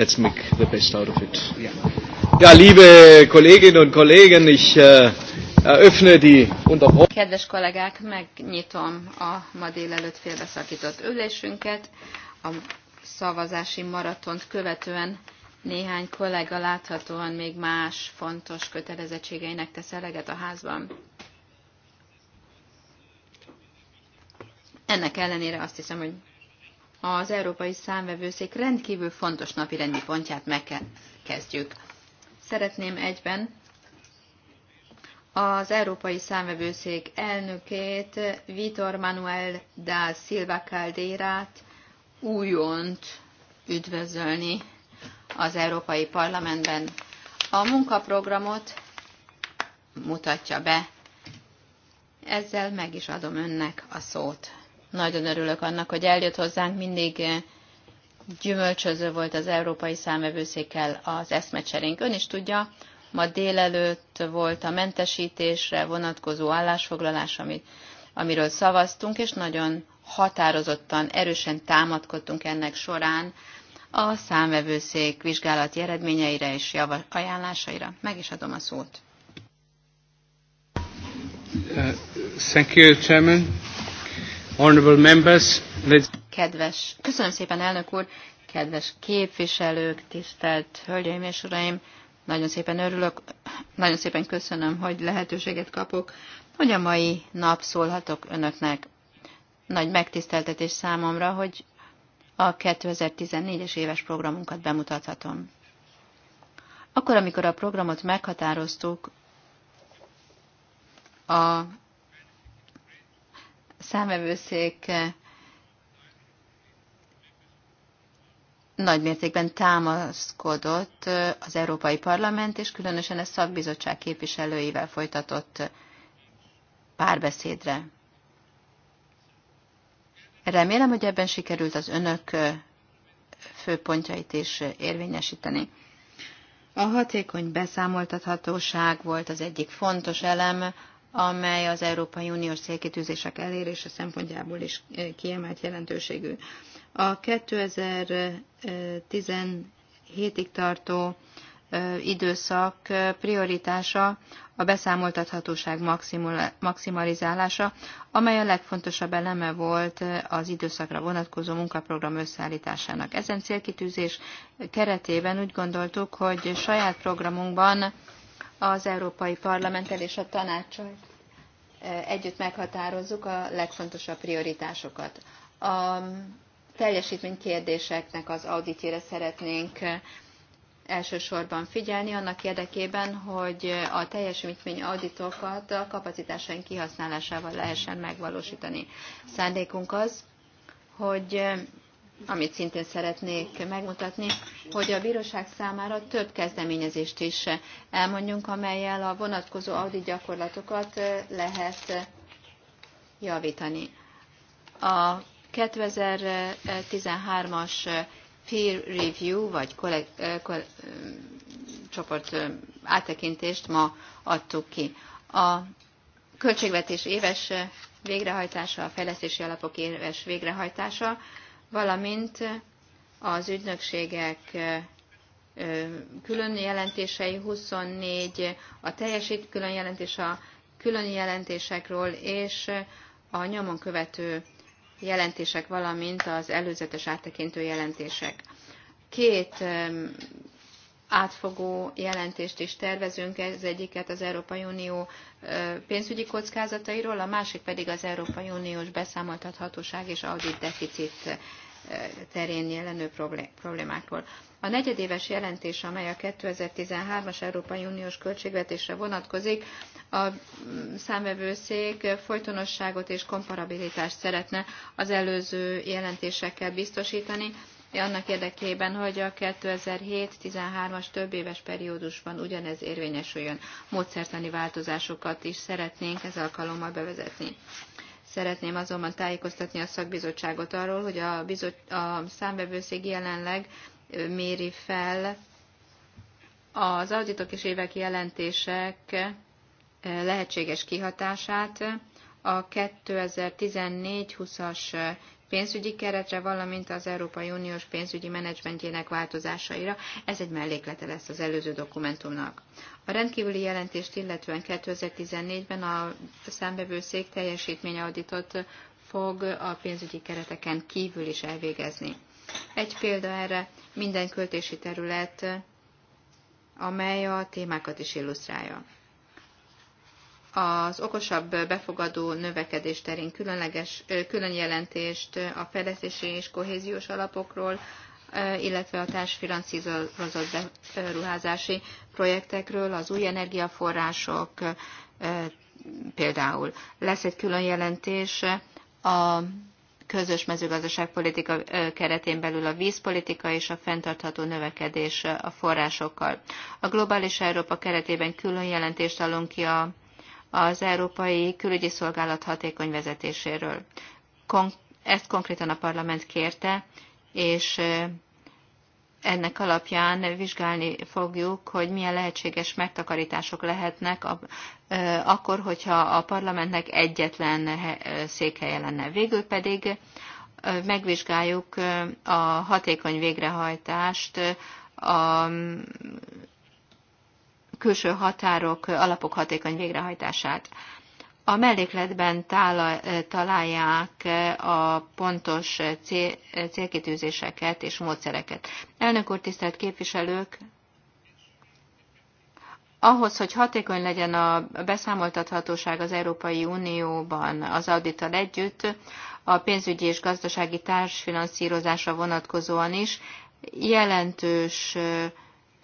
let's make the best out of it. Yeah. Ja, liebe Kolleginnen und Kollegen, ich äh, eröffne die Unterbrochung. Kedves kollégák, megnyitom a ma délelőtt félbeszakított ülésünket. A szavazási maratont követően néhány kollega láthatóan még más fontos kötelezettségeinek tesz eleget a házban. Ennek ellenére azt hiszem, hogy az Európai Számvevőszék rendkívül fontos napi rendi pontját megkezdjük. Szeretném egyben az Európai Számvevőszék elnökét, Vitor Manuel da Silva Caldeirát újont üdvözölni az Európai Parlamentben. A munkaprogramot mutatja be. Ezzel meg is adom önnek a szót. Nagyon örülök annak, hogy eljött hozzánk, mindig eh, gyümölcsöző volt az Európai Számvevőszékkel az eszmecserénk. Ön is tudja, ma délelőtt volt a mentesítésre vonatkozó állásfoglalás, amit, amiről szavaztunk, és nagyon határozottan, erősen támadkodtunk ennek során a számvevőszék vizsgálati eredményeire és java- ajánlásaira. Meg is adom a szót. Uh, thank you, Chairman. Kedves, köszönöm szépen, elnök úr, kedves képviselők, tisztelt hölgyeim és uraim, nagyon szépen örülök, nagyon szépen köszönöm, hogy lehetőséget kapok, hogy a mai nap szólhatok önöknek. Nagy megtiszteltetés számomra, hogy a 2014-es éves programunkat bemutathatom. Akkor, amikor a programot meghatároztuk, a számvevőszék eh, nagymértékben támaszkodott eh, az Európai Parlament és különösen a szakbizottság képviselőivel folytatott párbeszédre. Remélem, hogy ebben sikerült az önök eh, főpontjait is érvényesíteni. A hatékony beszámoltathatóság volt az egyik fontos elem amely az Európai Uniós célkitűzések elérése szempontjából is eh, kiemelt jelentőségű. A 2017-ig tartó eh, időszak eh, prioritása a beszámoltathatóság maximalizálása, amely a legfontosabb eleme volt az időszakra vonatkozó munkaprogram összeállításának. Ezen célkitűzés keretében úgy gondoltuk, hogy saját programunkban az Európai Parlamenttel és a tanácssal együtt meghatározzuk a legfontosabb prioritásokat. A teljesítménykérdéseknek az auditjére szeretnénk elsősorban figyelni annak érdekében, hogy a teljesítmény auditokat a kapacitásaink kihasználásával lehessen megvalósítani. Szándékunk az, hogy amit szintén szeretnék megmutatni, hogy a bíróság számára több kezdeményezést is elmondjunk, amelyel a vonatkozó audit gyakorlatokat eh, lehet eh, javítani. A 2013-as eh, peer review, vagy kollég, kollég, csoport áttekintést ma adtuk ki. A költségvetés éves végrehajtása, a fejlesztési alapok éves végrehajtása valamint az ügynökségek külön jelentései 24, a teljesít külön jelentés a külön jelentésekről és a nyomon követő jelentések, valamint az előzetes áttekintő jelentések. Két átfogó jelentést is tervezünk, ez egyiket az Európai Unió pénzügyi kockázatairól, a másik pedig az Európai Uniós beszámoltathatóság és audit deficit terén jelenő problémákról. A negyedéves jelentés, amely a 2013-as Európai Uniós költségvetésre vonatkozik, a számvevőszék folytonosságot és komparabilitást szeretne az előző jelentésekkel biztosítani, annak érdekében, hogy a 2007-13-as több éves periódusban ugyanez érvényesüljön. Módszertani változásokat is szeretnénk ez alkalommal bevezetni. Szeretném azonban tájékoztatni a szakbizottságot arról, hogy a, bizot, a számvevőszék jelenleg méri fel az auditok és évek jelentések lehetséges kihatását a 2014-20-as pénzügyi keretre, valamint az Európai Uniós pénzügyi menedzsmentjének változásaira. Ez egy melléklete lesz az előző dokumentumnak. A rendkívüli jelentést illetően 2014-ben a számbevőszék teljesítményauditot fog a pénzügyi kereteken kívül is elvégezni. Egy példa erre minden költési terület, amely a témákat is illusztrálja az okosabb befogadó növekedés terén különleges, külön jelentést a fejlesztési és kohéziós alapokról, illetve a társfinanszírozott beruházási projektekről, az új energiaforrások például. Lesz egy külön jelentés a közös mezőgazdaságpolitika keretén belül a vízpolitika és a fenntartható növekedés a forrásokkal. A Globális Európa keretében külön jelentést adunk ki a az Európai Külügyi Szolgálat hatékony vezetéséről. Kon- ezt konkrétan a parlament kérte, és ennek alapján vizsgálni fogjuk, hogy milyen lehetséges megtakarítások lehetnek a, akkor, hogyha a parlamentnek egyetlen székhelye lenne. Végül pedig megvizsgáljuk a hatékony végrehajtást a külső határok alapok hatékony végrehajtását. A mellékletben tála, találják a pontos cél, célkitűzéseket és módszereket. Elnök úr, tisztelt képviselők! Ahhoz, hogy hatékony legyen a beszámoltathatóság az Európai Unióban az audittal együtt, a pénzügyi és gazdasági társfinanszírozásra vonatkozóan is jelentős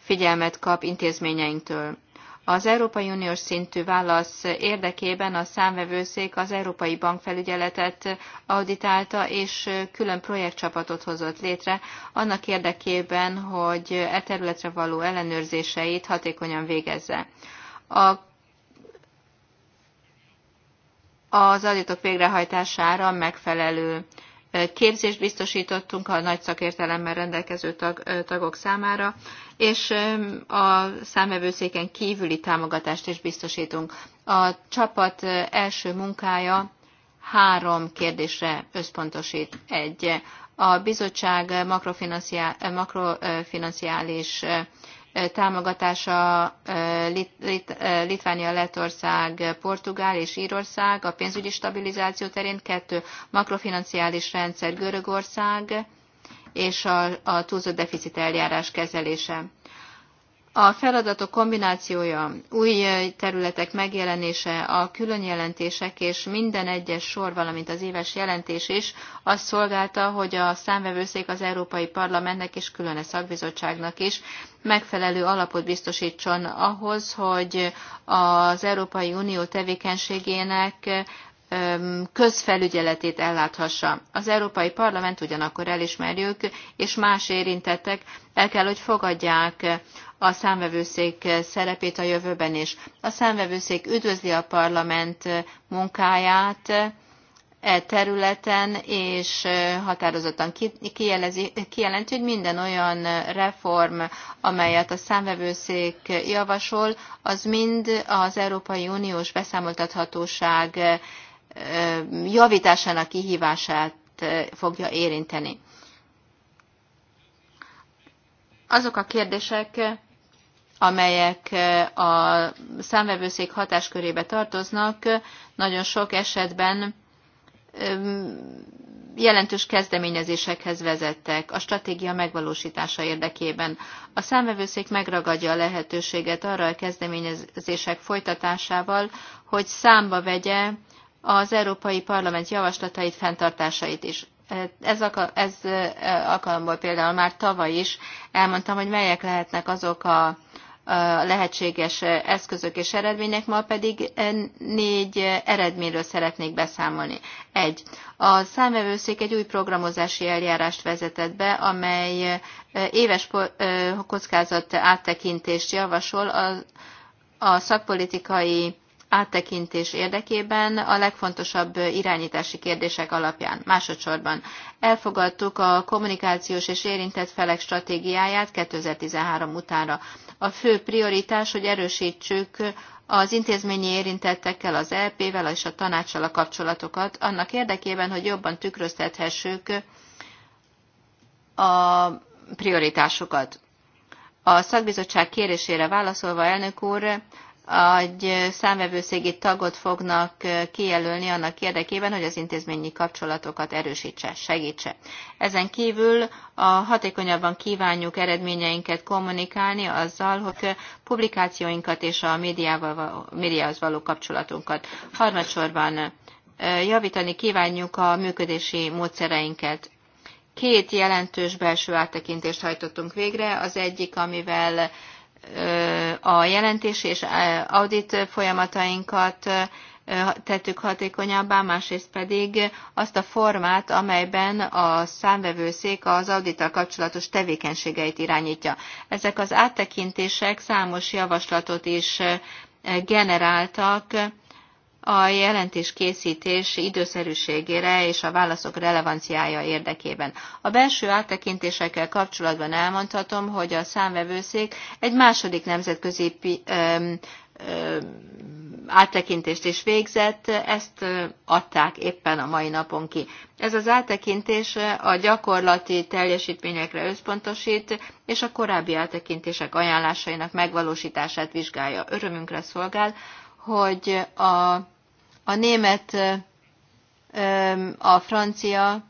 figyelmet kap intézményeinktől. Az Európai Uniós szintű válasz érdekében a számvevőszék az Európai Bankfelügyeletet auditálta, és külön projektcsapatot hozott létre annak érdekében, hogy e területre való ellenőrzéseit hatékonyan végezze. A az adatok végrehajtására megfelelő képzést biztosítottunk a nagy szakértelemmel rendelkező tag, tagok számára, és a számvevőszéken kívüli támogatást is biztosítunk. A csapat eh, első munkája három kérdésre összpontosít. Egy, a bizottság eh, makrofinanciális eh, támogatása Lit Lit Litvánia, Lettország, Portugál és Írország, a pénzügyi stabilizáció terén kettő makrofinanciális rendszer Görögország, és a, a túlzott deficit eljárás kezelése. A feladatok kombinációja, új területek megjelenése, a külön jelentések és minden egyes sor, valamint az éves jelentés is azt szolgálta, hogy a számvevőszék az Európai Parlamentnek és külön a szakbizottságnak is megfelelő alapot biztosítson ahhoz, hogy az Európai Unió tevékenységének közfelügyeletét elláthassa. Az Európai Parlament ugyanakkor elismerjük, és más érintettek el kell, hogy fogadják a számvevőszék szerepét a jövőben is. A számvevőszék üdvözli a parlament munkáját e területen, és határozottan kijelezi, kijelenti, hogy minden olyan reform, amelyet a számvevőszék javasol, az mind az Európai Uniós beszámoltathatóság javításának kihívását fogja érinteni. Azok a kérdések, amelyek a számvevőszék hatáskörébe tartoznak, nagyon sok esetben jelentős kezdeményezésekhez vezettek a stratégia megvalósítása érdekében. A számvevőszék megragadja a lehetőséget arra a kezdeményezések folytatásával, hogy számba vegye az Európai Parlament javaslatait, fenntartásait is. Ez, ez alkalomból például már tavaly is elmondtam, hogy melyek lehetnek azok a lehetséges eszközök és eredmények, ma pedig négy eredményről szeretnék beszámolni. Egy. A számvevőszék egy új programozási eljárást vezetett be, amely éves kockázat áttekintést javasol a, a szakpolitikai áttekintés érdekében a legfontosabb irányítási kérdések alapján. Másodszorban elfogadtuk a kommunikációs és érintett felek stratégiáját 2013 utánra. A fő prioritás, hogy erősítsük az intézményi érintettekkel, az LP-vel e és a tanácssal a kapcsolatokat, annak érdekében, hogy jobban tükröztethessük a prioritásokat. A szakbizottság kérésére válaszolva, elnök úr, egy számvevőszégi tagot fognak kijelölni annak érdekében, hogy az intézményi kapcsolatokat erősítse, segítse. Ezen kívül a hatékonyabban kívánjuk eredményeinket kommunikálni azzal, hogy publikációinkat és a médiával, médiához való kapcsolatunkat. Harmadsorban javítani kívánjuk a működési módszereinket. Két jelentős belső áttekintést hajtottunk végre, az egyik, amivel a jelentés és e, audit folyamatainkat e, tettük hatékonyabbá, másrészt pedig azt a formát, amelyben a számvevőszék az audittal kapcsolatos tevékenységeit irányítja. Ezek az áttekintések számos javaslatot is e, generáltak, a jelentés készítés időszerűségére és a válaszok relevanciája érdekében. A belső áttekintésekkel kapcsolatban elmondhatom, hogy a számvevőszék egy második nemzetközi áttekintést is végzett, ezt adták éppen a mai napon ki. Ez az áttekintés a gyakorlati teljesítményekre összpontosít, és a korábbi áttekintések ajánlásainak megvalósítását vizsgálja. Örömünkre szolgál, hogy a a német, a francia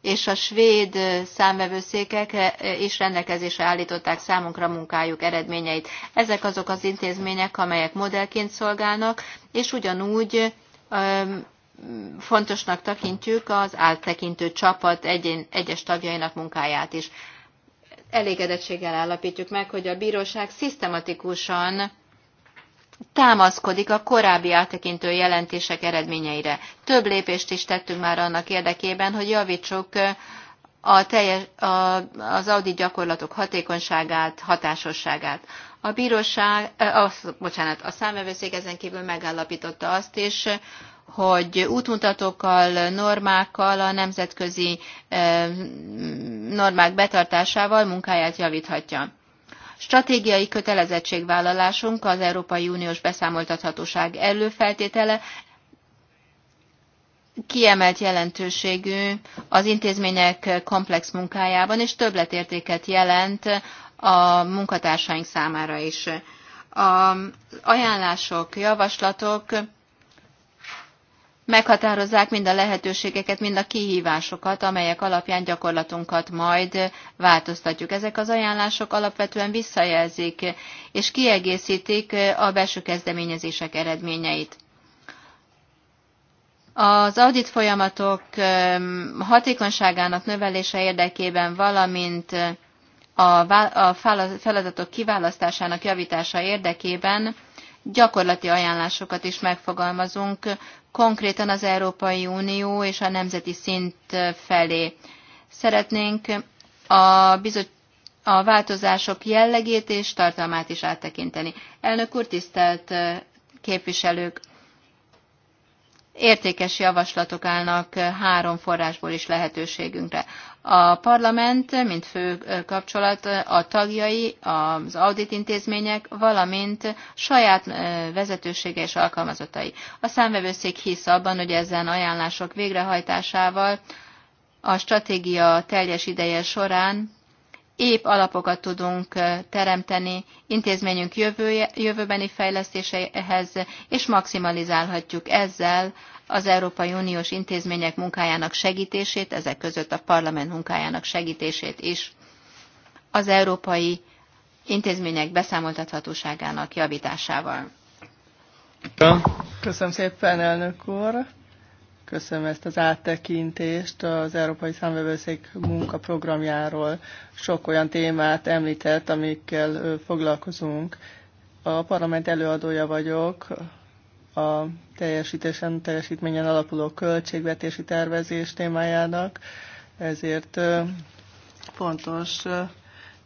és a svéd számvevőszékek is rendelkezésre állították számunkra munkájuk eredményeit. Ezek azok az intézmények, amelyek modellként szolgálnak, és ugyanúgy fontosnak tekintjük az áttekintő csapat egyén, egyes tagjainak munkáját is. Elégedettséggel állapítjuk meg, hogy a bíróság szisztematikusan támaszkodik a korábbi áttekintő jelentések eredményeire. Több lépést is tettünk már annak érdekében, hogy javítsuk a teljes, a, az audit gyakorlatok hatékonyságát, hatásosságát. A bíróság, az, bocsánat, a számvevőszék ezen kívül megállapította azt is, hogy útmutatókkal, normákkal, a nemzetközi normák betartásával munkáját javíthatja. Stratégiai kötelezettségvállalásunk az Európai Uniós beszámoltathatóság előfeltétele, kiemelt jelentőségű az intézmények komplex munkájában, és többletértéket jelent a munkatársaink számára is. A ajánlások, javaslatok meghatározzák mind a lehetőségeket, mind a kihívásokat, amelyek alapján gyakorlatunkat majd változtatjuk. Ezek az ajánlások alapvetően visszajelzik és kiegészítik a belső kezdeményezések eredményeit. Az audit folyamatok hatékonyságának növelése érdekében, valamint a feladatok kiválasztásának javítása érdekében gyakorlati ajánlásokat is megfogalmazunk, konkrétan az Európai Unió és a nemzeti szint felé. Szeretnénk a, bizot, a változások jellegét és tartalmát is áttekinteni. Elnök úr, tisztelt képviselők! Értékes javaslatok állnak három forrásból is lehetőségünkre. A parlament, mint fő kapcsolat, a tagjai, az audit intézmények, valamint saját vezetősége és alkalmazottai. A számvevőszék hisz abban, hogy ezen ajánlások végrehajtásával a stratégia teljes ideje során épp alapokat tudunk teremteni intézményünk jövője, jövőbeni fejlesztéséhez, és maximalizálhatjuk ezzel az Európai Uniós intézmények munkájának segítését, ezek között a parlament munkájának segítését is, az európai intézmények beszámoltathatóságának javításával. Köszönöm szépen, elnök úr! Köszönöm ezt az áttekintést az Európai Számvevőszék munkaprogramjáról. Sok olyan témát említett, amikkel foglalkozunk. A parlament előadója vagyok a teljesítésen, teljesítményen alapuló költségvetési tervezés témájának, ezért fontos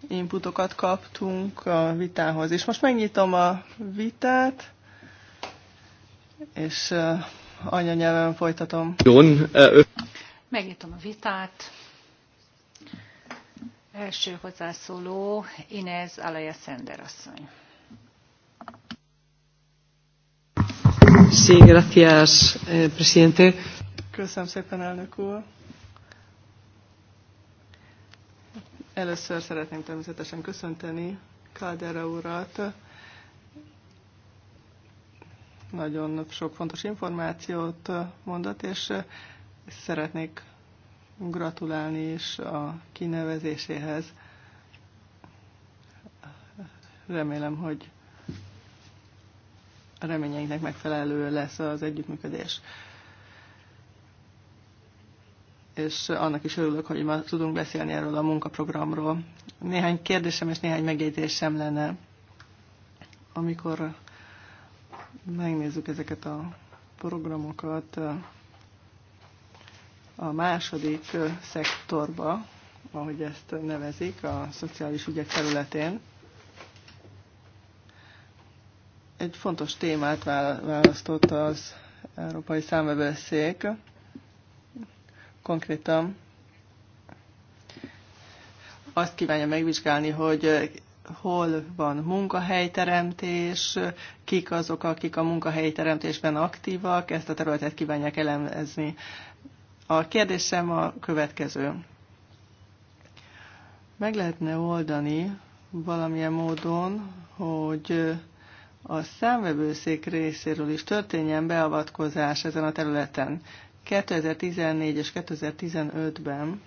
inputokat kaptunk a vitához. És most megnyitom a vitát, és anyanyelven folytatom. Megnyitom a vitát. Első hozzászóló Inez Alaya Szender asszony. Eh, Köszönöm szépen, elnök úr. Először szeretném természetesen köszönteni Kaldera urat. Nagyon sok fontos információt mondott, és szeretnék gratulálni is a kinevezéséhez. Remélem, hogy a reményeinknek megfelelő lesz az együttműködés. És annak is örülök, hogy ma tudunk beszélni erről a munkaprogramról. Néhány kérdésem és néhány megjegyzésem lenne, amikor megnézzük ezeket a programokat a második szektorba, ahogy ezt nevezik, a szociális ügyek területén egy fontos témát választott az Európai Számvevőszék. Konkrétan azt kívánja megvizsgálni, hogy hol van munkahelyteremtés, kik azok, akik a munkahelyteremtésben aktívak, ezt a területet kívánják elemezni. A kérdésem a következő. Meg lehetne oldani valamilyen módon, hogy a számvevőszék részéről is történjen beavatkozás ezen a területen. 2014 és 2015-ben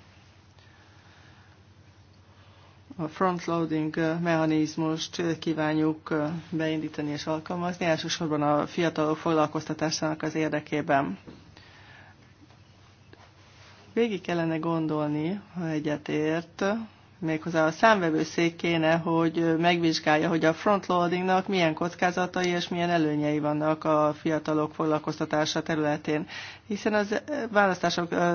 a frontloading mechanizmust kívánjuk beindítani és alkalmazni, elsősorban a fiatalok foglalkoztatásának az érdekében. Végig kellene gondolni, ha egyetért, méghozzá a számvevőszék kéne, hogy megvizsgálja, hogy a frontloadingnak milyen kockázatai és milyen előnyei vannak a fiatalok foglalkoztatása területén, hiszen az eh, választások eh,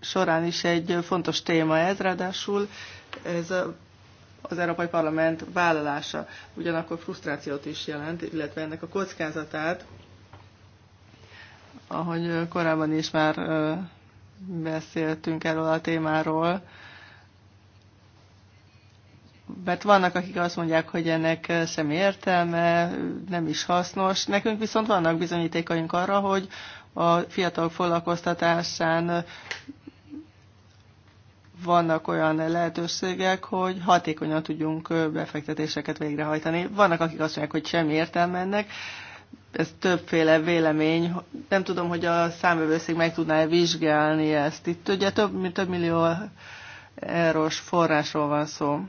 során is egy fontos téma ez, ráadásul ez az Európai Parlament vállalása ugyanakkor frusztrációt is jelent, illetve ennek a kockázatát, ahogy korábban is már eh, beszéltünk erről a témáról, mert vannak, akik azt mondják, hogy ennek eh, semmi értelme, nem is hasznos. Nekünk viszont vannak bizonyítékaink arra, hogy a fiatalok foglalkoztatásán eh, vannak olyan lehetőségek, hogy hatékonyan tudjunk eh, befektetéseket végrehajtani. Vannak, akik azt mondják, hogy semmi értelme ennek, ez többféle vélemény. Nem tudom, hogy a számövőszék meg tudná -e vizsgálni ezt. Itt ugye több, több millió eurós forrásról van szó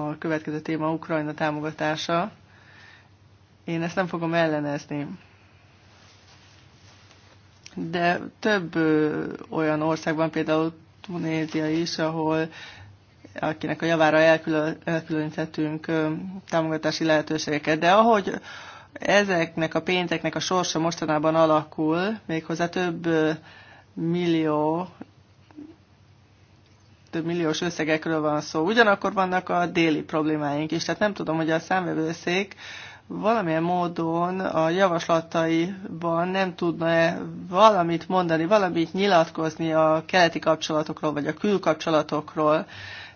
a következő téma Ukrajna támogatása. Én ezt nem fogom ellenezni. De több olyan országban, például Tunézia is, ahol akinek a javára elkülön, elkülönítettünk támogatási lehetőségeket. De ahogy ezeknek a pénzeknek a sorsa mostanában alakul, méghozzá több millió több milliós összegekről van szó. Ugyanakkor vannak a déli problémáink is, tehát nem tudom, hogy a számvevőszék valamilyen módon a javaslataiban nem tudna-e valamit mondani, valamit nyilatkozni a keleti kapcsolatokról, vagy a külkapcsolatokról.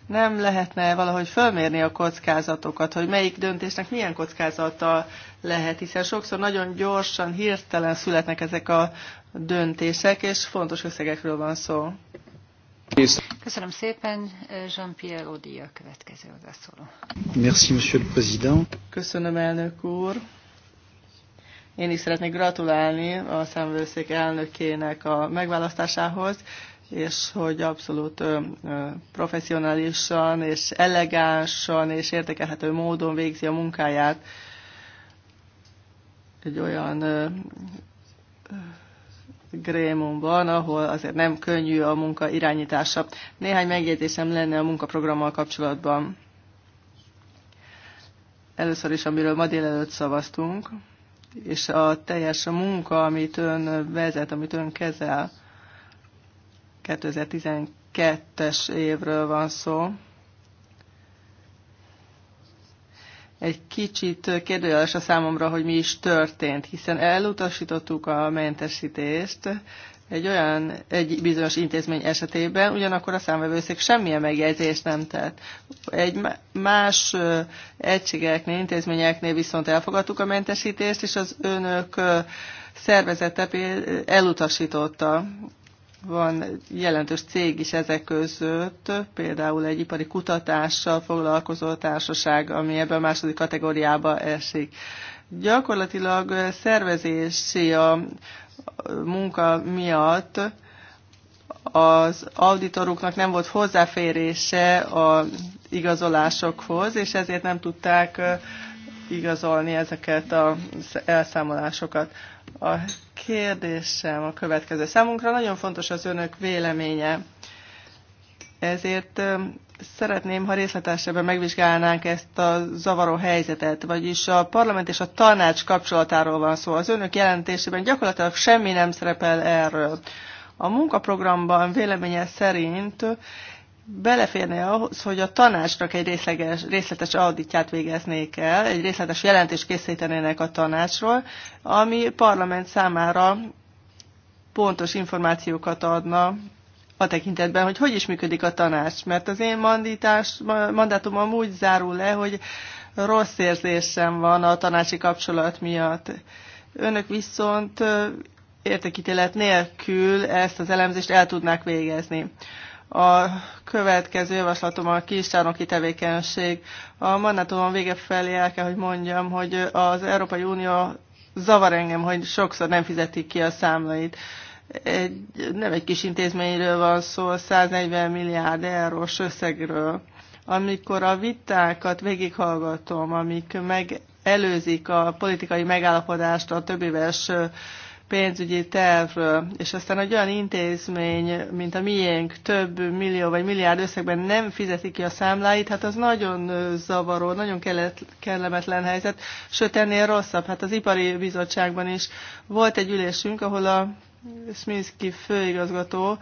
Nem lehetne valahogy fölmérni a kockázatokat, hogy melyik döntésnek milyen kockázata lehet, hiszen sokszor nagyon gyorsan, hirtelen születnek ezek a döntések, és fontos összegekről van szó. Köszönöm szépen, Jean-Pierre Odi a következő hozzászóló. Merci, monsieur le président. Köszönöm, elnök úr. Én is szeretnék gratulálni a szemvőszék elnökének a megválasztásához, és hogy abszolút ö, ö, professzionálisan és elegánsan és értékelhető módon végzi a munkáját. Egy olyan ö, ö, Grémumban, ahol azért nem könnyű a munka irányítása. Néhány megjegyzésem lenne a munkaprogrammal kapcsolatban. Először is, amiről ma délelőtt szavaztunk, és a teljes munka, amit ön vezet, amit ön kezel, 2012-es évről van szó, egy kicsit kérdőjeles a számomra, hogy mi is történt, hiszen elutasítottuk a mentesítést egy olyan, egy bizonyos intézmény esetében, ugyanakkor a számvevőszék semmilyen megjegyzést nem tett. Egy más egységeknél, intézményeknél viszont elfogadtuk a mentesítést, és az önök szervezete elutasította van jelentős cég is ezek között, például egy ipari kutatással foglalkozó társaság, ami ebben a második kategóriába esik. Gyakorlatilag szervezési a munka miatt az auditoruknak nem volt hozzáférése a igazolásokhoz, és ezért nem tudták igazolni ezeket az elszámolásokat. A kérdésem a következő. Számunkra nagyon fontos az önök véleménye. Ezért szeretném, ha részletesebben megvizsgálnánk ezt a zavaró helyzetet, vagyis a parlament és a tanács kapcsolatáról van szó. Az önök jelentésében gyakorlatilag semmi nem szerepel erről. A munkaprogramban véleménye szerint beleférne ahhoz, hogy a tanácsnak egy részleges, részletes auditját végeznék el, egy részletes jelentést készítenének a tanácsról, ami parlament számára pontos információkat adna a tekintetben, hogy hogy is működik a tanács. Mert az én mandítás, mandátumom úgy zárul le, hogy rossz érzésem van a tanácsi kapcsolat miatt. Önök viszont értekítélet nélkül ezt az elemzést el tudnák végezni. A következő javaslatom a kiscsárnoki tevékenység. A mandátumon vége felé el kell, hogy mondjam, hogy az Európai Unió zavar engem, hogy sokszor nem fizetik ki a számlait. Egy, nem egy kis intézményről van szó, 140 milliárd eurós összegről. Amikor a vitákat végighallgatom, amik megelőzik a politikai megállapodást a többéves pénzügyi tervről, és aztán egy olyan intézmény, mint a miénk, több millió vagy milliárd összegben nem fizeti ki a számláit, hát az nagyon zavaró, nagyon kellemetlen helyzet, sőt ennél rosszabb. Hát az ipari bizottságban is volt egy ülésünk, ahol a Sminski főigazgató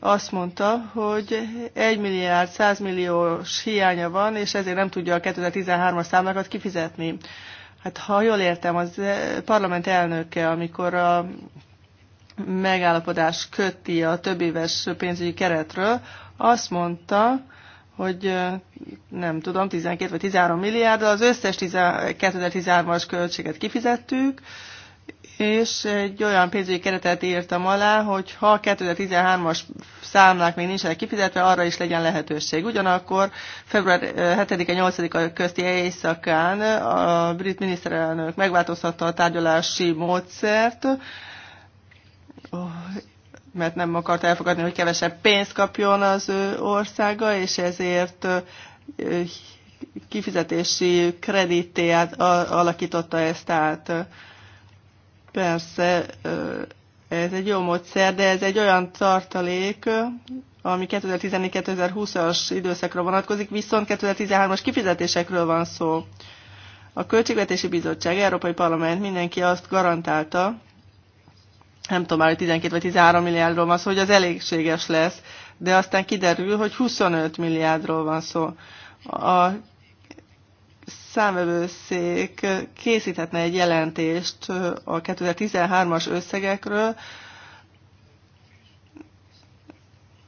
azt mondta, hogy 1 milliárd 100 milliós hiánya van, és ezért nem tudja a 2013-as számlákat kifizetni hát ha jól értem, az eh, parlament elnöke, amikor a megállapodás köti a több éves pénzügyi keretről, azt mondta, hogy eh, nem tudom, 12 vagy 13 milliárd, az összes 2013-as költséget kifizettük, és egy olyan pénzügyi keretet írtam alá, hogy ha a 2013-as számlák még nincsenek kifizetve, arra is legyen lehetőség. Ugyanakkor február 7-8-a eh, közti éjszakán a brit miniszterelnök megváltoztatta a tárgyalási módszert, mert nem akart elfogadni, hogy kevesebb pénzt kapjon az ő országa, és ezért eh, kifizetési kredité alakította ezt át Persze, ez egy jó módszer, de ez egy olyan tartalék, ami 2014-2020-as időszakra vonatkozik, viszont 2013-as kifizetésekről van szó. A Költségvetési Bizottság, Európai Parlament, mindenki azt garantálta, nem tudom már, hogy 12 vagy 13 milliárdról van szó, hogy az elégséges lesz, de aztán kiderül, hogy 25 milliárdról van szó. A számvevőszék készíthetne egy jelentést a 2013-as összegekről.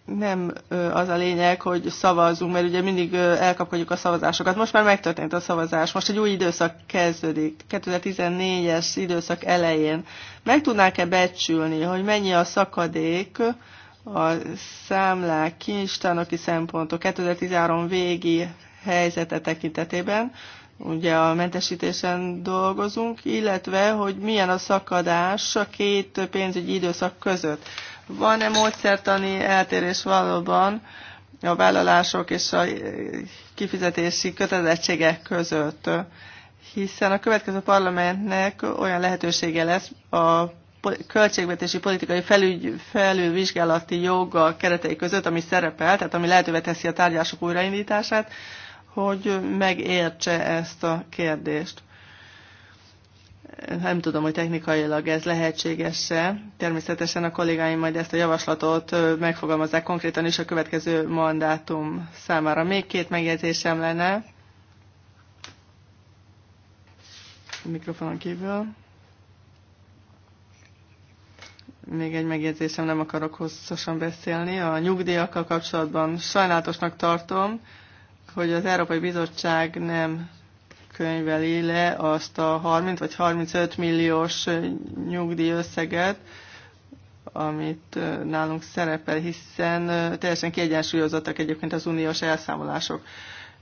Nem az a lényeg, hogy szavazzunk, mert ugye mindig elkapkodjuk a szavazásokat. Most már megtörtént a szavazás, most egy új időszak kezdődik, 2014-es időszak elején. Meg tudnák-e becsülni, hogy mennyi a szakadék, a számlák, kincstánoki szempontok 2013 végi helyzete tekintetében, ugye a mentesítésen dolgozunk, illetve, hogy milyen a szakadás a két pénzügyi időszak között. Van-e módszertani eltérés valóban a vállalások és a kifizetési kötelezettségek között? Hiszen a következő parlamentnek olyan lehetősége lesz a költségvetési politikai felügy, felülvizsgálati joga keretei között, ami szerepel, tehát ami lehetővé teszi a tárgyások újraindítását, hogy megértse ezt a kérdést. Nem tudom, hogy technikailag ez lehetséges-e. Természetesen a kollégáim majd ezt a javaslatot megfogalmazzák konkrétan is a következő mandátum számára. Még két megjegyzésem lenne. A mikrofonon kívül. Még egy megjegyzésem, nem akarok hosszasan beszélni. A nyugdíjakkal kapcsolatban sajnálatosnak tartom, hogy az Európai Bizottság nem könyveli le azt a 30 vagy 35 milliós nyugdíjösszeget, amit nálunk szerepel, hiszen teljesen kiegyensúlyozottak egyébként az uniós elszámolások.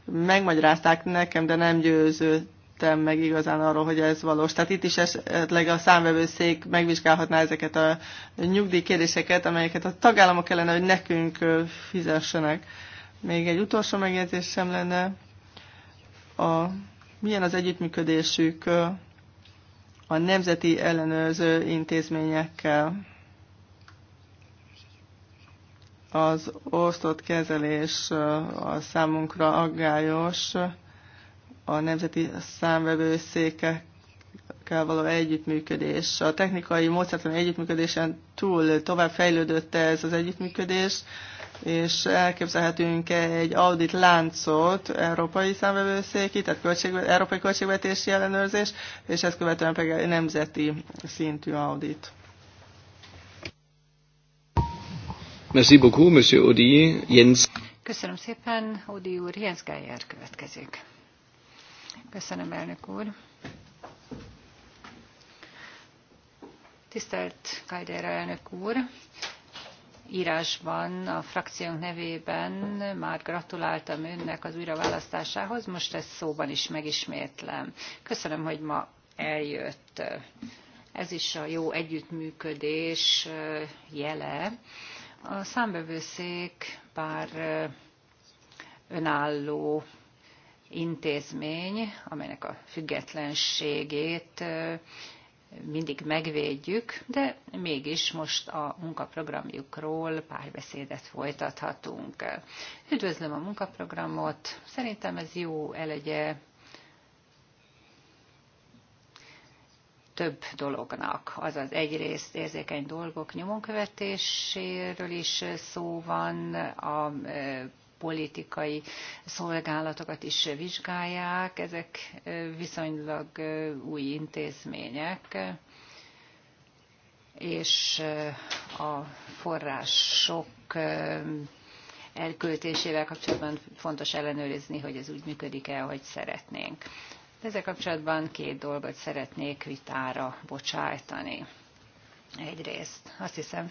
Megmagyarázták nekem, de nem győződtem meg igazán arról, hogy ez valós. Tehát itt is esetleg a számvevőszék megvizsgálhatná ezeket a nyugdíjkérdéseket, amelyeket a tagállamok kellene, hogy nekünk fizessenek még egy utolsó megjegyzésem lenne, a, milyen az együttműködésük a nemzeti ellenőrző intézményekkel. Az osztott kezelés a számunkra aggályos, a nemzeti számvevőszékekkel való együttműködés. A technikai módszertani együttműködésen túl tovább fejlődött ez az együttműködés, és elképzelhetünk egy audit láncot európai számvevőszéki, tehát költség, európai költségvetési ellenőrzés, és ezt követően pedig nemzeti szintű audit. Merci beaucoup, Monsieur Audi, Jens. Köszönöm szépen, Odi úr. Jens Geyer következik. Köszönöm, elnök úr. Tisztelt kajdera elnök úr! írásban a frakciónk nevében már gratuláltam önnek az újraválasztásához, most ezt szóban is megismétlem. Köszönöm, hogy ma eljött. Ez is a jó együttműködés jele. A számbevőszék bár önálló intézmény, amelynek a függetlenségét mindig megvédjük, de mégis most a munkaprogramjukról párbeszédet folytathatunk. Üdvözlöm a munkaprogramot, szerintem ez jó elegye több dolognak. Azaz egyrészt érzékeny dolgok nyomonkövetéséről is szó van, a politikai szolgálatokat is vizsgálják. Ezek viszonylag új intézmények és a források elköltésével kapcsolatban fontos ellenőrizni, hogy ez úgy működik-e, ahogy szeretnénk. Ezzel kapcsolatban két dolgot szeretnék vitára bocsájtani. Egyrészt azt hiszem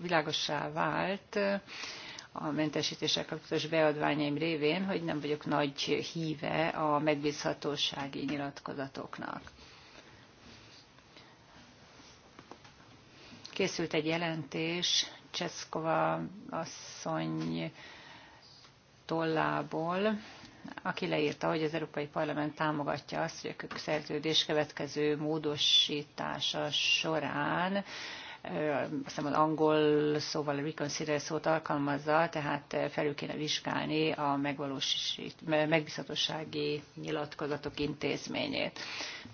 világossá vált, a mentesítéssel kapcsolatos beadványaim révén, hogy nem vagyok nagy híve a megbízhatósági nyilatkozatoknak. Készült egy jelentés Cseszkova asszony tollából, aki leírta, hogy az Európai Parlament támogatja azt, hogy a szerződés következő módosítása során hiszem az angol szóval a reconsider szót alkalmazza, tehát felül kéne vizsgálni a megbízhatósági nyilatkozatok intézményét.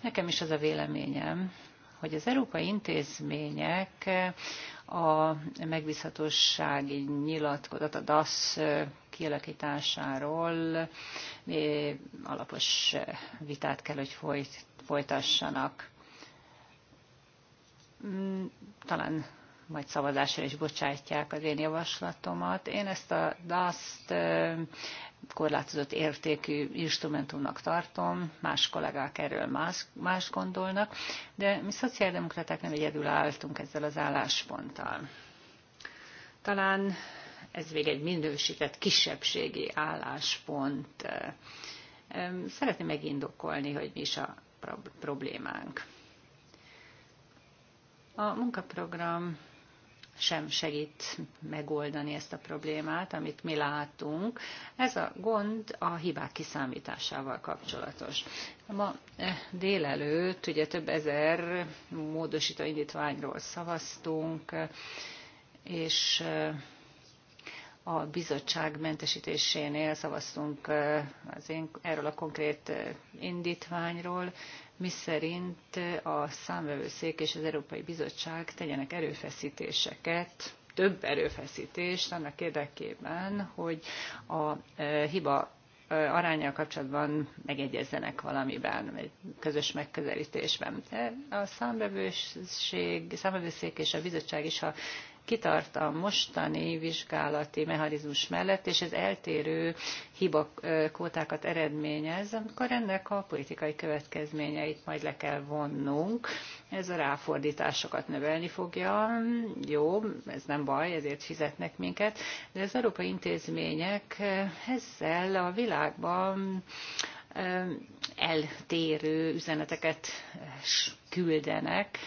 Nekem is az a véleményem, hogy az európai intézmények a megbízhatósági nyilatkozat, a DASZ kialakításáról alapos vitát kell, hogy folytassanak. Mm, talán majd szavazásra is bocsátják az én javaslatomat. Én ezt a DAS-t korlátozott értékű instrumentumnak tartom, más kollégák erről más, más gondolnak, de mi szociáldemokraták nem egyedül álltunk ezzel az állásponttal. Talán ez még egy minősített kisebbségi álláspont. Szeretném megindokolni, hogy mi is a problémánk. A munkaprogram sem segít megoldani ezt a problémát, amit mi látunk. Ez a gond a hibák kiszámításával kapcsolatos. Ma eh, délelőtt ugye több ezer módosító indítványról szavaztunk, eh, és eh, a bizottság mentesítésénél szavaztunk az én, erről a konkrét indítványról, miszerint a számvevőszék és az Európai Bizottság tegyenek erőfeszítéseket, több erőfeszítést annak érdekében, hogy a e, hiba e, arányjal kapcsolatban megegyezzenek valamiben, egy közös megközelítésben. A számbevőség, számbevőszék és a bizottság is, ha kitart a mostani vizsgálati mechanizmus mellett, és ez eltérő hibakótákat eredményez, amikor ennek a politikai következményeit majd le kell vonnunk. Ez a ráfordításokat növelni fogja. Jó, ez nem baj, ezért fizetnek minket, de az európai intézmények ezzel a világban eltérő üzeneteket küldenek,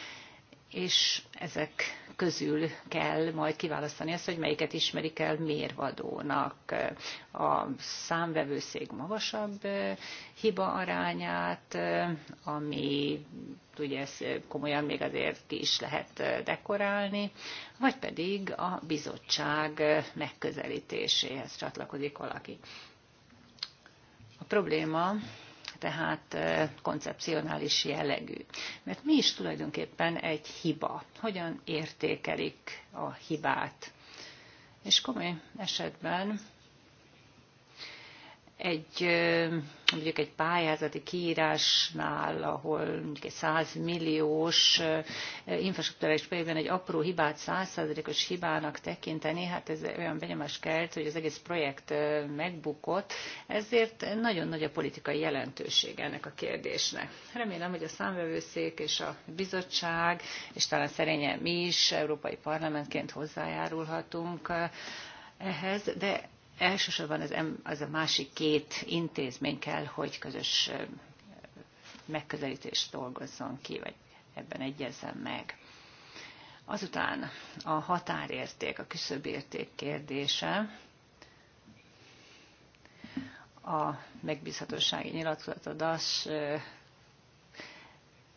és ezek közül kell majd kiválasztani azt, hogy melyiket ismerik el mérvadónak. A számvevőszék magasabb eh, hiba arányát, eh, ami ugye ezt komolyan még azért ki is lehet eh, dekorálni, vagy pedig a bizottság megközelítéséhez csatlakozik valaki. A probléma tehát koncepcionális jellegű. Mert mi is tulajdonképpen egy hiba? Hogyan értékelik a hibát? És komoly esetben egy, mondjuk egy pályázati kiírásnál, ahol mondjuk egy 100 milliós infrastruktúrális projektben egy apró hibát 100%-os hibának tekinteni, hát ez olyan benyomás kelt, hogy az egész projekt megbukott, ezért nagyon nagy a politikai jelentőség ennek a kérdésnek. Remélem, hogy a számvevőszék és a bizottság, és talán szerényen mi is, Európai Parlamentként hozzájárulhatunk ehhez, de elsősorban az, az a másik két intézmény kell, hogy közös megközelítést dolgozzon ki, vagy ebben egyezzen meg. Azután a határérték, a küszöbérték kérdése, a megbízhatósági nyilatkozat, a DAS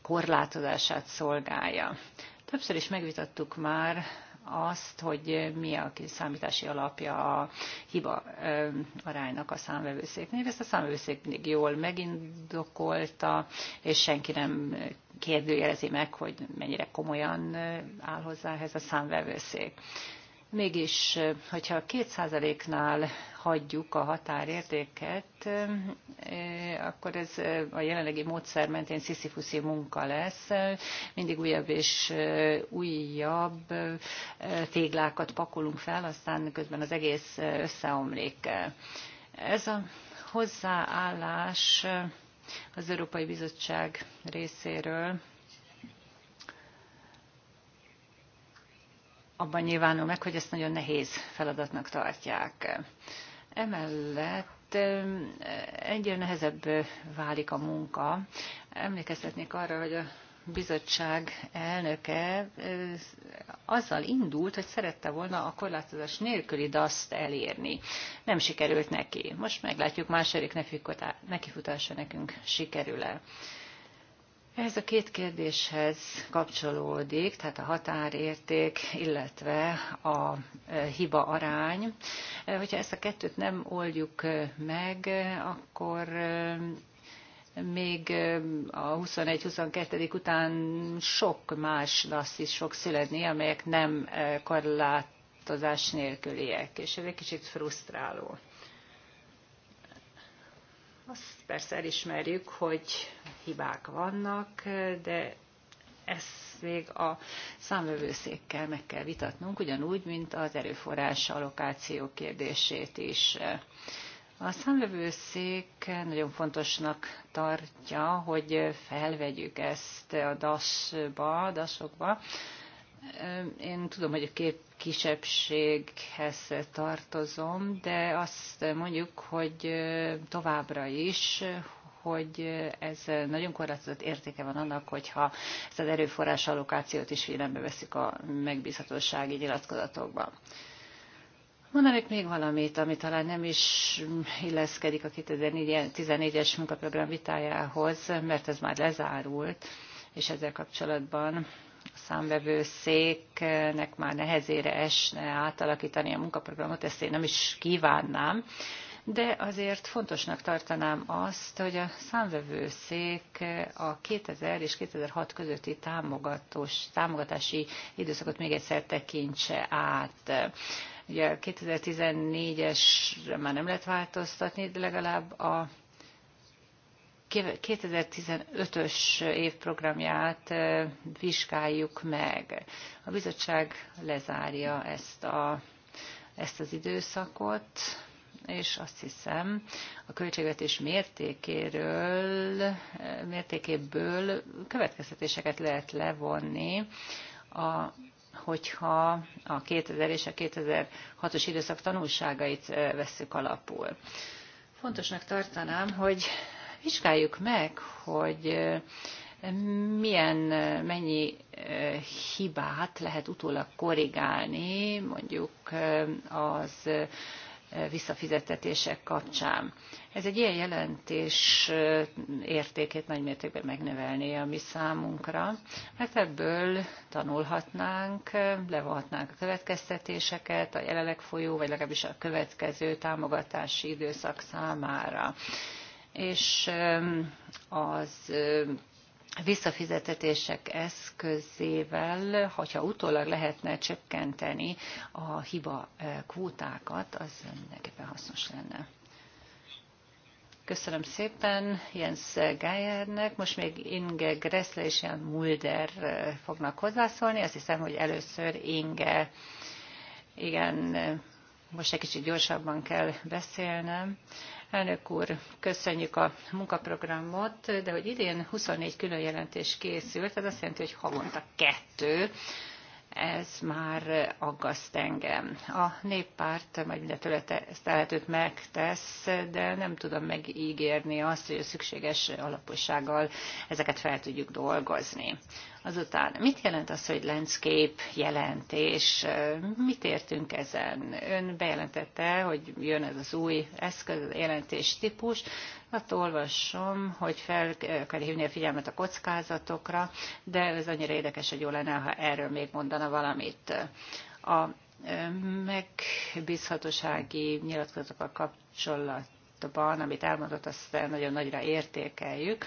korlátozását szolgálja. Többször is megvitattuk már azt, hogy mi a számítási alapja a hiba aránynak a számvevőszéknél. Ezt a számvevőszék mindig jól megindokolta, és senki nem kérdőjelezi meg, hogy mennyire komolyan áll hozzá ez a számvevőszék. Mégis, hogyha 2%-nál hagyjuk a határértéket, eh, akkor ez eh, a jelenlegi módszer mentén sziszifuszi munka lesz. Mindig újabb és eh, újabb téglákat pakolunk fel, aztán közben az egész összeomlik. Ez a hozzáállás az Európai Bizottság részéről abban nyilvánul meg, hogy ezt nagyon nehéz feladatnak tartják. Emellett egyre nehezebb válik a munka. Emlékeztetnék arra, hogy a bizottság elnöke azzal indult, hogy szerette volna a korlátozás nélküli DASZ-t elérni. Nem sikerült neki. Most meglátjuk második nekifutása nekünk sikerül-e. Ez a két kérdéshez kapcsolódik, tehát a határérték, illetve a e, hiba arány. E, hogyha ezt a kettőt nem oldjuk e, meg, akkor még a 21-22. után sok más lesz is fog születni, amelyek nem korlátozás nélküliek, és ez egy kicsit frusztráló. Azt persze elismerjük, hogy hibák vannak, de ezt még a számvevőszékkel meg kell vitatnunk, ugyanúgy, mint az erőforrás allokáció kérdését is. A számvevőszék nagyon fontosnak tartja, hogy felvegyük ezt a DAS-ba, DAS-okba, én tudom, hogy a kép kisebbséghez tartozom, de azt mondjuk, hogy továbbra is, hogy ez nagyon korlátozott értéke van annak, hogyha ezt az erőforrás allokációt is figyelembe veszik a megbízhatósági nyilatkozatokban. Mondanék még valamit, ami talán nem is illeszkedik a 2014-es munkaprogram vitájához, mert ez már lezárult, és ezzel kapcsolatban számvevőszéknek már nehezére esne átalakítani a munkaprogramot, ezt én nem is kívánnám, de azért fontosnak tartanám azt, hogy a számvevőszék a 2000 és 2006 közötti támogatós, támogatási időszakot még egyszer tekintse át. Ugye a 2014-es már nem lehet változtatni, de legalább a 2015-ös évprogramját vizsgáljuk meg. A bizottság lezárja ezt, a, ezt az időszakot, és azt hiszem a költségvetés mértékéről, mértékéből következtetéseket lehet levonni, a, hogyha a 2000 és a 2006-os időszak tanulságait veszük alapul. Fontosnak tartanám, hogy vizsgáljuk meg, hogy milyen, mennyi hibát lehet utólag korrigálni, mondjuk az visszafizetetések kapcsán. Ez egy ilyen jelentés értékét nagymértékben megnövelné a mi számunkra, mert ebből tanulhatnánk, levonhatnánk a következtetéseket a jelenleg folyó, vagy legalábbis a következő támogatási időszak számára és az visszafizetetések eszközével, hogyha utólag lehetne csökkenteni a hiba kvótákat, az mindenképpen hasznos lenne. Köszönöm szépen Jens Geiernek. Most még Inge Gressle és Jan Mulder fognak hozzászólni. Azt hiszem, hogy először Inge. Igen, most egy kicsit gyorsabban kell beszélnem. Elnök úr, köszönjük a munkaprogramot, de hogy idén 24 külön jelentés készült, ez azt jelenti, hogy havonta kettő, ez már aggaszt engem. A néppárt majd minden tőle lehetőt megtesz, de nem tudom megígérni azt, hogy a szükséges alapossággal ezeket fel tudjuk dolgozni. Azután mit jelent az, hogy landscape jelentés? Mit értünk ezen? Ön bejelentette, hogy jön ez az új eszköz, jelentés típus. hát olvasom, hogy fel kell hívni a figyelmet a kockázatokra, de ez annyira érdekes, hogy jó lenne, ha erről még mondana valamit. A megbízhatósági nyilatkozatokkal kapcsolatban, amit elmondott, azt nagyon nagyra értékeljük.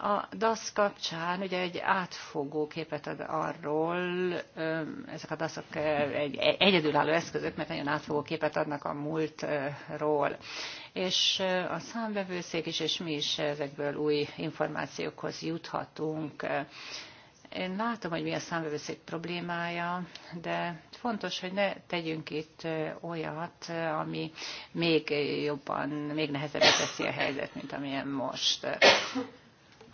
A DASZ kapcsán ugye egy átfogó képet ad arról, ezek a DASZ-ok egy e, egyedülálló eszközök, mert nagyon átfogó képet adnak a múltról. És a számvevőszék is, és mi is ezekből új információkhoz juthatunk. Én látom, hogy mi a számvevőszék problémája, de fontos, hogy ne tegyünk itt olyat, ami még jobban, még nehezebbé teszi a helyzet, mint amilyen most.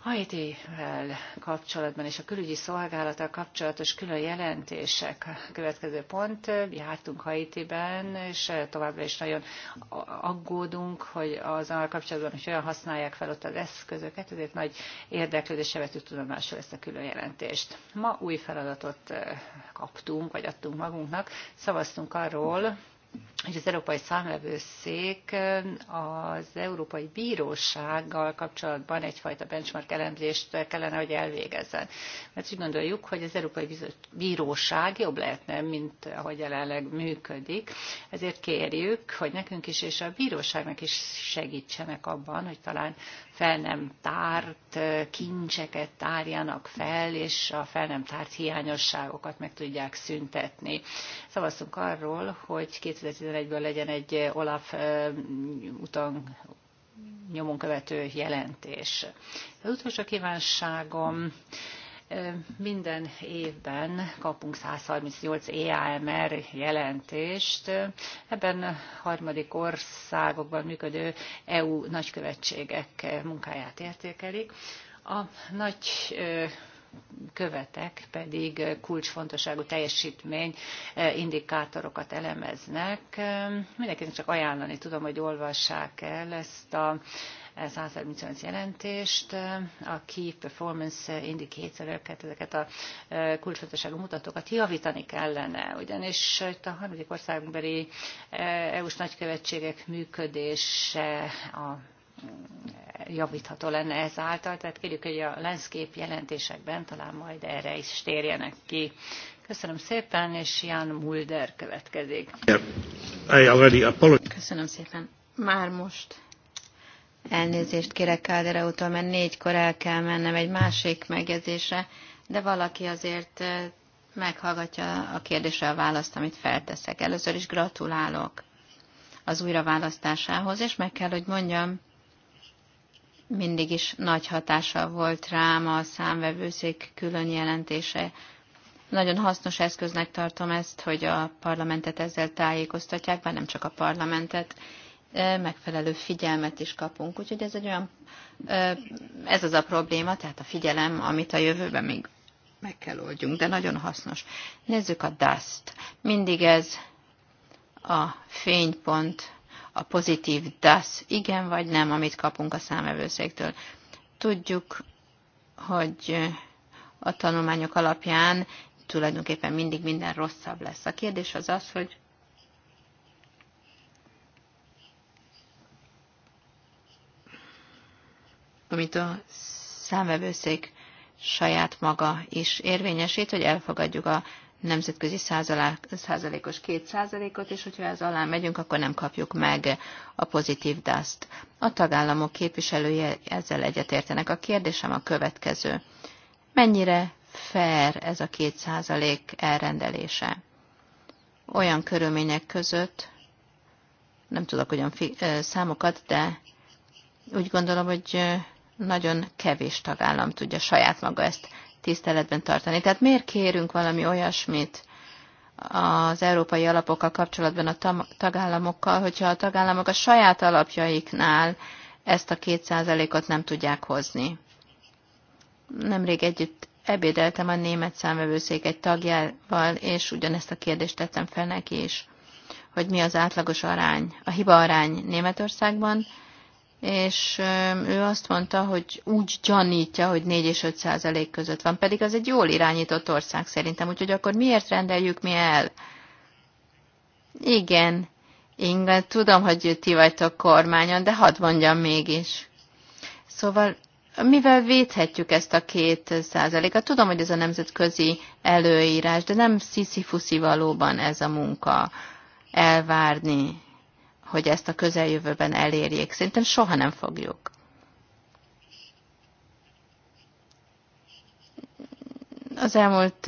Haiti-vel kapcsolatban és a külügyi szolgálattal kapcsolatos külön jelentések a következő pont. Jártunk Haiti-ben, és továbbra is nagyon aggódunk, hogy azzal kapcsolatban, hogy olyan használják fel ott az eszközöket, ezért nagy érdeklődésre vettük tudomásul ezt a külön jelentést. Ma új feladatot eh, kaptunk, vagy adtunk magunknak. Szavaztunk arról, hogy az Európai Számlevőszék az Európai Bírósággal kapcsolatban egyfajta benchmark elemzést kellene, hogy elvégezzen. Mert úgy gondoljuk, hogy az Európai Bíróság jobb lehetne, mint ahogy jelenleg működik. Ezért kérjük, hogy nekünk is és a bíróságnak is segítsenek abban, hogy talán fel nem tárt kincseket tárjanak fel, és a fel nem tárt hiányosságokat meg tudják szüntetni. Szavaztunk arról, hogy 2011-ből legyen egy Olaf után nyomon követő jelentés. Az utolsó kívánságom minden évben kapunk 138 EAMR jelentést. Ebben a harmadik országokban működő EU nagykövetségek munkáját értékelik. A nagy követek pedig kulcsfontosságú teljesítmény indikátorokat elemeznek. Mindenkinek csak ajánlani tudom, hogy olvassák el ezt a 138 jelentést, a Key Performance indicator ezeket a kulcsfontosságú mutatókat javítani kellene, ugyanis itt a harmadik országbeli EU-s nagykövetségek működése a javítható lenne ezáltal, tehát kérjük, hogy a landscape jelentésekben talán majd erre is térjenek ki. Köszönöm szépen, és Jan Mulder következik. Köszönöm szépen. Már most Elnézést kérek Kádere úton, mert négykor el kell mennem egy másik megjegyzésre, de valaki azért meghallgatja a kérdésre a választ, amit felteszek. Először is gratulálok az újraválasztásához, és meg kell, hogy mondjam, mindig is nagy hatása volt rám a számvevőszék külön jelentése. Nagyon hasznos eszköznek tartom ezt, hogy a parlamentet ezzel tájékoztatják, bár nem csak a parlamentet, megfelelő figyelmet is kapunk. Úgyhogy ez egy olyan, ez az a probléma, tehát a figyelem, amit a jövőben még meg kell oldjunk, de nagyon hasznos. Nézzük a dust. Mindig ez a fénypont, a pozitív dust, igen vagy nem, amit kapunk a számevőszéktől. Tudjuk, hogy a tanulmányok alapján tulajdonképpen mindig minden rosszabb lesz. A kérdés az az, hogy amit a számvevőszék saját maga is érvényesít, hogy elfogadjuk a nemzetközi százalékos két százalékot, és hogyha ez alá megyünk, akkor nem kapjuk meg a pozitív dust. A tagállamok képviselője ezzel egyetértenek. A kérdésem a következő. Mennyire fair ez a két százalék elrendelése? Olyan körülmények között, nem tudok olyan számokat, de úgy gondolom, hogy nagyon kevés tagállam tudja saját maga ezt tiszteletben tartani. Tehát miért kérünk valami olyasmit az európai alapokkal kapcsolatban a tagállamokkal, hogyha a tagállamok a saját alapjaiknál ezt a kétszázalékot nem tudják hozni? Nemrég együtt ebédeltem a német számvevőszék egy tagjával, és ugyanezt a kérdést tettem fel neki is, hogy mi az átlagos arány, a hiba arány Németországban, és ő azt mondta, hogy úgy gyanítja, hogy 4 és 5 százalék között van, pedig az egy jól irányított ország szerintem, úgyhogy akkor miért rendeljük mi el? Igen, igen, tudom, hogy ti vagytok kormányon, de hadd mondjam mégis. Szóval mivel védhetjük ezt a két százalékat? Tudom, hogy ez a nemzetközi előírás, de nem sziszi valóban ez a munka elvárni hogy ezt a közeljövőben elérjék. Szerintem soha nem fogjuk. Az elmúlt,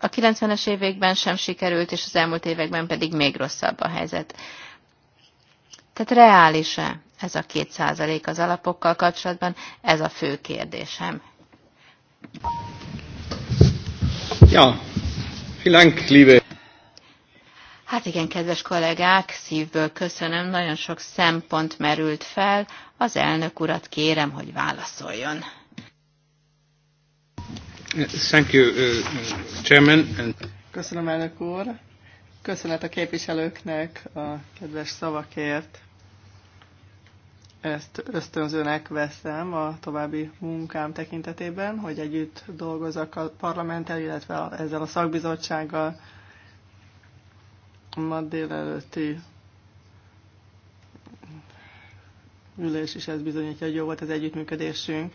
a 90-es években sem sikerült, és az elmúlt években pedig még rosszabb a helyzet. Tehát reális-e ez a két százalék az alapokkal kapcsolatban? Ez a fő kérdésem. Ja, vielen liebe Hát igen, kedves kollégák, szívből köszönöm, nagyon sok szempont merült fel. Az elnök urat kérem, hogy válaszoljon. Thank you, uh, Chairman. Köszönöm, elnök úr. Köszönet a képviselőknek a kedves szavakért. Ezt ösztönzőnek veszem a további munkám tekintetében, hogy együtt dolgozak a parlamenttel, illetve ezzel a szakbizottsággal, ma délelőtti ülés is ez bizonyítja, hogy jó volt az együttműködésünk.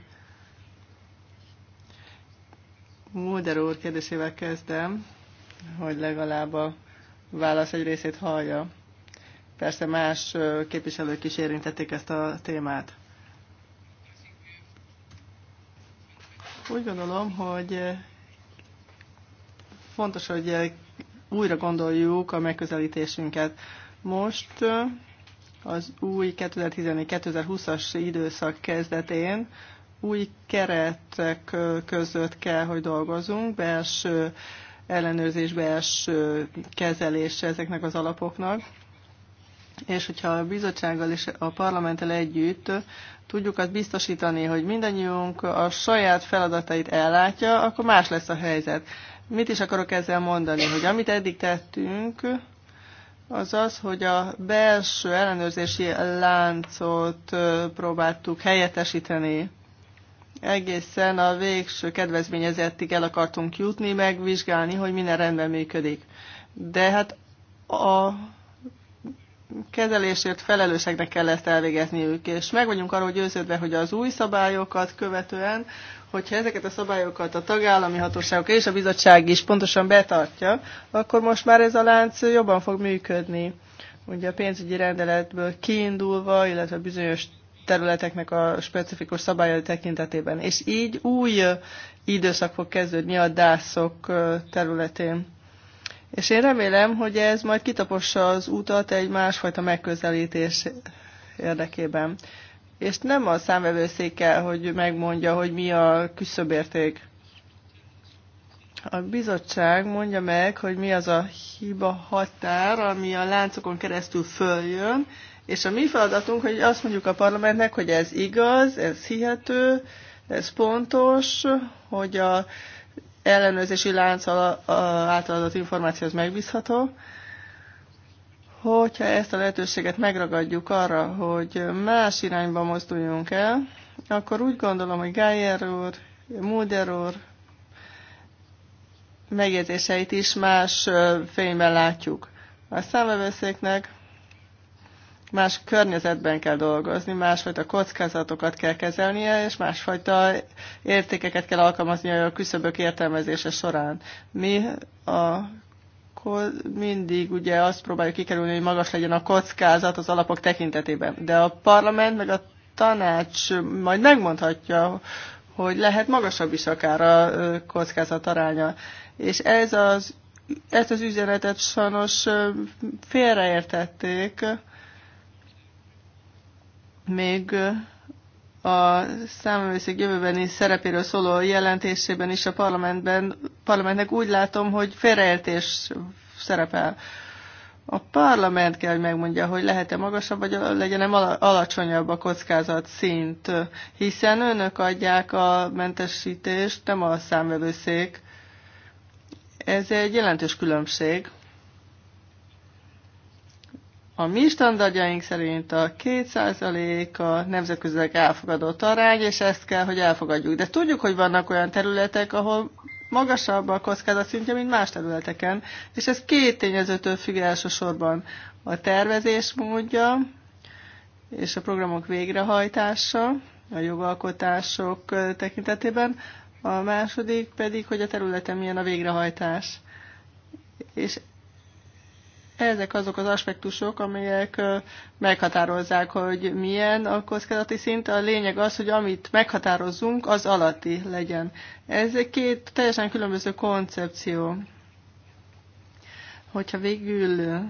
Mulder úr kérdésével kezdem, hogy legalább a válasz egy részét hallja. Persze más képviselők is érintették ezt a témát. Úgy gondolom, hogy fontos, hogy újra gondoljuk a megközelítésünket. Most uh, az új 2014-2020-as időszak kezdetén új keretek uh, között kell, hogy dolgozunk, belső ellenőrzés, belső kezelés ezeknek az alapoknak. És hogyha a bizottsággal és a parlamenttel együtt tudjuk azt biztosítani, hogy mindannyiunk a saját feladatait ellátja, akkor más lesz a helyzet. Mit is akarok ezzel mondani? Hogy amit eddig tettünk, az az, hogy a belső ellenőrzési láncot próbáltuk helyettesíteni. Egészen a végső kedvezményezettig el akartunk jutni, megvizsgálni, hogy minden rendben működik. De hát a kezelésért felelőseknek kell ezt elvégezniük, és meg vagyunk arról győződve, hogy az új szabályokat követően, hogyha ezeket a szabályokat a tagállami hatóságok és a bizottság is pontosan betartja, akkor most már ez a lánc jobban fog működni. Ugye a pénzügyi rendeletből kiindulva, illetve bizonyos területeknek a specifikus szabályai tekintetében. És így új időszak fog kezdődni a dászok területén. És én remélem, hogy ez majd kitapossa az utat egy másfajta megközelítés érdekében. És nem a számvevőszék kell, hogy megmondja, hogy mi a küszöbérték. A bizottság mondja meg, hogy mi az a hiba határ, ami a láncokon keresztül följön, és a mi feladatunk, hogy azt mondjuk a parlamentnek, hogy ez igaz, ez hihető, ez pontos, hogy a ellenőrzési lánc által adott információ az megbízható. Hogyha ezt a lehetőséget megragadjuk arra, hogy más irányba mozduljunk el, akkor úgy gondolom, hogy Geyer úr, Mulder úr megjegyzéseit is más fényben látjuk. A számvevőszéknek más környezetben kell dolgozni, másfajta kockázatokat kell kezelnie, és másfajta értékeket kell alkalmazni a küszöbök értelmezése során. Mi a mindig ugye azt próbáljuk kikerülni, hogy magas legyen a kockázat az alapok tekintetében. De a parlament meg a tanács majd megmondhatja, hogy lehet magasabb is akár a kockázat aránya. És ez az, ezt az üzenetet sajnos félreértették, még a számomészék jövőbeni szerepéről szóló jelentésében is a parlamentben, parlamentnek úgy látom, hogy félreértés szerepel. A parlament kell, hogy megmondja, hogy lehet-e magasabb, vagy legyen-e alacsonyabb a kockázat szint, hiszen önök adják a mentesítést, nem a számvevőszék. Ez egy jelentős különbség. A mi standardjaink szerint a 2% a nemzetközileg elfogadott arány, és ezt kell, hogy elfogadjuk. De tudjuk, hogy vannak olyan területek, ahol magasabb a kockázat szintje, mint más területeken, és ez két tényezőtől függ elsősorban a tervezés módja és a programok végrehajtása a jogalkotások tekintetében, a második pedig, hogy a területen milyen a végrehajtás. És ezek azok az aspektusok, amelyek meghatározzák, hogy milyen a kockázati szint. A lényeg az, hogy amit meghatározzunk, az alatti legyen. Ez egy két teljesen különböző koncepció. Hogyha végül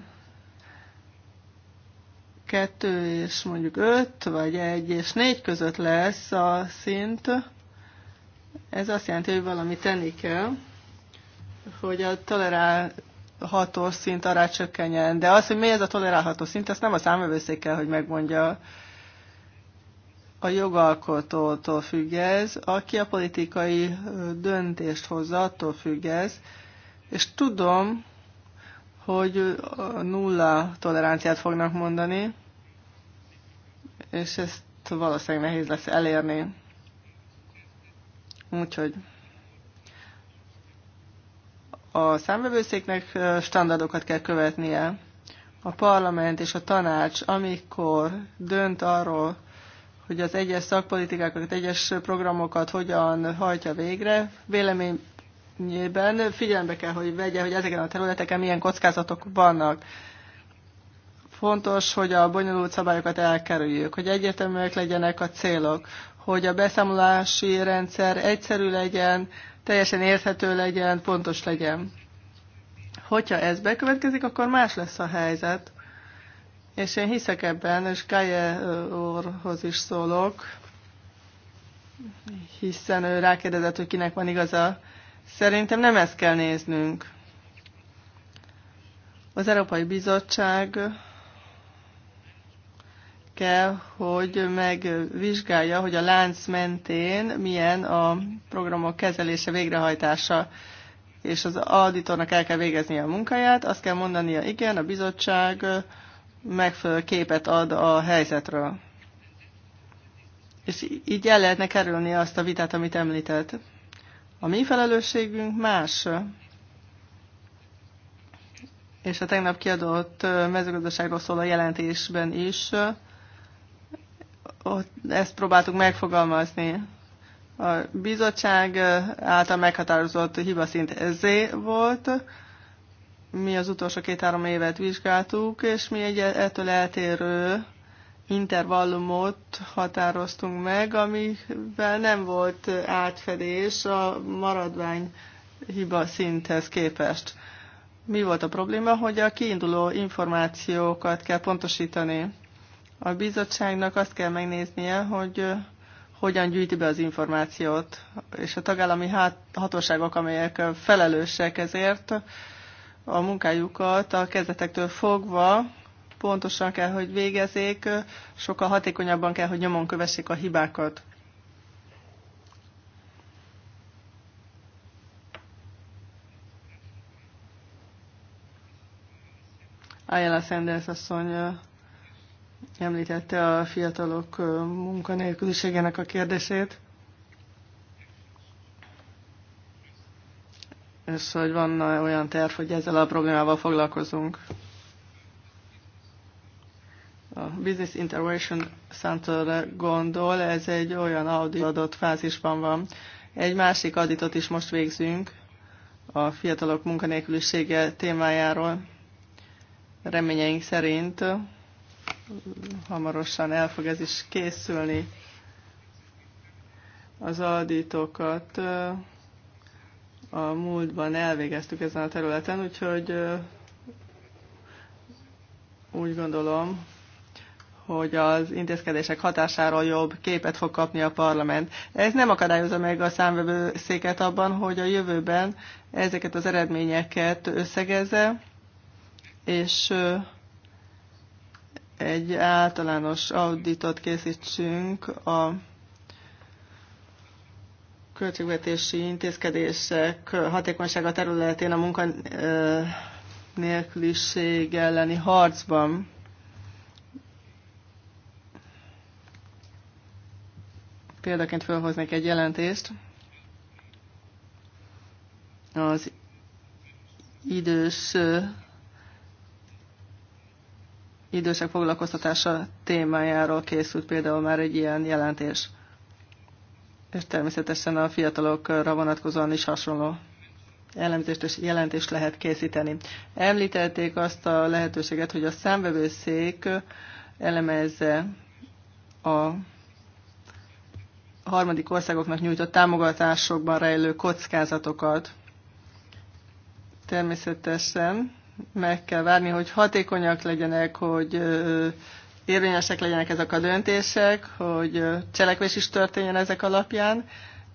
kettő és mondjuk öt, vagy egy és négy között lesz a szint, ez azt jelenti, hogy valamit tenni kell, hogy a tolerál, tolerálható szint arra csökkenjen. De az, hogy mi ez a tolerálható szint, ezt nem a számövőszék kell, hogy megmondja. A jogalkotótól függ ez, aki a politikai döntést hozza, attól függ ez. És tudom, hogy nulla toleranciát fognak mondani, és ezt valószínűleg nehéz lesz elérni. Úgyhogy a számvevőszéknek standardokat kell követnie. A parlament és a tanács, amikor dönt arról, hogy az egyes szakpolitikákat, egyes programokat hogyan hajtja végre, véleményében figyelembe kell, hogy vegye, hogy ezeken a területeken milyen kockázatok vannak. Fontos, hogy a bonyolult szabályokat elkerüljük, hogy egyeteműek legyenek a célok, hogy a beszámolási rendszer egyszerű legyen, teljesen érthető legyen, pontos legyen. Hogyha ez bekövetkezik, akkor más lesz a helyzet. És én hiszek ebben, és Kaje úrhoz is szólok, hiszen ő rákérdezett, hogy kinek van igaza. Szerintem nem ezt kell néznünk. Az Európai Bizottság kell, hogy megvizsgálja, hogy a lánc mentén milyen a programok kezelése, végrehajtása, és az auditornak el kell végeznie a munkáját, azt kell mondania, igen, a bizottság megfelelő képet ad a helyzetről. És így el lehetne kerülni azt a vitát, amit említett. A mi felelősségünk más. És a tegnap kiadott mezőgazdaságról szóló jelentésben is ott ezt próbáltuk megfogalmazni. A bizottság által meghatározott hibaszint Z volt, mi az utolsó két-három évet vizsgáltuk, és mi egy e- ettől eltérő intervallumot határoztunk meg, amivel nem volt átfedés a maradvány hiba szinthez képest. Mi volt a probléma, hogy a kiinduló információkat kell pontosítani a bizottságnak azt kell megnéznie, hogy hogyan gyűjti be az információt, és a tagállami hát, hatóságok, amelyek felelősek ezért a munkájukat a kezdetektől fogva pontosan kell, hogy végezzék, sokkal hatékonyabban kell, hogy nyomon kövessék a hibákat. Ayala Sanders asszony említette a fiatalok munkanélküliségének a kérdését, és hogy van olyan terv, hogy ezzel a problémával foglalkozunk. A Business integration Center gondol, ez egy olyan audit adott fázisban van. Egy másik auditot is most végzünk a fiatalok munkanélkülisége témájáról. Reményeink szerint hamarosan el fog ez is készülni. Az aldítókat a múltban elvégeztük ezen a területen, úgyhogy úgy gondolom, hogy az intézkedések hatásáról jobb képet fog kapni a parlament. Ez nem akadályozza meg a számvevőszéket abban, hogy a jövőben ezeket az eredményeket összegezze, és egy általános auditot készítsünk a költségvetési intézkedések hatékonysága területén a munkanélküliség elleni harcban. Példaként felhoznék egy jelentést. Az idős idősek foglalkoztatása témájáról készült például már egy ilyen jelentés. És természetesen a fiatalokra vonatkozóan is hasonló elemzést és jelentést lehet készíteni. Említették azt a lehetőséget, hogy a számvevőszék elemezze a harmadik országoknak nyújtott támogatásokban rejlő kockázatokat. Természetesen meg kell várni, hogy hatékonyak legyenek, hogy érvényesek legyenek ezek a döntések, hogy cselekvés is történjen ezek alapján,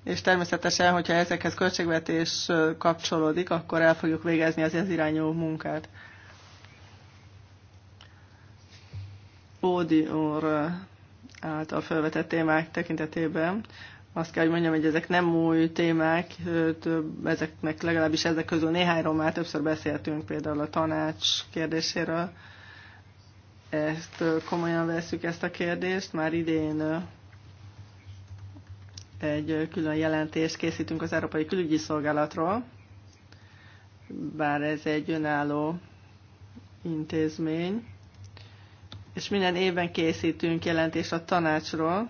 és természetesen, hogyha ezekhez költségvetés kapcsolódik, akkor el fogjuk végezni az ez irányú munkát. Ódi úr által felvetett témák tekintetében azt kell, hogy mondjam, hogy ezek nem új témák, több, ezeknek legalábbis ezek közül néhányról már többször beszéltünk, például a tanács kérdéséről. Ezt komolyan veszük ezt a kérdést. Már idén egy külön jelentést készítünk az Európai Külügyi Szolgálatról, bár ez egy önálló intézmény, és minden évben készítünk jelentést a tanácsról,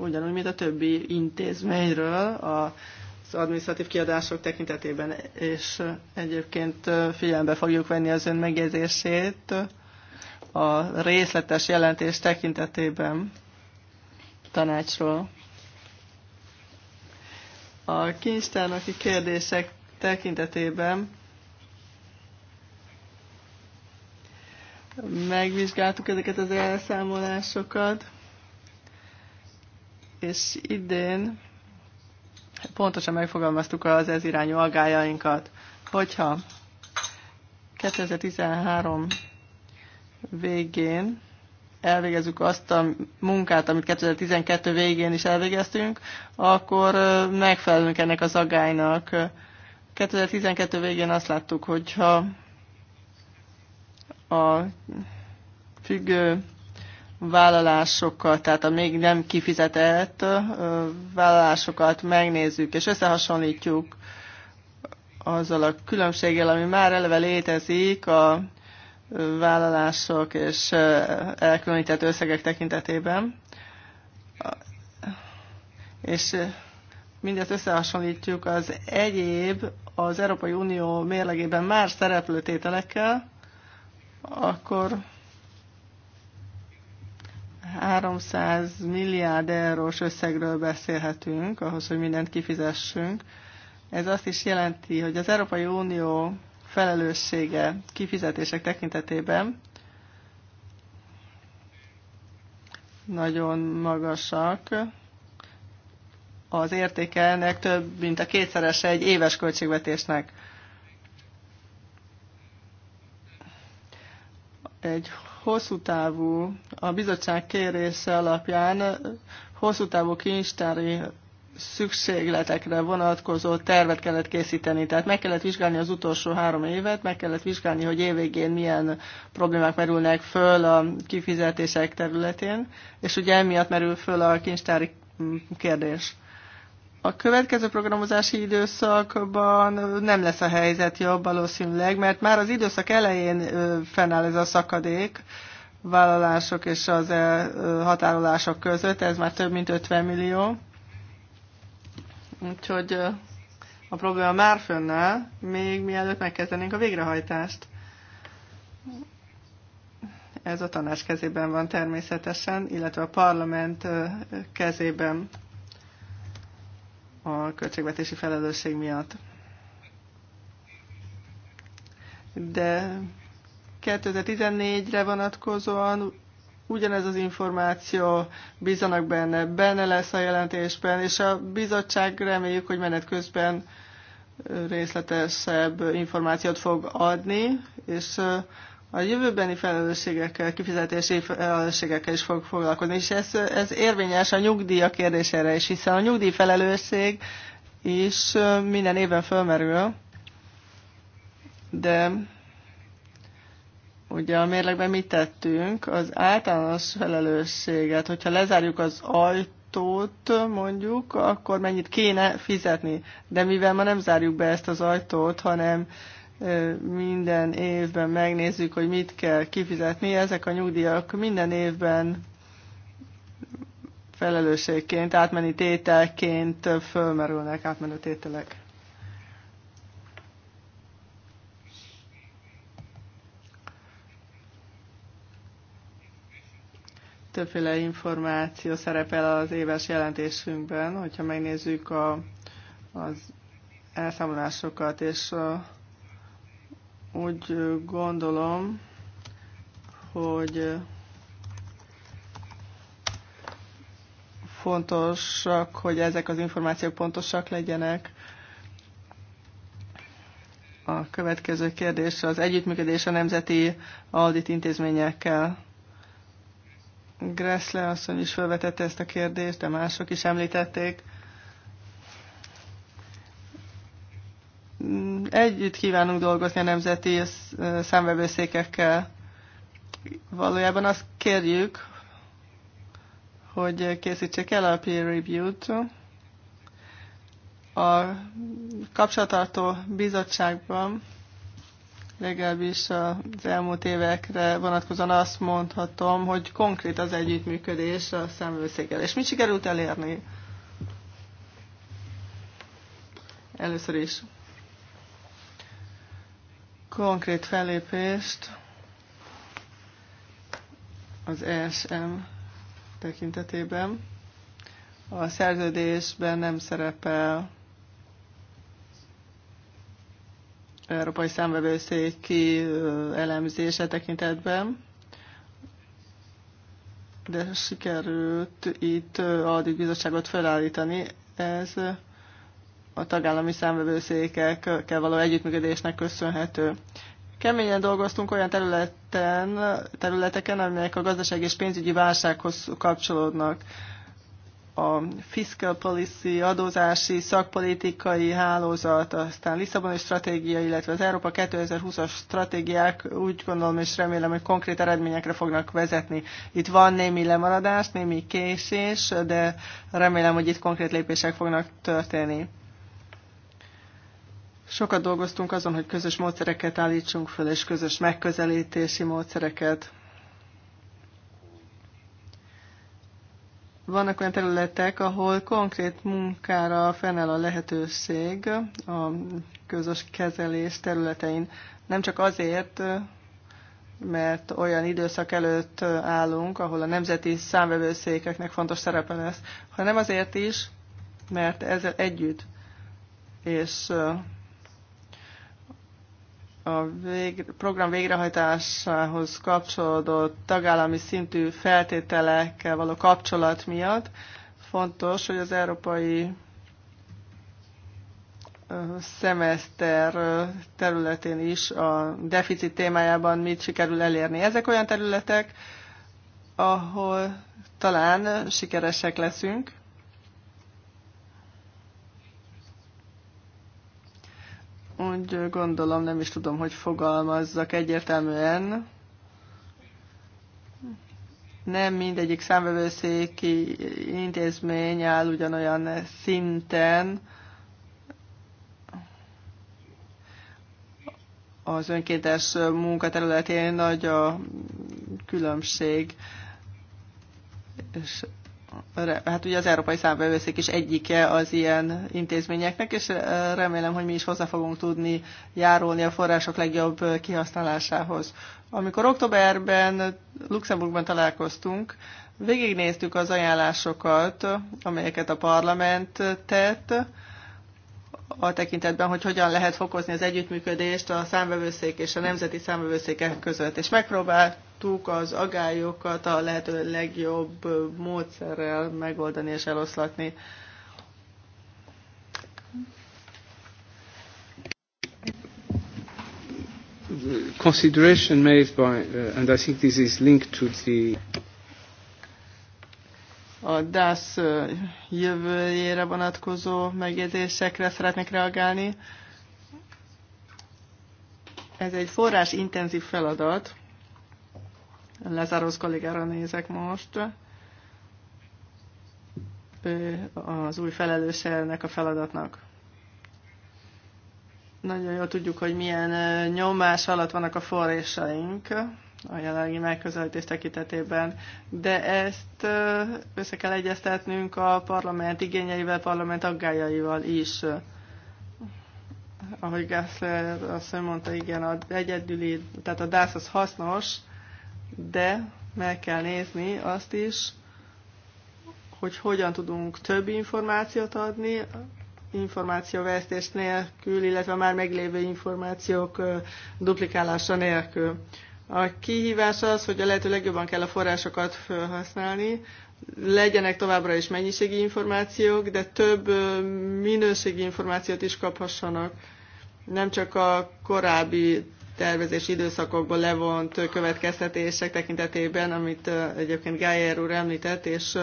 ugyanúgy, mint a többi intézményről az administratív kiadások tekintetében, és egyébként figyelembe fogjuk venni az ön megjegyzését a részletes jelentés tekintetében tanácsról. A kincstárnoki kérdések tekintetében megvizsgáltuk ezeket az elszámolásokat és idén pontosan megfogalmaztuk az ez irányú aggájainkat, hogyha 2013 végén elvégezzük azt a munkát, amit 2012 végén is elvégeztünk, akkor megfelelünk ennek az agálynak. 2012 végén azt láttuk, hogyha a függő vállalásokat, tehát a még nem kifizetett vállalásokat megnézzük, és összehasonlítjuk azzal a különbséggel, ami már eleve létezik a vállalások és elkülönített összegek tekintetében. És mindezt összehasonlítjuk az egyéb, az Európai Unió mérlegében már szereplő tételekkel, akkor 300 milliárd eurós összegről beszélhetünk, ahhoz, hogy mindent kifizessünk. Ez azt is jelenti, hogy az Európai Unió felelőssége kifizetések tekintetében nagyon magasak. Az értéke ennek több, mint a kétszerese egy éves költségvetésnek. Egy hosszú távú, a bizottság kérése alapján hosszú távú kincstári szükségletekre vonatkozó tervet kellett készíteni. Tehát meg kellett vizsgálni az utolsó három évet, meg kellett vizsgálni, hogy évvégén milyen problémák merülnek föl a kifizetések területén, és ugye emiatt merül föl a kincstári mm, kérdés. A következő programozási időszakban nem lesz a helyzet jobb valószínűleg, mert már az időszak elején fennáll ez a szakadék vállalások és az határolások között, ez már több mint 50 millió. Úgyhogy a probléma már fönnáll, még mielőtt megkezdenénk a végrehajtást. Ez a tanács kezében van természetesen, illetve a parlament kezében a költségvetési felelősség miatt. De 2014-re vonatkozóan ugyanez az információ, bízanak benne, benne lesz a jelentésben, és a bizottság reméljük, hogy menet közben részletesebb információt fog adni, és a jövőbeni felelősségekkel, kifizetési felelősségekkel is fog foglalkozni, és ez, ez érvényes a nyugdíja kérdésére is, hiszen a nyugdíj felelősség is minden évben fölmerül, de ugye a mérlegben mit tettünk? Az általános felelősséget, hogyha lezárjuk az ajtót mondjuk, akkor mennyit kéne fizetni. De mivel ma nem zárjuk be ezt az ajtót, hanem minden évben megnézzük, hogy mit kell kifizetni. Ezek a nyugdíjak minden évben felelősségként, átmeni tételként fölmerülnek átmenő tételek. Többféle információ szerepel az éves jelentésünkben, hogyha megnézzük a, az elszámolásokat és a úgy gondolom, hogy fontosak, hogy ezek az információk pontosak legyenek. A következő kérdés az együttműködés a nemzeti audit intézményekkel. Gressle asszony is felvetette ezt a kérdést, de mások is említették együtt kívánunk dolgozni a nemzeti számvevőszékekkel. Valójában azt kérjük, hogy készítsék el a peer review-t. A kapcsolatartó bizottságban legalábbis az elmúlt évekre vonatkozóan azt mondhatom, hogy konkrét az együttműködés a számvőszéggel. És mit sikerült elérni? Először is konkrét fellépést az ESM tekintetében. A szerződésben nem szerepel Európai ki elemzése tekintetben, de sikerült itt a bizottságot felállítani. Ez a tagállami számvevőszékekkel való együttműködésnek köszönhető. Keményen dolgoztunk olyan területen, területeken, amelyek a gazdaság és pénzügyi válsághoz kapcsolódnak. A fiscal policy, adózási, szakpolitikai hálózat, aztán Lisszaboni stratégia, illetve az Európa 2020-as stratégiák úgy gondolom és remélem, hogy konkrét eredményekre fognak vezetni. Itt van némi lemaradás, némi késés, de remélem, hogy itt konkrét lépések fognak történni Sokat dolgoztunk azon, hogy közös módszereket állítsunk föl, és közös megközelítési módszereket. Vannak olyan területek, ahol konkrét munkára fennáll a lehetőség a közös kezelés területein. Nem csak azért, mert olyan időszak előtt állunk, ahol a nemzeti számvevőszékeknek fontos szerepe lesz, hanem azért is, mert ezzel együtt és a végre, program végrehajtásához kapcsolódó tagállami szintű feltételekkel való kapcsolat miatt fontos, hogy az európai szemeszter területén is a deficit témájában mit sikerül elérni. Ezek olyan területek, ahol talán sikeresek leszünk, úgy gondolom, nem is tudom, hogy fogalmazzak egyértelműen. Nem mindegyik számvevőszéki intézmény áll ugyanolyan szinten az önkéntes munkaterületén nagy a különbség, és hát ugye az Európai Számbevőszék is egyike az ilyen intézményeknek, és eh, remélem, hogy mi is hozzá fogunk tudni járulni a források legjobb eh, kihasználásához. Amikor októberben Luxemburgban találkoztunk, végignéztük az ajánlásokat, amelyeket a parlament tett, a tekintetben, hogy hogyan lehet fokozni az együttműködést a számbevőszék és a nemzeti számbevőszékek között. És megpróbált megpróbáltuk az agályokat a lehető legjobb módszerrel megoldani és eloszlatni. consideration made by, uh, and I think this is linked to the a DAS uh, jövőjére vonatkozó megjegyzésekre szeretnék reagálni. Ez egy forrás intenzív feladat, Lezáros kollégára nézek most. Ő az új felelőse ennek a feladatnak. Nagyon jól tudjuk, hogy milyen nyomás alatt vannak a forrásaink a jelenlegi megközelítés tekintetében, de ezt össze kell egyeztetnünk a parlament igényeivel, parlament aggájaival is. Ahogy Gessler azt mondta, igen, az egyedüli, tehát a DASZ az hasznos, de meg kell nézni azt is, hogy hogyan tudunk több információt adni, információvesztés nélkül, illetve már meglévő információk duplikálása nélkül. A kihívás az, hogy a lehető legjobban kell a forrásokat felhasználni, legyenek továbbra is mennyiségi információk, de több minőségi információt is kaphassanak. Nem csak a korábbi tervezési időszakokból levont következtetések tekintetében, amit egyébként Gájer úr említett, és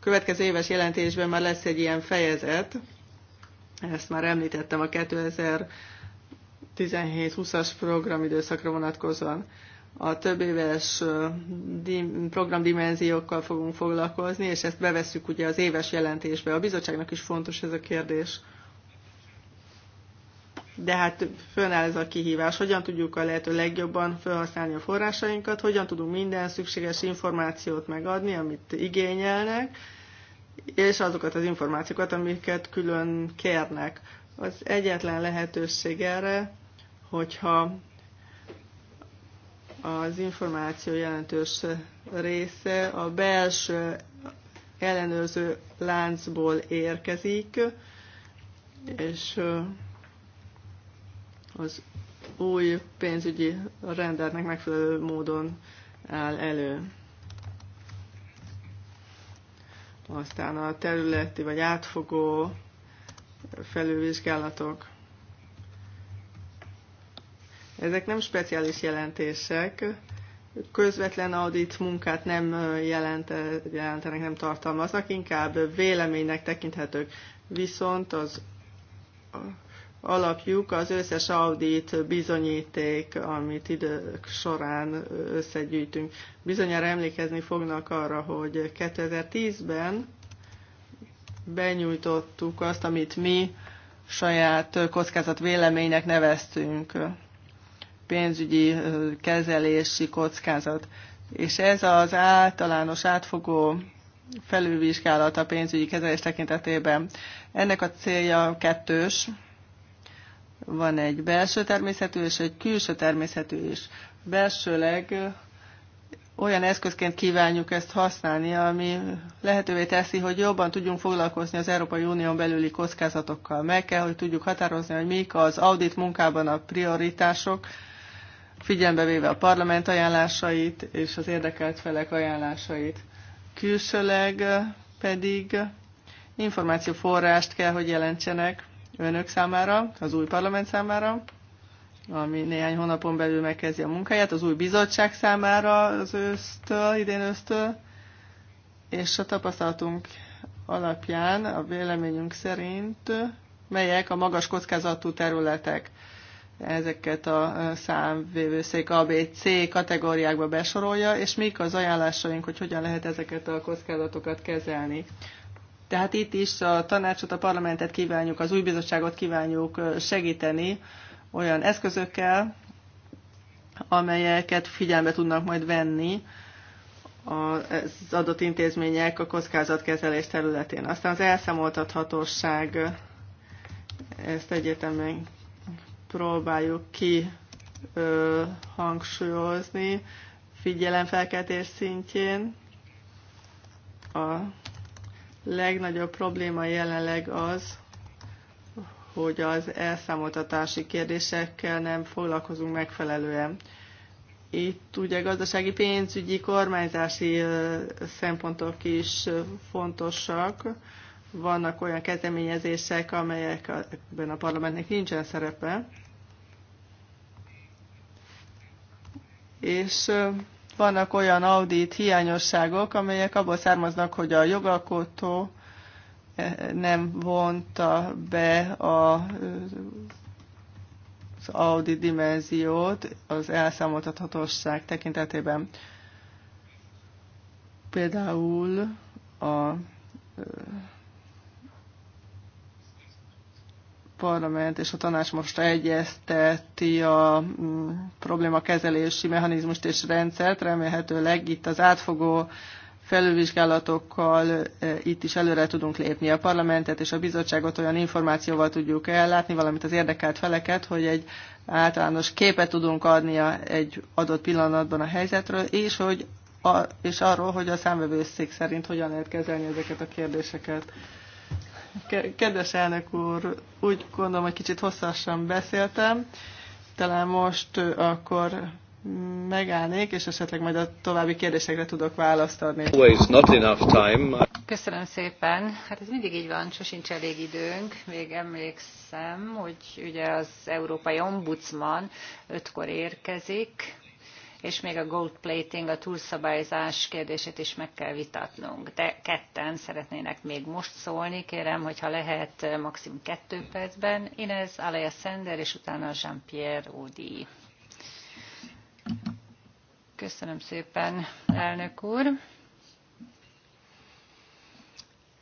következő éves jelentésben már lesz egy ilyen fejezet, ezt már említettem a 2017-20-as programidőszakra vonatkozóan. A több éves programdimenziókkal fogunk foglalkozni, és ezt bevesszük ugye az éves jelentésbe. A bizottságnak is fontos ez a kérdés de hát fönnáll ez a kihívás, hogyan tudjuk a lehető legjobban felhasználni a forrásainkat, hogyan tudunk minden szükséges információt megadni, amit igényelnek, és azokat az információkat, amiket külön kérnek. Az egyetlen lehetőség erre, hogyha az információ jelentős része a belső ellenőrző láncból érkezik, és az új pénzügyi rendernek megfelelő módon áll elő. Aztán a területi vagy átfogó felülvizsgálatok. Ezek nem speciális jelentések, közvetlen audit munkát nem jelent, jelentenek, nem tartalmaznak, inkább véleménynek tekinthetők. Viszont az alapjuk az összes audit bizonyíték, amit idők során összegyűjtünk. Bizonyára emlékezni fognak arra, hogy 2010-ben benyújtottuk azt, amit mi saját kockázat véleménynek neveztünk, pénzügyi kezelési kockázat. És ez az általános átfogó felülvizsgálat a pénzügyi kezelés tekintetében. Ennek a célja kettős, van egy belső természetű és egy külső természetű is. Belsőleg olyan eszközként kívánjuk ezt használni, ami lehetővé teszi, hogy jobban tudjunk foglalkozni az Európai Unión belüli kockázatokkal. Meg kell, hogy tudjuk határozni, hogy mik az audit munkában a prioritások, figyelembe véve a parlament ajánlásait és az érdekelt felek ajánlásait. Külsőleg pedig információforrást kell, hogy jelentsenek önök számára, az új parlament számára, ami néhány hónapon belül megkezdi a munkáját, az új bizottság számára az ősztől, idén ősztől, és a tapasztalatunk alapján, a véleményünk szerint, melyek a magas kockázatú területek. Ezeket a számvévőszék ABC kategóriákba besorolja, és mik az ajánlásaink, hogy hogyan lehet ezeket a kockázatokat kezelni. Tehát itt is a tanácsot, a parlamentet kívánjuk, az új bizottságot kívánjuk segíteni olyan eszközökkel, amelyeket figyelme tudnak majd venni az adott intézmények a kockázatkezelés területén. Aztán az elszámoltathatóság, ezt egyértelműen próbáljuk ki ö, hangsúlyozni figyelemfelkeltés szintjén a legnagyobb probléma jelenleg az, hogy az elszámoltatási kérdésekkel nem foglalkozunk megfelelően. Itt ugye gazdasági pénzügyi kormányzási szempontok is fontosak. Vannak olyan kezdeményezések, amelyekben a parlamentnek nincsen szerepe. És vannak olyan audit hiányosságok, amelyek abból származnak, hogy a jogalkotó eh, nem vonta be a, az audit dimenziót az elszámoltathatóság tekintetében. Például a eh, parlament és a tanács most egyezteti a mm, probléma kezelési mechanizmust és rendszert, remélhetőleg itt az átfogó felülvizsgálatokkal e, itt is előre tudunk lépni. A parlamentet és a bizottságot olyan információval tudjuk ellátni, valamint az érdekelt feleket, hogy egy általános képet tudunk adni egy adott pillanatban a helyzetről, és, hogy a, és arról, hogy a számvevőszék szerint hogyan lehet kezelni ezeket a kérdéseket. Kedves elnök úr, úgy gondolom, hogy kicsit hosszasan beszéltem, talán most akkor megállnék, és esetleg majd a további kérdésekre tudok választ adni. Köszönöm szépen. Hát ez mindig így van, sosincs elég időnk. Még emlékszem, hogy ugye az Európai Ombudsman ötkor érkezik, és még a gold plating, a túlszabályzás kérdését is meg kell vitatnunk. De ketten szeretnének még most szólni, kérem, hogyha lehet eh, maximum kettő percben. Inez Alea Sender, és utána Jean-Pierre Udi. Köszönöm szépen, elnök úr.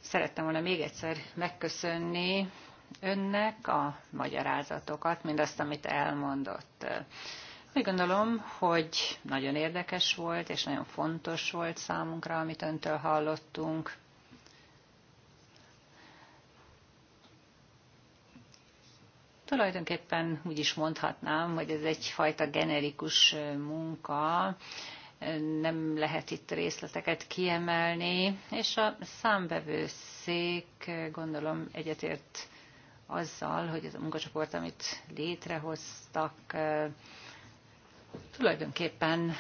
Szerettem volna még egyszer megköszönni önnek a magyarázatokat, mindazt, amit elmondott. Úgy gondolom, hogy nagyon érdekes volt, és nagyon fontos volt számunkra, amit öntől hallottunk. Tulajdonképpen úgy is mondhatnám, hogy ez egyfajta generikus munka, nem lehet itt részleteket kiemelni, és a szék, gondolom egyetért azzal, hogy ez a munkacsoport, amit létrehoztak, tulajdonképpen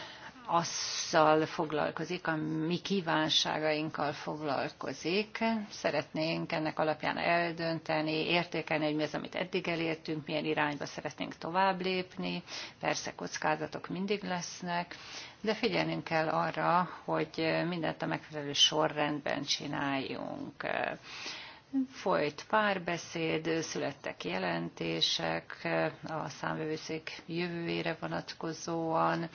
azzal foglalkozik, a mi kívánságainkkal foglalkozik. Szeretnénk ennek alapján eldönteni, értékelni, hogy mi az, amit eddig elértünk, milyen irányba szeretnénk tovább lépni. Persze kockázatok mindig lesznek, de figyelnünk kell arra, hogy mindent a megfelelő sorrendben csináljunk Folyt párbeszéd, születtek jelentések a számvevőszék jövőjére vonatkozóan,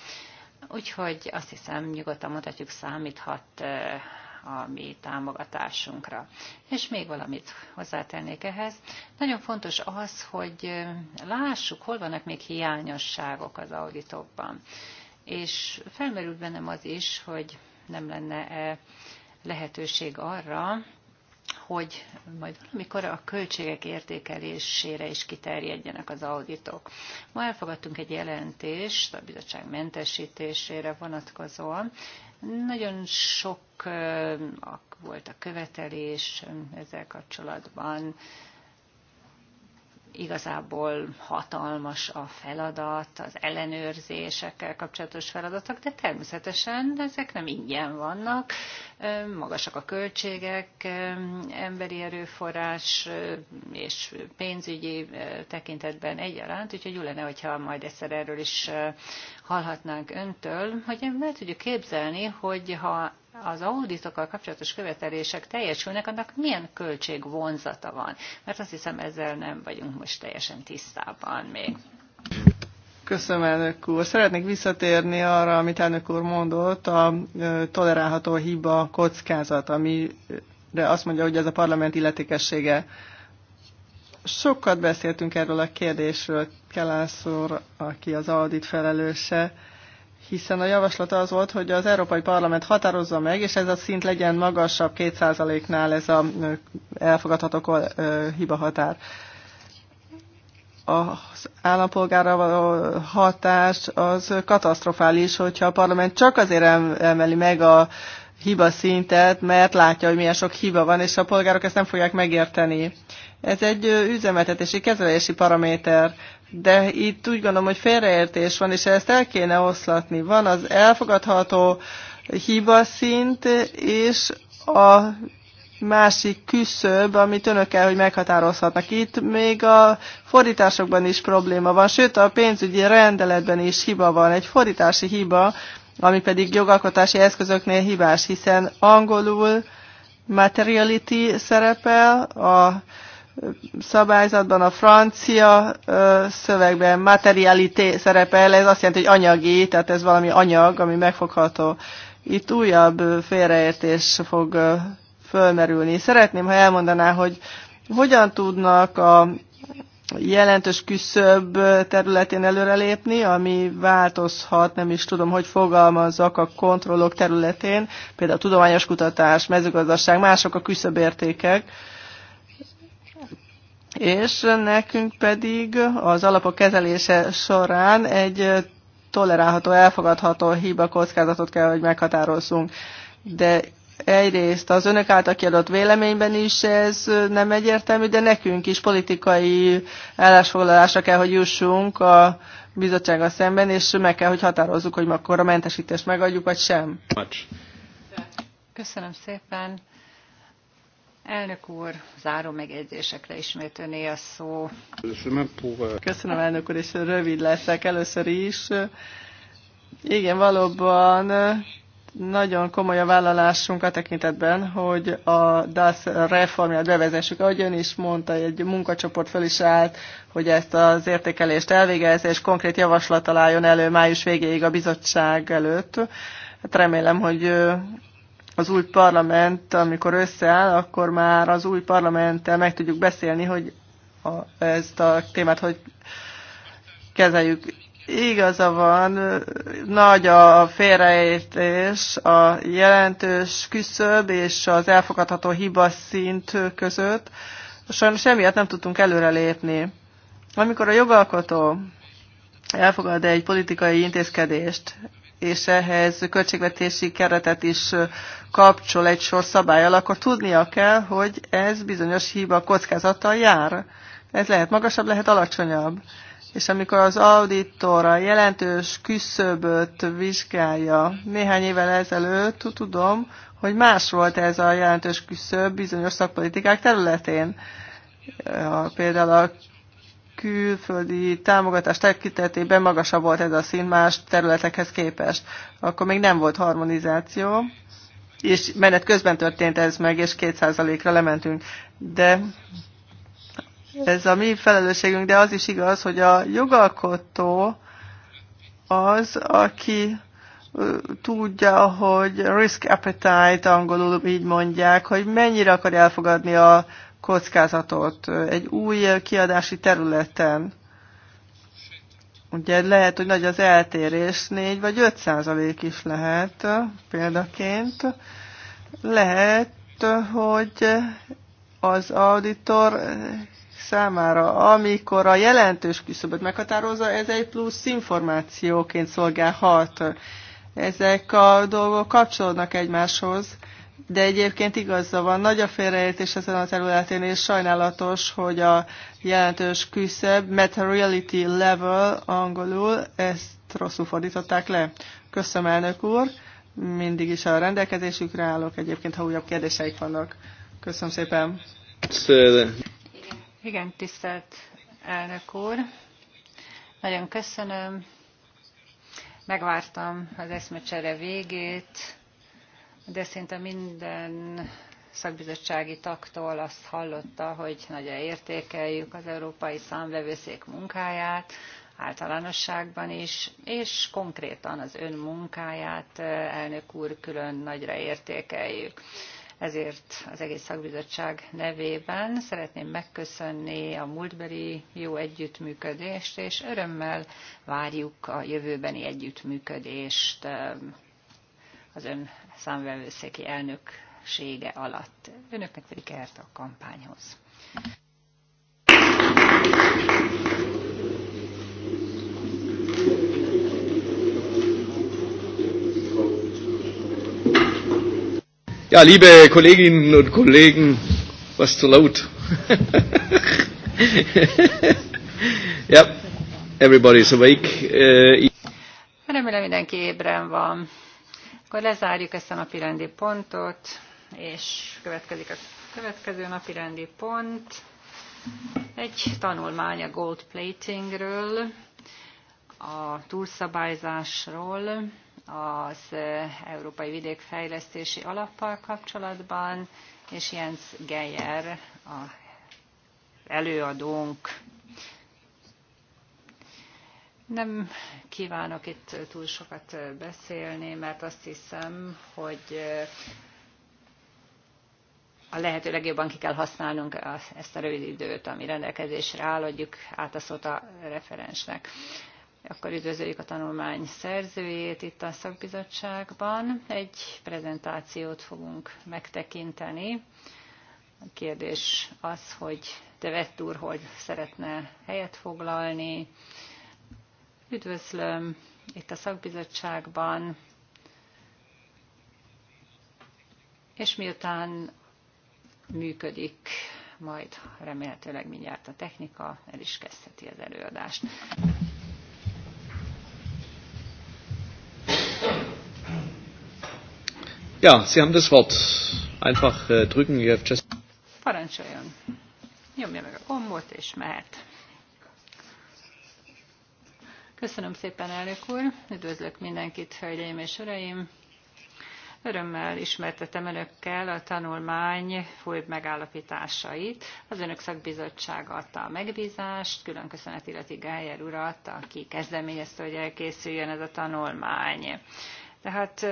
úgyhogy azt hiszem nyugodtan mondhatjuk számíthat eh, a mi támogatásunkra. És még valamit hozzátennék ehhez. Nagyon fontos az, hogy eh, lássuk, hol vannak még hiányosságok az auditokban. És felmerült bennem az is, hogy nem lenne -e lehetőség arra, hogy majd valamikor a költségek értékelésére is kiterjedjenek az auditok. Ma elfogadtunk egy jelentést a bizottság mentesítésére vonatkozóan. Nagyon sok volt a követelés ezzel kapcsolatban. Igazából hatalmas a feladat, az ellenőrzésekkel kapcsolatos feladatok, de természetesen ezek nem ingyen vannak magasak a költségek, emberi erőforrás és pénzügyi tekintetben egyaránt, úgyhogy jó lenne, hogyha majd egyszer erről is hallhatnánk öntől, hogy el tudjuk képzelni, hogy ha az auditokkal kapcsolatos követelések teljesülnek, annak milyen költség vonzata van. Mert azt hiszem ezzel nem vagyunk most teljesen tisztában még. Köszönöm, elnök úr. Szeretnék visszatérni arra, amit elnök úr mondott, a tolerálható hiba kockázat, amire azt mondja, hogy ez a parlament illetékessége. Sokat beszéltünk erről a kérdésről, Kelászor, aki az audit felelőse, hiszen a javaslat az volt, hogy az Európai Parlament határozza meg, és ez a szint legyen magasabb 2%-nál ez a elfogadható hibahatár. határ az állampolgára való hatás az katasztrofális, hogyha a parlament csak azért emeli meg a hiba szintet, mert látja, hogy milyen sok hiba van, és a polgárok ezt nem fogják megérteni. Ez egy üzemeltetési, kezelési paraméter, de itt úgy gondolom, hogy félreértés van, és ezt el kéne oszlatni. Van az elfogadható hiba szint, és a másik küszöb, amit önök el, hogy meghatározhatnak. Itt még a fordításokban is probléma van, sőt a pénzügyi rendeletben is hiba van, egy fordítási hiba, ami pedig jogalkotási eszközöknél hibás, hiszen angolul materiality szerepel, a szabályzatban a francia ö, szövegben materialité szerepel, ez azt jelenti, hogy anyagi, tehát ez valami anyag, ami megfogható. Itt újabb félreértés fog fölmerülni. Szeretném, ha elmondaná, hogy hogyan tudnak a jelentős küszöbb területén előrelépni, ami változhat, nem is tudom, hogy fogalmazzak a kontrollok területén, például tudományos kutatás, mezőgazdaság, mások a küszöbértékek, és nekünk pedig az alapok kezelése során egy tolerálható, elfogadható hiba kockázatot kell, hogy meghatározzunk. De Egyrészt az önök által kiadott véleményben is ez nem egyértelmű, de nekünk is politikai állásfoglalásra kell, hogy jussunk a bizottsággal szemben, és meg kell, hogy határozzuk, hogy akkor a mentesítést megadjuk, vagy sem. Köszönöm szépen. Elnök úr, záró megjegyzésekre ismét öné a szó. Köszönöm, elnök úr, és rövid leszek először is. Igen, valóban nagyon komoly a vállalásunk a tekintetben, hogy a DASZ reformját bevezessük. Ahogy ön is mondta, egy munkacsoport föl is állt, hogy ezt az értékelést elvégezze, és konkrét javaslat találjon elő május végéig a bizottság előtt. Hát remélem, hogy az új parlament, amikor összeáll, akkor már az új parlamenttel meg tudjuk beszélni, hogy a, ezt a témát hogy kezeljük Igaza van, nagy a félreértés a jelentős küszöb és az elfogadható hiba szint között. Sajnos emiatt nem tudtunk előrelépni. Amikor a jogalkotó elfogad egy politikai intézkedést, és ehhez költségvetési keretet is kapcsol egy sor szabályal, akkor tudnia kell, hogy ez bizonyos hiba kockázattal jár. Ez lehet magasabb, lehet alacsonyabb. És amikor az auditor a jelentős küszöböt vizsgálja, néhány évvel ezelőtt tudom, hogy más volt ez a jelentős küszöb bizonyos szakpolitikák területén. Például a külföldi támogatás tekintetében magasabb volt ez a szín más területekhez képest. Akkor még nem volt harmonizáció, és menet közben történt ez meg, és 2%-ra lementünk. De ez a mi felelősségünk, de az is igaz, hogy a jogalkotó az, aki tudja, hogy risk appetite, angolul így mondják, hogy mennyire akar elfogadni a kockázatot egy új kiadási területen. Ugye lehet, hogy nagy az eltérés, 4 vagy 5 százalék is lehet példaként. Lehet, hogy az auditor számára. Amikor a jelentős küszöböt meghatározza, ez egy plusz információként szolgálhat. Ezek a dolgok kapcsolódnak egymáshoz, de egyébként igaza van, nagy a félreértés ezen a területén, és sajnálatos, hogy a jelentős küszöb, materiality level angolul, ezt rosszul fordították le. Köszönöm, elnök úr, mindig is a rendelkezésükre állok, egyébként, ha újabb kérdéseik vannak. Köszönöm szépen. Igen, tisztelt elnök úr. Nagyon köszönöm. Megvártam az eszmecsere végét, de szinte minden szakbizottsági taktól azt hallotta, hogy nagyon értékeljük az Európai Számvevőszék munkáját, általánosságban is, és konkrétan az ön munkáját, elnök úr, külön nagyra értékeljük. Ezért az egész szakbizottság nevében szeretném megköszönni a múltbeli jó együttműködést, és örömmel várjuk a jövőbeni együttműködést um, az ön számvevőszéki elnöksége alatt. Önöknek pedig kert a kampányhoz. Ja, liebe Kolleginnen und Kollegen, was zu laut. yep, is awake. Uh, Remélem mindenki ébren van. Akkor lezárjuk ezt a napi rendi pontot, és következik a következő napi rendi pont. Egy tanulmány a gold platingről, a túlszabályzásról, az Európai Vidék Fejlesztési Alappal kapcsolatban, és Jens Geyer, az előadónk. Nem kívánok itt túl sokat beszélni, mert azt hiszem, hogy a lehető legjobban ki kell használnunk ezt a rövid időt, ami rendelkezésre áll, adjuk át a szót a referensnek akkor üdvözöljük a tanulmány szerzőjét itt a szakbizottságban. Egy prezentációt fogunk megtekinteni. A kérdés az, hogy vett úr hogy szeretne helyet foglalni. Üdvözlöm itt a szakbizottságban. És miután működik, majd remélhetőleg mindjárt a technika, el is kezdheti az előadást. Ja, Sie haben das Wort. Einfach äh, drücken, Parancsoljon. Nyomja meg a gombot, és mehet. Köszönöm szépen, elnök úr. Üdvözlök mindenkit, hölgyeim és uraim. Örömmel ismertetem önökkel a tanulmány főbb megállapításait. Az önök szakbizottsága adta a megbízást, külön köszönet illeti Gájer urat, aki kezdeményezte, hogy elkészüljön ez a tanulmány. Tehát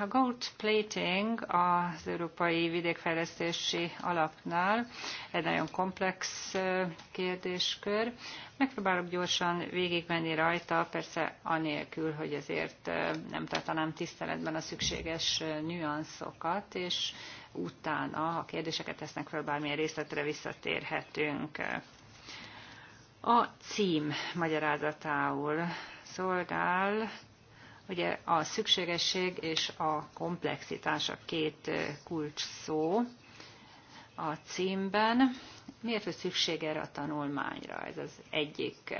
a gold plating az Európai Vidékfejlesztési Alapnál egy nagyon komplex kérdéskör. Megpróbálok gyorsan végigmenni rajta, persze anélkül, hogy ezért nem tartanám tiszteletben a szükséges nüanszokat, és utána, ha kérdéseket tesznek fel, bármilyen részletre visszatérhetünk. A cím magyarázatául szolgál Ugye a szükségesség és a komplexitás a két kulcs szó a címben. Miért volt szükség erre a tanulmányra? Ez az egyik.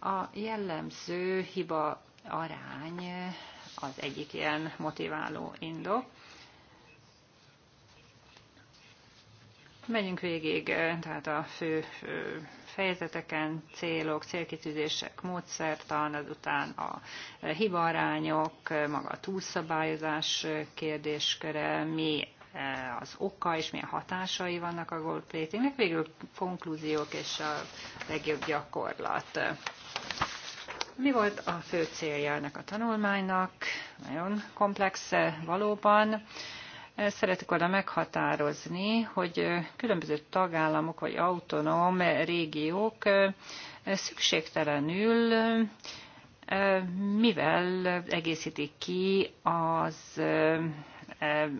A jellemző hiba arány az egyik ilyen motiváló indok. Megyünk végig, tehát a fő, fő fejezeteken, célok, célkitűzések, módszertan, azután a hibarányok, maga a túlszabályozás kérdésköre, mi e, az oka és milyen hatásai vannak a gold platingnek, végül konklúziók és a legjobb gyakorlat. Mi volt a fő célja ennek a tanulmánynak? Nagyon komplex valóban. Szeretik volna meghatározni, hogy különböző tagállamok vagy autonóm régiók szükségtelenül mivel egészítik ki az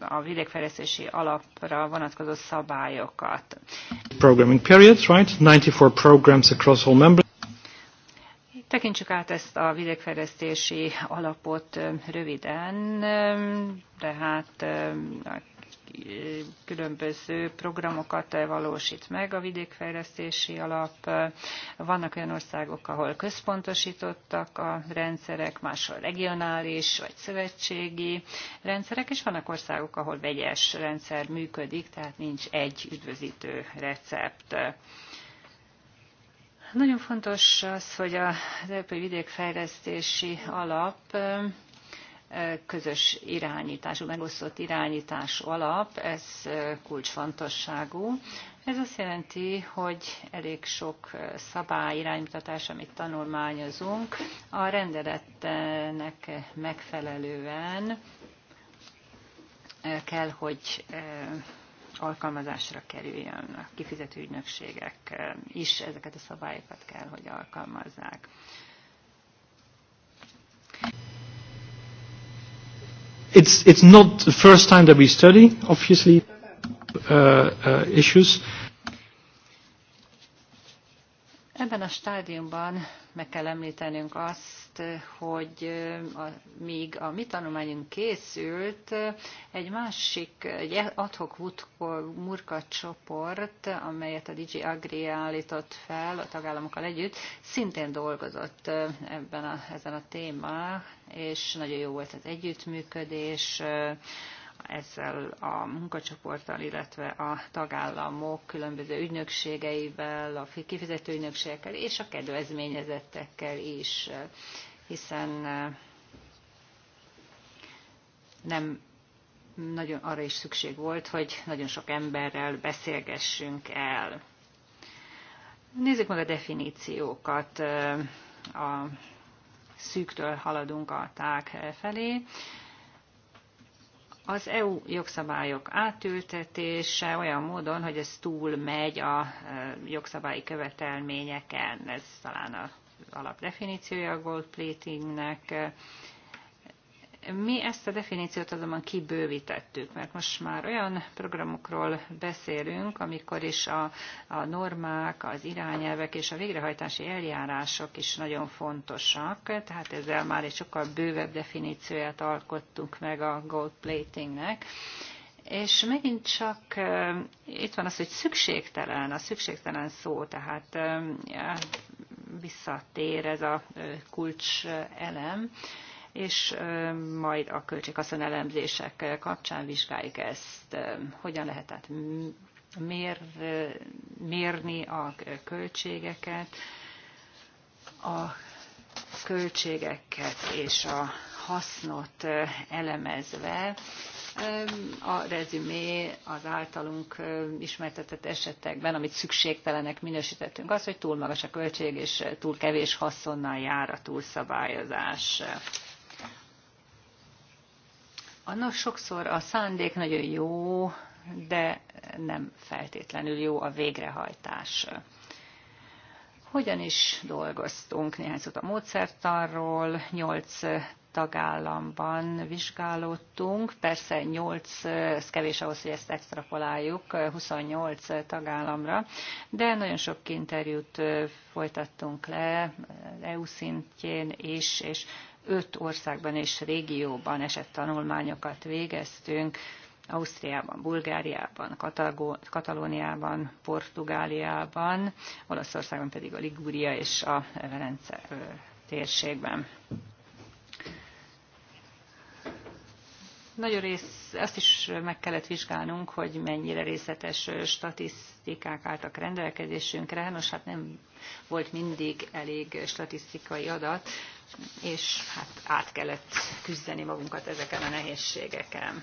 a vidékfejlesztési alapra vonatkozó szabályokat. Programming periods, right? 94 programs across all members. Tekintsük át ezt a vidékfejlesztési alapot röviden, de hát különböző programokat valósít meg a vidékfejlesztési alap. Vannak olyan országok, ahol központosítottak a rendszerek, máshol regionális vagy szövetségi rendszerek, és vannak országok, ahol vegyes rendszer működik, tehát nincs egy üdvözítő recept. Nagyon fontos az, hogy az Európai Vidékfejlesztési Alap közös irányítású, megosztott irányítás alap, ez kulcsfontosságú. Ez azt jelenti, hogy elég sok szabály, iránymutatás, amit tanulmányozunk, a rendeletnek megfelelően kell, hogy alkalmazásra kerüljön. A kifizető ügynökségek eh, is ezeket a szabályokat kell, hogy alkalmazzák. It's, it's not the first time that we study, obviously, uh, uh, issues. Ebben a stádiumban meg kell említenünk azt, hogy a, míg a mi tanulmányunk készült, egy másik, egy adhok murka csoport, amelyet a DJ Agri állított fel a tagállamokkal együtt, szintén dolgozott ebben a, ezen a témán, és nagyon jó volt az együttműködés, ezzel a munkacsoporttal, illetve a tagállamok különböző ügynökségeivel, a kifizető ügynökségekkel és a kedvezményezettekkel is, hiszen eh, nem nagyon arra is szükség volt, hogy nagyon sok emberrel beszélgessünk el. Nézzük meg a definíciókat. Eh, a szűktől haladunk a tág felé az EU jogszabályok átültetése olyan módon, hogy ez túl megy a e, jogszabályi követelményeken. Ez talán az alapdefiníciója a gold platingnek. Mi ezt a definíciót azonban kibővítettük, mert most már olyan programokról beszélünk, amikor is a, a normák, az irányelvek és a végrehajtási eljárások is nagyon fontosak, tehát ezzel már egy sokkal bővebb definícióját alkottunk meg a gold platingnek. És megint csak itt van az, hogy szükségtelen, a szükségtelen szó, tehát visszatér ez a kulcs elem és majd a költséghaszon elemzések kapcsán vizsgáljuk ezt, hogyan lehet tehát mér, mérni a költségeket, a költségeket és a hasznot elemezve, a rezümé az általunk ismertetett esetekben, amit szükségtelenek minősítettünk, az, hogy túl magas a költség és túl kevés haszonnal jár a túlszabályozás. Annak sokszor a szándék nagyon jó, de nem feltétlenül jó a végrehajtás. Hogyan is dolgoztunk néhány szót a módszertarról, nyolc tagállamban vizsgálódtunk. Persze 8, ez kevés ahhoz, hogy ezt extrapoláljuk 28 tagállamra, de nagyon sok interjút folytattunk le EU szintjén is, és öt országban és régióban esett tanulmányokat végeztünk, Ausztriában, Bulgáriában, Katalgó, Katalóniában, Portugáliában, Olaszországban pedig a Ligúria és a Velence térségben. Nagyon rész, azt is meg kellett vizsgálnunk, hogy mennyire részletes statisztikák álltak rendelkezésünkre. Nos, hát nem volt mindig elég statisztikai adat, és hát át kellett küzdeni magunkat ezeken a nehézségeken.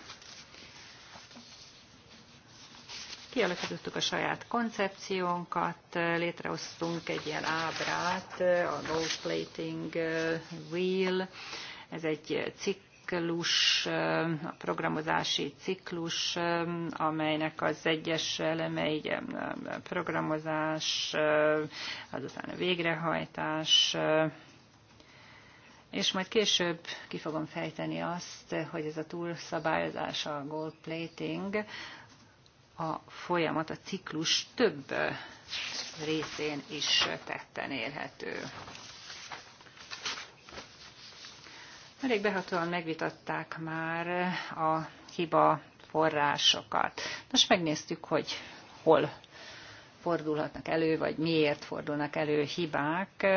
Kialakítottuk a saját koncepciónkat, létrehoztunk egy ilyen ábrát, a gold plating eh, wheel, ez egy cikk, ciklus, eh, a programozási ciklus, eh, amelynek az egyes elemei a programozás, azután a végrehajtás, és majd később ki fogom fejteni azt, hogy ez a túlszabályozás, a gold plating, a folyamat, a ciklus több részén is tetten érhető. Elég behatóan megvitatták már a hiba forrásokat. Most megnéztük, hogy hol fordulhatnak elő, vagy miért fordulnak elő hibák,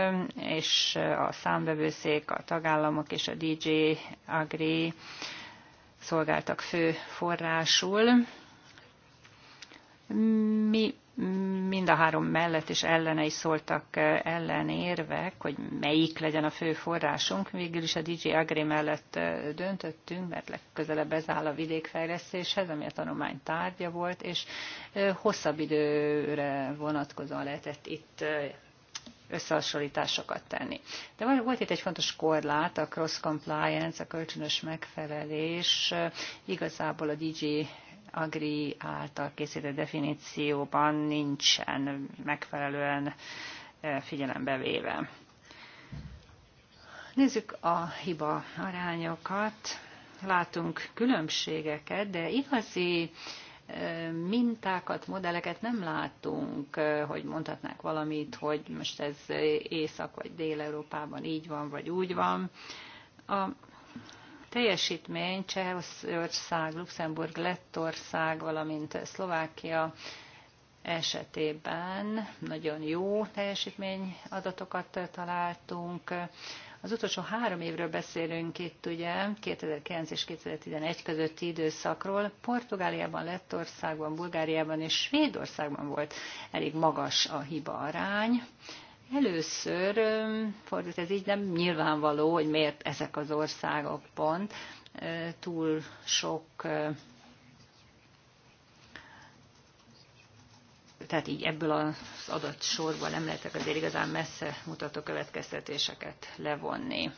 és a számbevőszék, a tagállamok és a DJ Agri szolgáltak fő forrásul mi mind a három mellett és ellene is szóltak eh, ellenérvek, hogy melyik legyen a fő forrásunk. Végül is a DJ Agri mellett eh, döntöttünk, mert legközelebb ez áll a vidékfejlesztéshez, ami a tanulmány tárgya volt, és eh, hosszabb időre vonatkozóan lehetett itt összehasonlításokat tenni. De volt itt egy fontos korlát, a cross compliance, a kölcsönös megfelelés. Igazából a DJ Agri által készített definícióban nincsen megfelelően e, figyelembe véve. Nézzük a hiba arányokat. Látunk különbségeket, de igazi e, mintákat, modelleket nem látunk, e, hogy mondhatnák valamit, hogy most ez Észak- vagy Dél-Európában így van, vagy úgy van. A teljesítmény Csehország, Luxemburg, Lettország, valamint Szlovákia esetében nagyon jó teljesítmény adatokat találtunk. Az utolsó három évről beszélünk itt, ugye, 2009 és 2011 közötti időszakról. Portugáliában, Lettországban, Bulgáriában és Svédországban volt elég magas a hiba arány. Először fordult ez így, nem nyilvánvaló, hogy miért ezek az országok pont túl sok tehát így ebből az adott sorból nem lehetek azért igazán messze mutató következtetéseket levonni.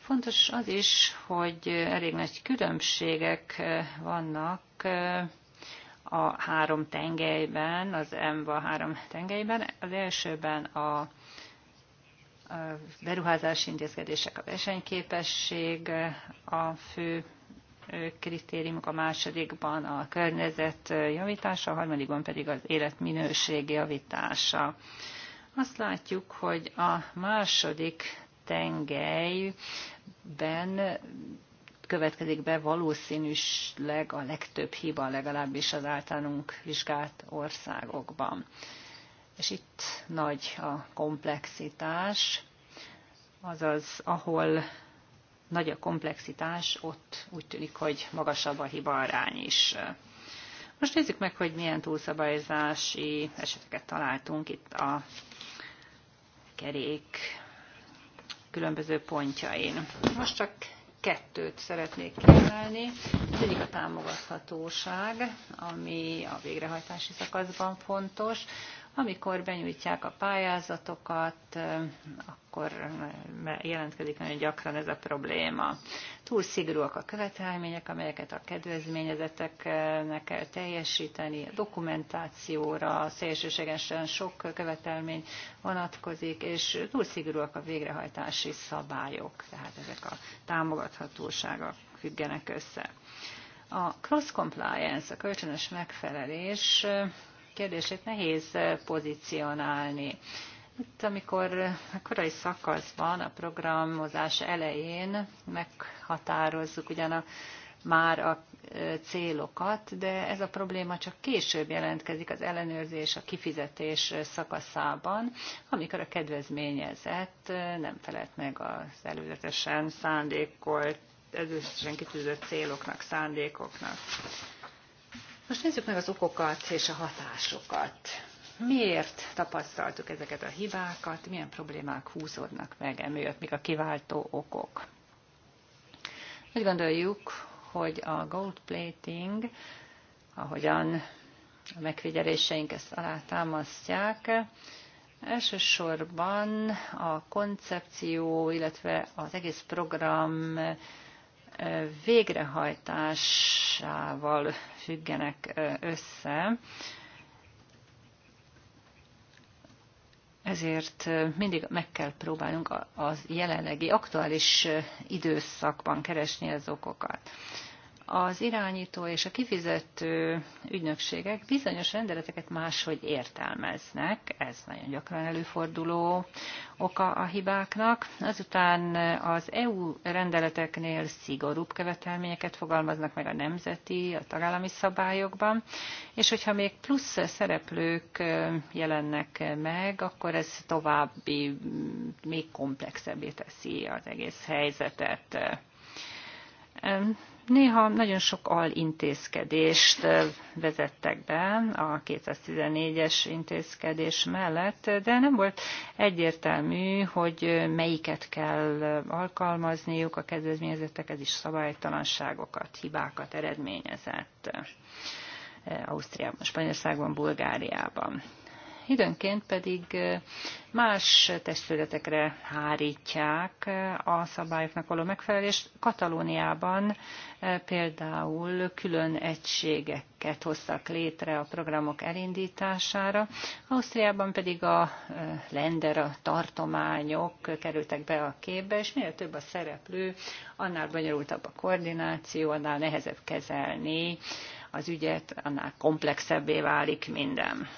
Fontos az is, hogy elég nagy különbségek vannak a három tengelyben, az EMVA három tengelyben. Az elsőben a beruházási intézkedések, a versenyképesség, a fő kritériumok, a másodikban a környezet javítása, a harmadikban pedig az életminőség javítása. Azt látjuk, hogy a második tengelyben következik be valószínűsleg a legtöbb hiba, legalábbis az általunk vizsgált országokban. És itt nagy a komplexitás, azaz ahol nagy a komplexitás, ott úgy tűnik, hogy magasabb a hiba arány is. Most nézzük meg, hogy milyen túlszabályzási eseteket találtunk itt a kerék különböző pontjain. Most csak kettőt szeretnék kiemelni. Az egyik a támogathatóság, ami a végrehajtási szakaszban fontos. Amikor benyújtják a pályázatokat, akkor jelentkezik nagyon gyakran ez a probléma. Túl szigorúak a követelmények, amelyeket a kedvezményezeteknek kell teljesíteni, a dokumentációra szélsőségesen sok követelmény vonatkozik, és túl szigorúak a végrehajtási szabályok, tehát ezek a támogathatóságok függenek össze. A cross compliance, a kölcsönös megfelelés kérdését nehéz eh, pozícionálni. Itt, hát, amikor a korai szakaszban, a programozás elején meghatározzuk ugyan a, már a eh, célokat, de ez a probléma csak később jelentkezik az ellenőrzés, a kifizetés eh, szakaszában, amikor a kedvezményezett nem felelt meg az előzetesen szándékolt, előzetesen kitűzött céloknak, szándékoknak. Most nézzük meg az okokat és a hatásokat. Miért tapasztaltuk ezeket a hibákat, milyen problémák húzódnak meg emiatt, mik a kiváltó okok. Úgy gondoljuk, hogy a gold plating, ahogyan a megfigyeléseink ezt alátámasztják, elsősorban a koncepció, illetve az egész program végrehajtásával függenek össze, ezért mindig meg kell próbálnunk az jelenlegi aktuális időszakban keresni az okokat az irányító és a kifizető ügynökségek bizonyos rendeleteket máshogy értelmeznek, ez nagyon gyakran előforduló oka a hibáknak. Azután az EU rendeleteknél szigorúbb követelményeket fogalmaznak meg a nemzeti, a tagállami szabályokban, és hogyha még plusz szereplők jelennek meg, akkor ez további, még komplexebbé teszi az egész helyzetet. Néha nagyon sok alintézkedést vezettek be a 214-es intézkedés mellett, de nem volt egyértelmű, hogy melyiket kell alkalmazniuk a kedvezményezettek, ez is szabálytalanságokat, hibákat eredményezett. Ausztriában, Spanyolországban, Bulgáriában időnként pedig más testületekre hárítják a szabályoknak való megfelelést. Katalóniában például külön egységeket hoztak létre a programok elindítására, Ausztriában pedig a lender, a tartományok kerültek be a képbe, és minél több a szereplő, annál bonyolultabb a koordináció, annál nehezebb kezelni az ügyet, annál komplexebbé válik minden.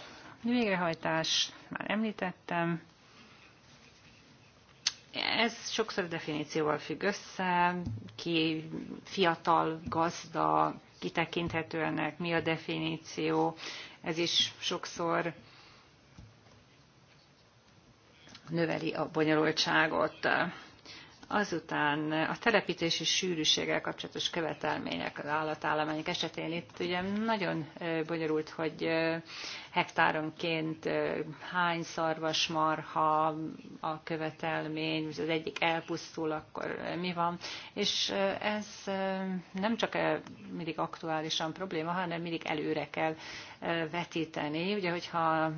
Végrehajtás, már említettem. Ez sokszor a definícióval függ össze, ki fiatal, gazda, kitekinthető ennek, mi a definíció. Ez is sokszor növeli a bonyolultságot. Azután a telepítési sűrűséggel kapcsolatos követelmények az állatállományok esetén itt ugye nagyon bonyolult, hogy hektáronként hány szarvasmarha a követelmény, az egyik elpusztul, akkor mi van. És ez nem csak mindig aktuálisan probléma, hanem mindig előre kell vetíteni. Ugye, hogyha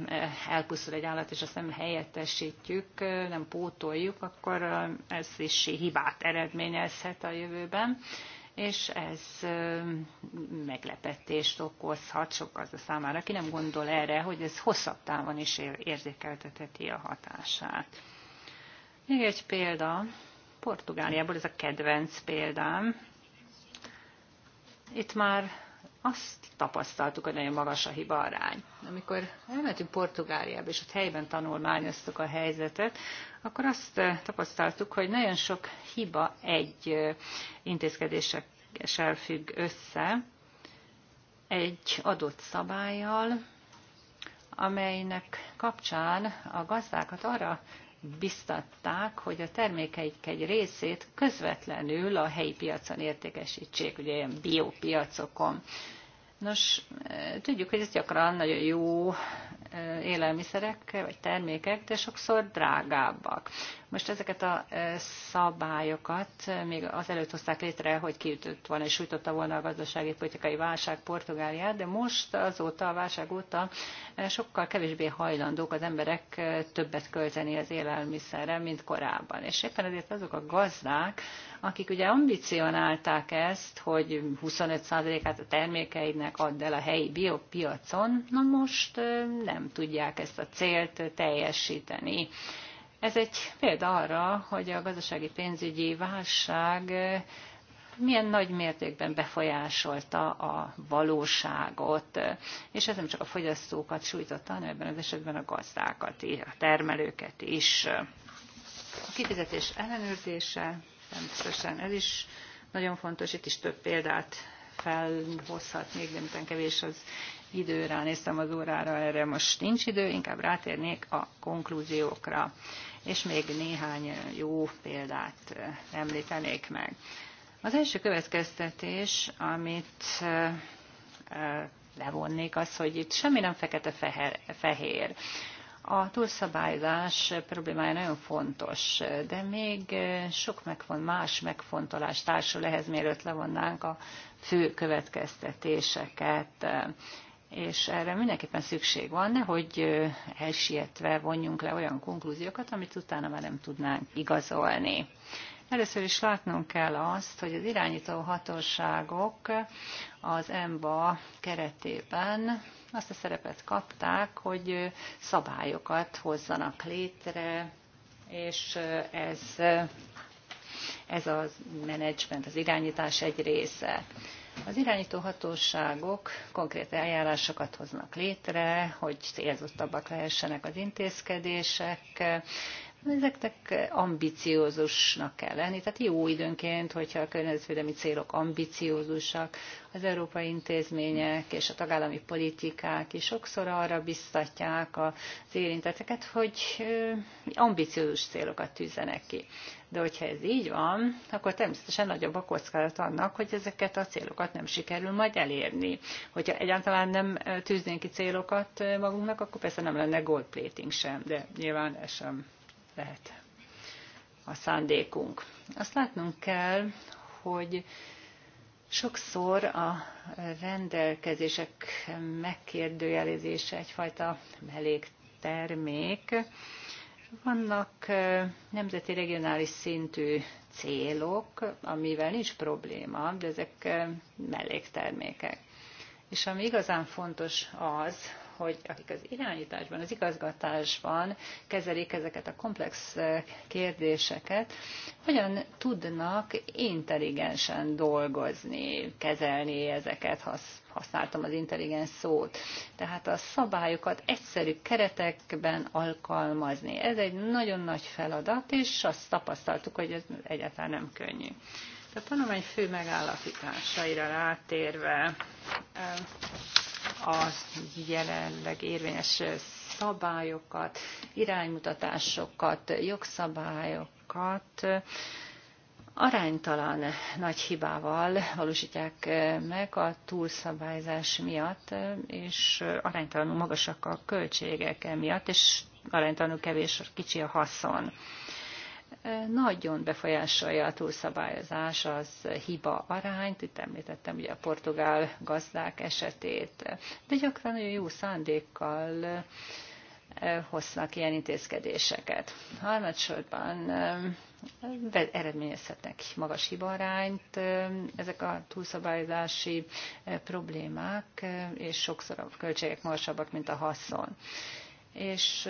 elpusztul egy állat, és azt nem helyettesítjük, nem pótoljuk, akkor ez is hibát eredményezhet a jövőben és ez meglepetést okozhat sok az a számára, aki nem gondol erre, hogy ez hosszabb távon is érzékeltetheti a hatását. Még egy példa, Portugáliából ez a kedvenc példám. Itt már azt tapasztaltuk, hogy nagyon magas a hiba arány. Amikor elmentünk Portugáliába, és ott helyben tanulmányoztuk a helyzetet, akkor azt eh, tapasztaltuk, hogy nagyon sok hiba egy eh, intézkedéssel függ össze, egy adott szabályjal, amelynek kapcsán a gazdákat arra biztatták, hogy a termékeik egy részét közvetlenül a helyi piacon értékesítsék, ugye ilyen biopiacokon. Nos, tudjuk, hogy ez gyakran nagyon jó élelmiszerek vagy termékek, de sokszor drágábbak. Most ezeket a e, szabályokat e, még azelőtt hozták létre, hogy kiütött volna és sújtotta volna a gazdasági politikai válság Portugáliát, de most azóta, a válság óta e, sokkal kevésbé hajlandók az emberek többet költeni az élelmiszerre, mint korábban. És éppen ezért azok a gazdák, akik ugye ambicionálták ezt, hogy 25%-át a termékeidnek add el a helyi biopiacon, na most nem tudják ezt a célt teljesíteni ez egy példa arra, hogy a gazdasági pénzügyi válság eh, milyen nagy mértékben befolyásolta a valóságot, eh, és ez nem csak a fogyasztókat sújtotta, hanem ebben az esetben a gazdákat, a termelőket is. A kifizetés ellenőrzése, természetesen ez is nagyon fontos, itt is több példát felhozhatnék, de miután kevés az idő, ránéztem az órára, erre most nincs idő, inkább rátérnék a konklúziókra, és még néhány jó példát említenék meg. Az első következtetés, amit levonnék, az, hogy itt semmi nem fekete-fehér. A túlszabályzás problémája nagyon fontos, de még sok megfont, más megfontolás társul ehhez, mielőtt levonnánk a fő következtetéseket és erre mindenképpen szükség van, hogy elsietve vonjunk le olyan konklúziókat, amit utána már nem tudnánk igazolni. Először is látnunk kell azt, hogy az irányító hatóságok az EMBA keretében azt a szerepet kapták, hogy szabályokat hozzanak létre, és ez, ez a menedzsment, az irányítás egy része. Az irányító hatóságok konkrét eljárásokat hoznak létre, hogy célzottabbak lehessenek az intézkedések, ezeknek ambiciózusnak kell lenni, tehát jó időnként, hogyha a környezetvédelmi célok ambiciózusak, az európai intézmények és a tagállami politikák is sokszor arra biztatják az érinteteket, hogy ambiciózus célokat tűzenek ki de hogyha ez így van, akkor természetesen nagyobb a kockázat annak, hogy ezeket a célokat nem sikerül majd elérni. Hogyha egyáltalán nem tűznénk ki célokat magunknak, akkor persze nem lenne gold plating sem, de nyilván ez sem lehet a szándékunk. Azt látnunk kell, hogy Sokszor a rendelkezések megkérdőjelezése egyfajta melléktermék, vannak nemzeti regionális szintű célok, amivel nincs probléma, de ezek melléktermékek. És ami igazán fontos az, hogy akik az irányításban, az igazgatásban kezelik ezeket a komplex eh, kérdéseket, hogyan tudnak intelligensen dolgozni, kezelni ezeket, ha használtam az intelligens szót. Tehát a szabályokat egyszerű keretekben alkalmazni. Ez egy nagyon nagy feladat, és azt tapasztaltuk, hogy ez egyáltalán nem könnyű. A tanulmány fő megállapításaira rátérve eh, a jelenleg érvényes szabályokat, iránymutatásokat, jogszabályokat aránytalan nagy hibával valósítják meg a túlszabályzás miatt, és aránytalanul magasak a költségek miatt, és aránytalanul kevés kicsi a haszon nagyon befolyásolja a túlszabályozás az hiba arányt, itt említettem ugye a portugál gazdák esetét, de gyakran nagyon jó szándékkal hoznak ilyen intézkedéseket. Harmadsorban eredményezhetnek magas hibarányt ezek a túlszabályozási problémák, és sokszor a költségek magasabbak, mint a haszon. És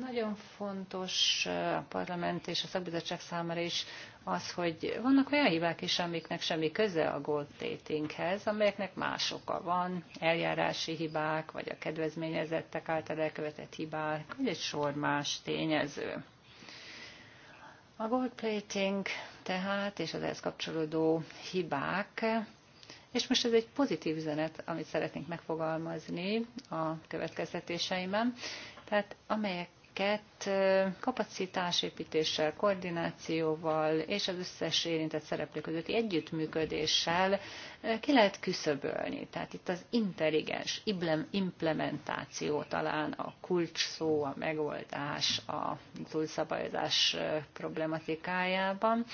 nagyon fontos a parlament és a szakbizottság számára is az, hogy vannak olyan hibák is, amiknek semmi köze a gold datinghez, amelyeknek más oka van, eljárási hibák, vagy a kedvezményezettek által elkövetett hibák, vagy egy sor más tényező. A gold plating tehát, és az ehhez kapcsolódó hibák és most ez egy pozitív üzenet, amit szeretnénk megfogalmazni a következtetéseimben tehát amelyeket kapacitásépítéssel, koordinációval és az összes érintett szereplő közötti együttműködéssel ki lehet küszöbölni. Tehát itt az intelligens implementáció talán a kulcs szó, a megoldás a túlszabályozás problematikájában,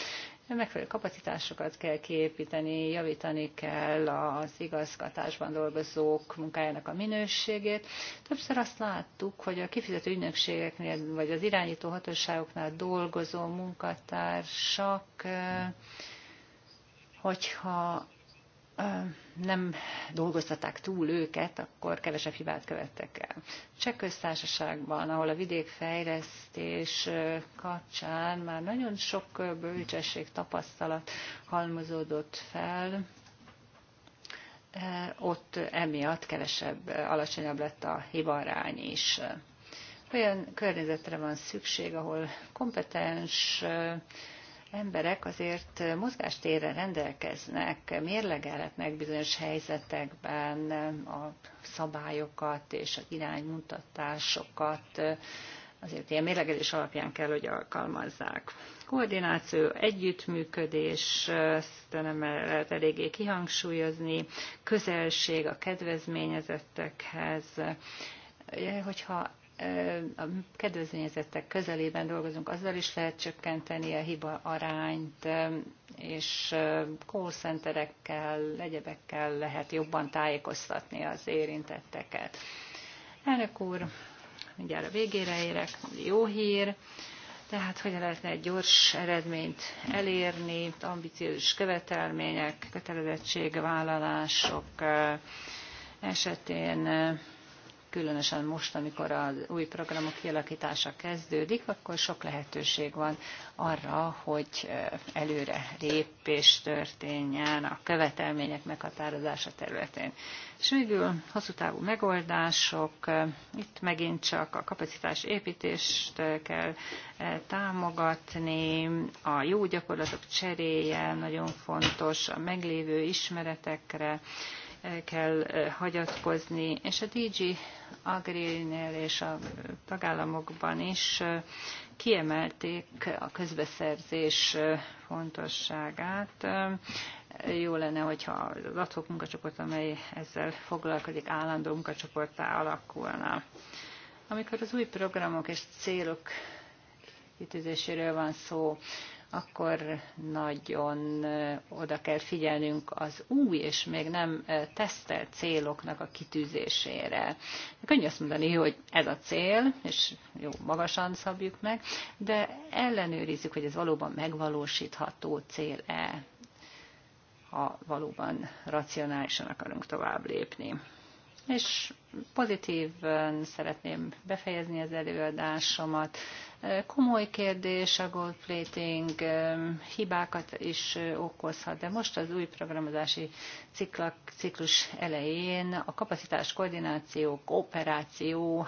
megfelelő kapacitásokat kell kiépíteni, javítani kell az igazgatásban dolgozók munkájának a minőségét. Többször azt láttuk, hogy a kifizető ügynökségeknél vagy az irányító hatóságoknál dolgozó munkatársak, eh, hogyha nem dolgoztaták túl őket, akkor kevesebb hibát követtek el. Cseh köztársaságban, ahol a vidékfejlesztés kapcsán már nagyon sok bölcsesség tapasztalat halmozódott fel, ott emiatt kevesebb, alacsonyabb lett a hibarány is. Olyan környezetre van szükség, ahol kompetens emberek azért mozgástérre rendelkeznek, mérlegelhetnek bizonyos helyzetekben a szabályokat és az iránymutatásokat, azért ilyen mérlegelés alapján kell, hogy alkalmazzák. Koordináció, együttműködés, ezt nem lehet eléggé kihangsúlyozni, közelség a kedvezményezettekhez, hogyha a kedvezményezettek közelében dolgozunk, azzal is lehet csökkenteni a hiba arányt, és call centerekkel, egyebekkel lehet jobban tájékoztatni az érintetteket. Elnök úr, mindjárt a végére érek, jó hír. Tehát hogyan lehetne egy gyors eredményt elérni, ambiciózus követelmények, kötelezettségvállalások esetén különösen most, amikor az új programok kialakítása kezdődik, akkor sok lehetőség van arra, hogy előre lépés történjen a követelmények meghatározása területén. És végül hosszú távú megoldások, itt megint csak a kapacitás építést kell támogatni, a jó gyakorlatok cseréje nagyon fontos, a meglévő ismeretekre, kell hagyatkozni, és a DG Agri-nél és a tagállamokban is kiemelték a közbeszerzés fontosságát. Jó lenne, hogyha az adhok munkacsoport, amely ezzel foglalkozik, állandó munkacsoportá alakulna. Amikor az új programok és célok kitűzéséről van szó, akkor nagyon oda kell figyelnünk az új és még nem tesztelt céloknak a kitűzésére. Könnyű azt mondani, hogy ez a cél, és jó, magasan szabjuk meg, de ellenőrizzük, hogy ez valóban megvalósítható cél-e, ha valóban racionálisan akarunk tovább lépni. És pozitívan szeretném befejezni az előadásomat. Komoly kérdés a gold plating, hibákat is okozhat, de most az új programozási ciklak, ciklus elején a kapacitás koordináció, kooperáció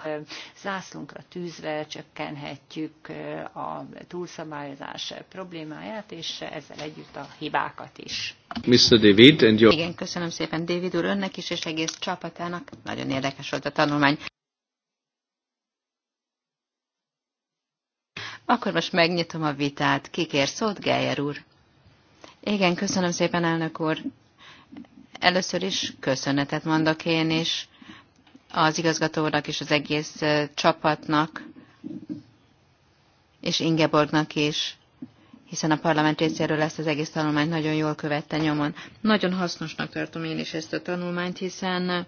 zászlunkra tűzve csökkenhetjük a túlszabályozás problémáját, és ezzel együtt a hibákat is. Mr. David, and your... Igen, köszönöm szépen David úr önnek is, és egész csapatának. Nagyon érdekes érdekes volt a tanulmány. Akkor most megnyitom a vitát. Kikér szót, Geyer úr? Igen, köszönöm szépen, elnök úr. Először is köszönetet mondok én is az igazgatónak és az egész csapatnak, és Ingeborgnak is, hiszen a parlament részéről ezt az egész tanulmányt nagyon jól követte nyomon. Nagyon hasznosnak tartom én is ezt a tanulmányt, hiszen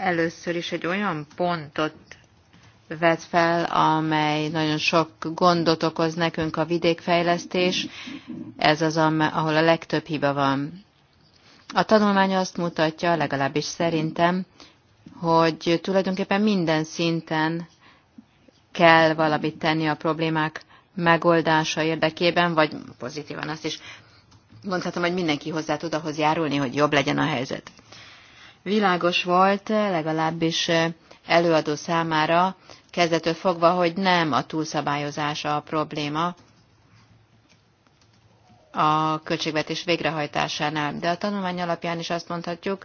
először is egy olyan pontot vet fel, amely nagyon sok gondot okoz nekünk a vidékfejlesztés. Ez az, ahol a legtöbb hiba van. A tanulmány azt mutatja, legalábbis szerintem, hogy tulajdonképpen minden szinten kell valamit tenni a problémák megoldása érdekében, vagy pozitívan azt is mondhatom, hogy mindenki hozzá tud ahhoz járulni, hogy jobb legyen a helyzet világos volt, legalábbis előadó számára kezdetől fogva, hogy nem a túlszabályozása a probléma a költségvetés végrehajtásánál. De a tanulmány alapján is azt mondhatjuk,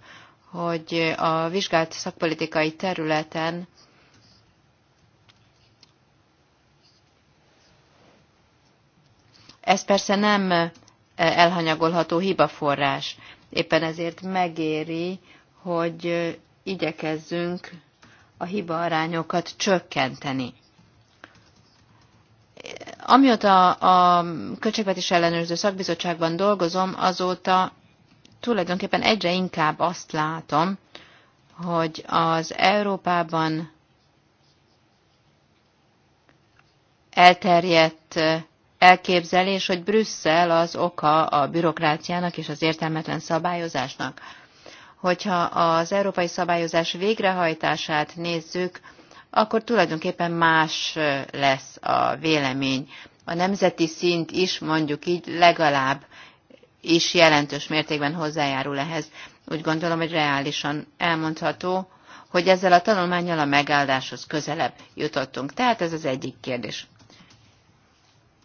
hogy a vizsgált szakpolitikai területen ez persze nem elhanyagolható hibaforrás. Éppen ezért megéri hogy igyekezzünk a arányokat csökkenteni. Amióta a Költségvetés Ellenőrző Szakbizottságban dolgozom, azóta tulajdonképpen egyre inkább azt látom, hogy az Európában elterjedt elképzelés, hogy Brüsszel az oka a bürokráciának és az értelmetlen szabályozásnak Hogyha az európai szabályozás végrehajtását nézzük, akkor tulajdonképpen más lesz a vélemény. A nemzeti szint is mondjuk így legalább is jelentős mértékben hozzájárul ehhez. Úgy gondolom, hogy reálisan elmondható, hogy ezzel a tanulmányjal a megáldáshoz közelebb jutottunk. Tehát ez az egyik kérdés.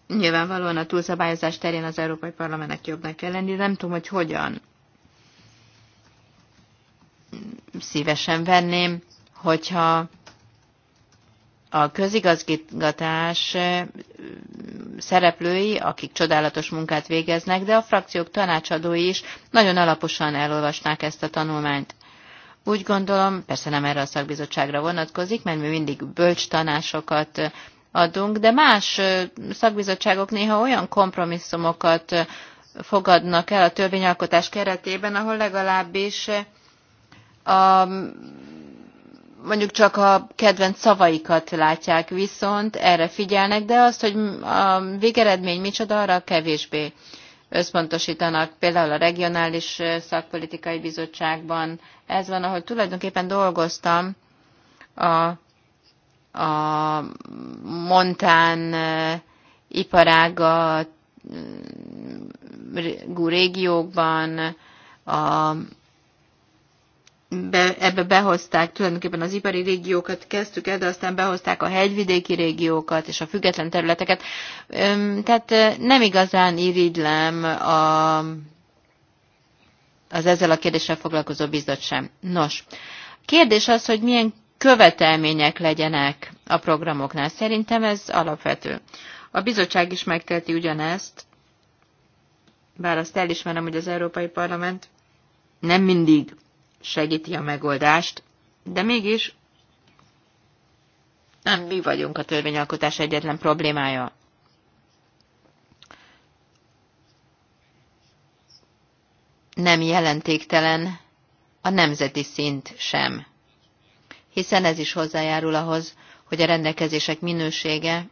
Nyilvánvalóan a túlszabályozás terén az Európai Parlamentnek jobbnak kell lenni, nem tudom, hogy hogyan. szívesen venném, hogyha a közigazgatás szereplői, akik csodálatos munkát végeznek, de a frakciók tanácsadói is nagyon alaposan elolvasnák ezt a tanulmányt. Úgy gondolom, persze nem erre a szakbizottságra vonatkozik, mert mi mindig bölcs tanásokat adunk, de más szakbizottságok néha olyan kompromisszumokat fogadnak el a törvényalkotás keretében, ahol legalábbis a, mondjuk csak a kedvenc szavaikat látják viszont, erre figyelnek, de azt, hogy a végeredmény micsoda, arra kevésbé összpontosítanak. Például a regionális szakpolitikai bizottságban ez van, ahol tulajdonképpen dolgoztam a, a montán iparága régiókban, a be, ebbe behozták, tulajdonképpen az ipari régiókat kezdtük el, de aztán behozták a hegyvidéki régiókat és a független területeket. Tehát nem igazán iridlem a, az ezzel a kérdéssel foglalkozó bizottság. sem. Nos, kérdés az, hogy milyen követelmények legyenek a programoknál. Szerintem ez alapvető. A bizottság is megteheti ugyanezt, bár azt elismerem, hogy az Európai Parlament nem mindig segíti a megoldást, de mégis nem mi vagyunk a törvényalkotás egyetlen problémája. Nem jelentéktelen a nemzeti szint sem, hiszen ez is hozzájárul ahhoz, hogy a rendelkezések minősége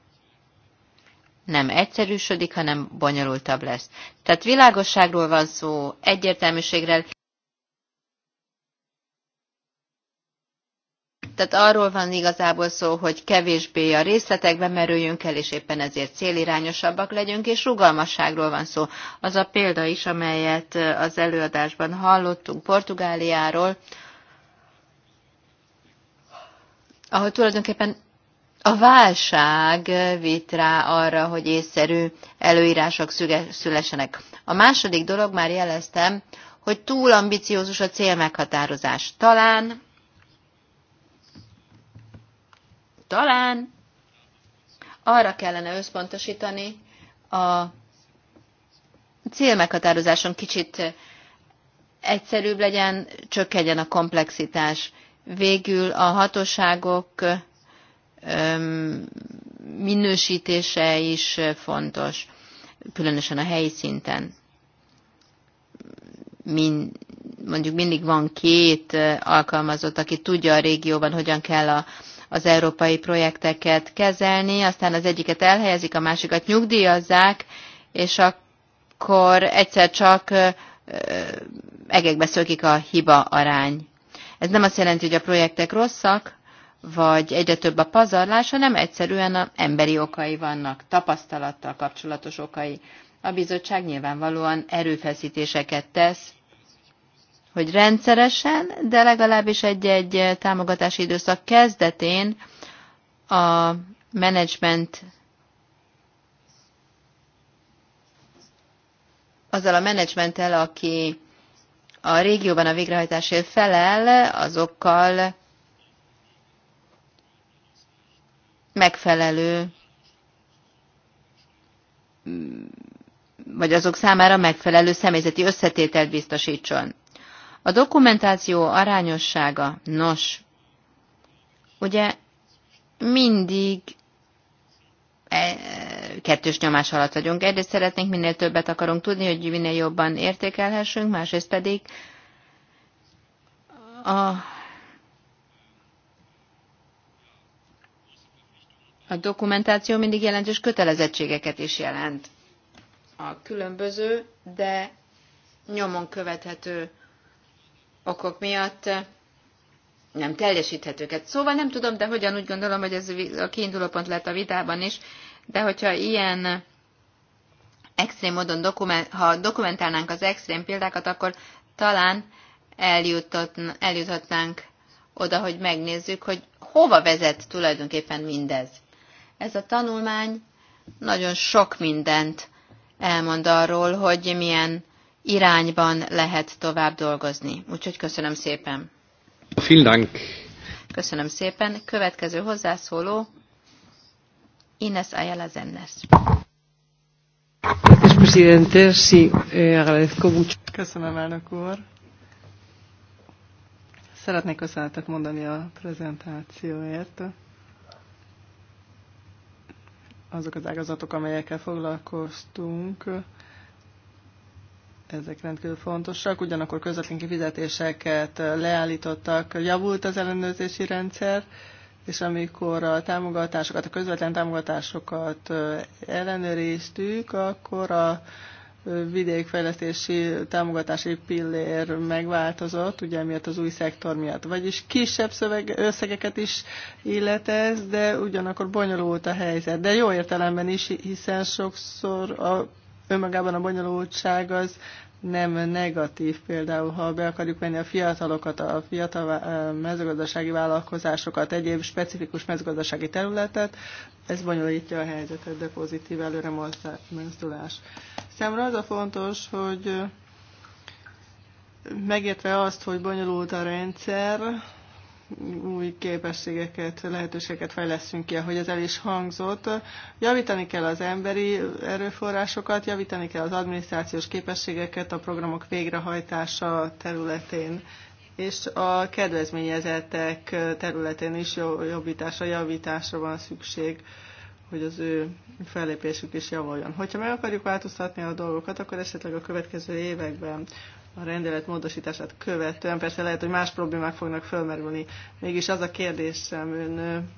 nem egyszerűsödik, hanem bonyolultabb lesz. Tehát világosságról van szó, egyértelműségről, Tehát arról van igazából szó, hogy kevésbé a részletekbe merüljünk el, és éppen ezért célirányosabbak legyünk, és rugalmasságról van szó. Az a példa is, amelyet eh, az előadásban hallottunk Portugáliáról, ahol tulajdonképpen a válság eh, vitt rá arra, hogy észszerű előírások szülessenek. A második dolog, már jeleztem, hogy túl ambiciózus a célmeghatározás. Talán Talán arra kellene összpontosítani a célmeghatározáson kicsit egyszerűbb legyen, csökkenjen a komplexitás. Végül a hatóságok minősítése is fontos, különösen a helyi szinten. Min, mondjuk mindig van két alkalmazott, aki tudja a régióban, hogyan kell a, az európai projekteket kezelni, aztán az egyiket elhelyezik, a másikat nyugdíjazzák, és akkor egyszer csak egekbe szökik a hiba arány. Ez nem azt jelenti, hogy a projektek rosszak, vagy egyre több a pazarlás, hanem egyszerűen a emberi okai vannak, tapasztalattal kapcsolatos okai. A bizottság nyilvánvalóan erőfeszítéseket tesz hogy rendszeresen, de legalábbis egy-egy támogatási időszak kezdetén a menedzsment azzal a menedzsmenttel, aki a régióban a végrehajtásért felel, azokkal megfelelő, vagy azok számára megfelelő személyzeti összetételt biztosítson. A dokumentáció arányossága, nos, ugye mindig e, kettős nyomás alatt vagyunk. Egyrészt szeretnénk minél többet akarunk tudni, hogy minél jobban értékelhessünk, másrészt pedig a, a dokumentáció mindig jelentős kötelezettségeket is jelent. A különböző, de nyomon követhető okok miatt eh, nem teljesíthetőket. Szóval nem tudom, de hogyan úgy gondolom, hogy ez a kiinduló pont lehet a vitában is, de hogyha ilyen extrém módon dokument, ha dokumentálnánk az extrém példákat, akkor talán eljuthatnánk oda, hogy megnézzük, hogy hova vezet tulajdonképpen mindez. Ez a tanulmány nagyon sok mindent elmond arról, hogy milyen irányban lehet tovább dolgozni. Úgyhogy köszönöm szépen. Vielen Köszönöm szépen. Következő hozzászóló Ines Ayala Zennes. Eh, köszönöm, elnök úr. Szeretnék köszönetet mondani a prezentációért. Azok az ágazatok, amelyekkel foglalkoztunk, ezek rendkívül fontosak, ugyanakkor közvetlen kifizetéseket leállítottak, javult az ellenőrzési rendszer, és amikor a támogatásokat, a közvetlen támogatásokat ellenőriztük, akkor a vidékfejlesztési támogatási pillér megváltozott, ugye miatt az új szektor miatt. Vagyis kisebb szöveg, összegeket is illetez, de ugyanakkor bonyolult a helyzet. De jó értelemben is, hiszen sokszor a önmagában a bonyolultság az nem negatív, például ha be akarjuk venni a fiatalokat, a fiatal eh, mezőgazdasági vállalkozásokat, egyéb specifikus mezőgazdasági területet, ez bonyolítja a helyzetet, de pozitív előre mozdulás. Számomra az a fontos, hogy megértve azt, hogy bonyolult a rendszer, új képességeket, lehetőségeket fejleszünk ki, ahogy az el is hangzott. Javítani kell az emberi erőforrásokat, javítani kell az adminisztrációs képességeket a programok végrehajtása területén és a kedvezményezettek területén is jobbításra, javításra van szükség, hogy az ő fellépésük is javuljon. Hogyha meg akarjuk változtatni a dolgokat, akkor esetleg a következő években a rendelet módosítását követően. Persze lehet, hogy más problémák fognak fölmerülni. Mégis az a kérdésem, ön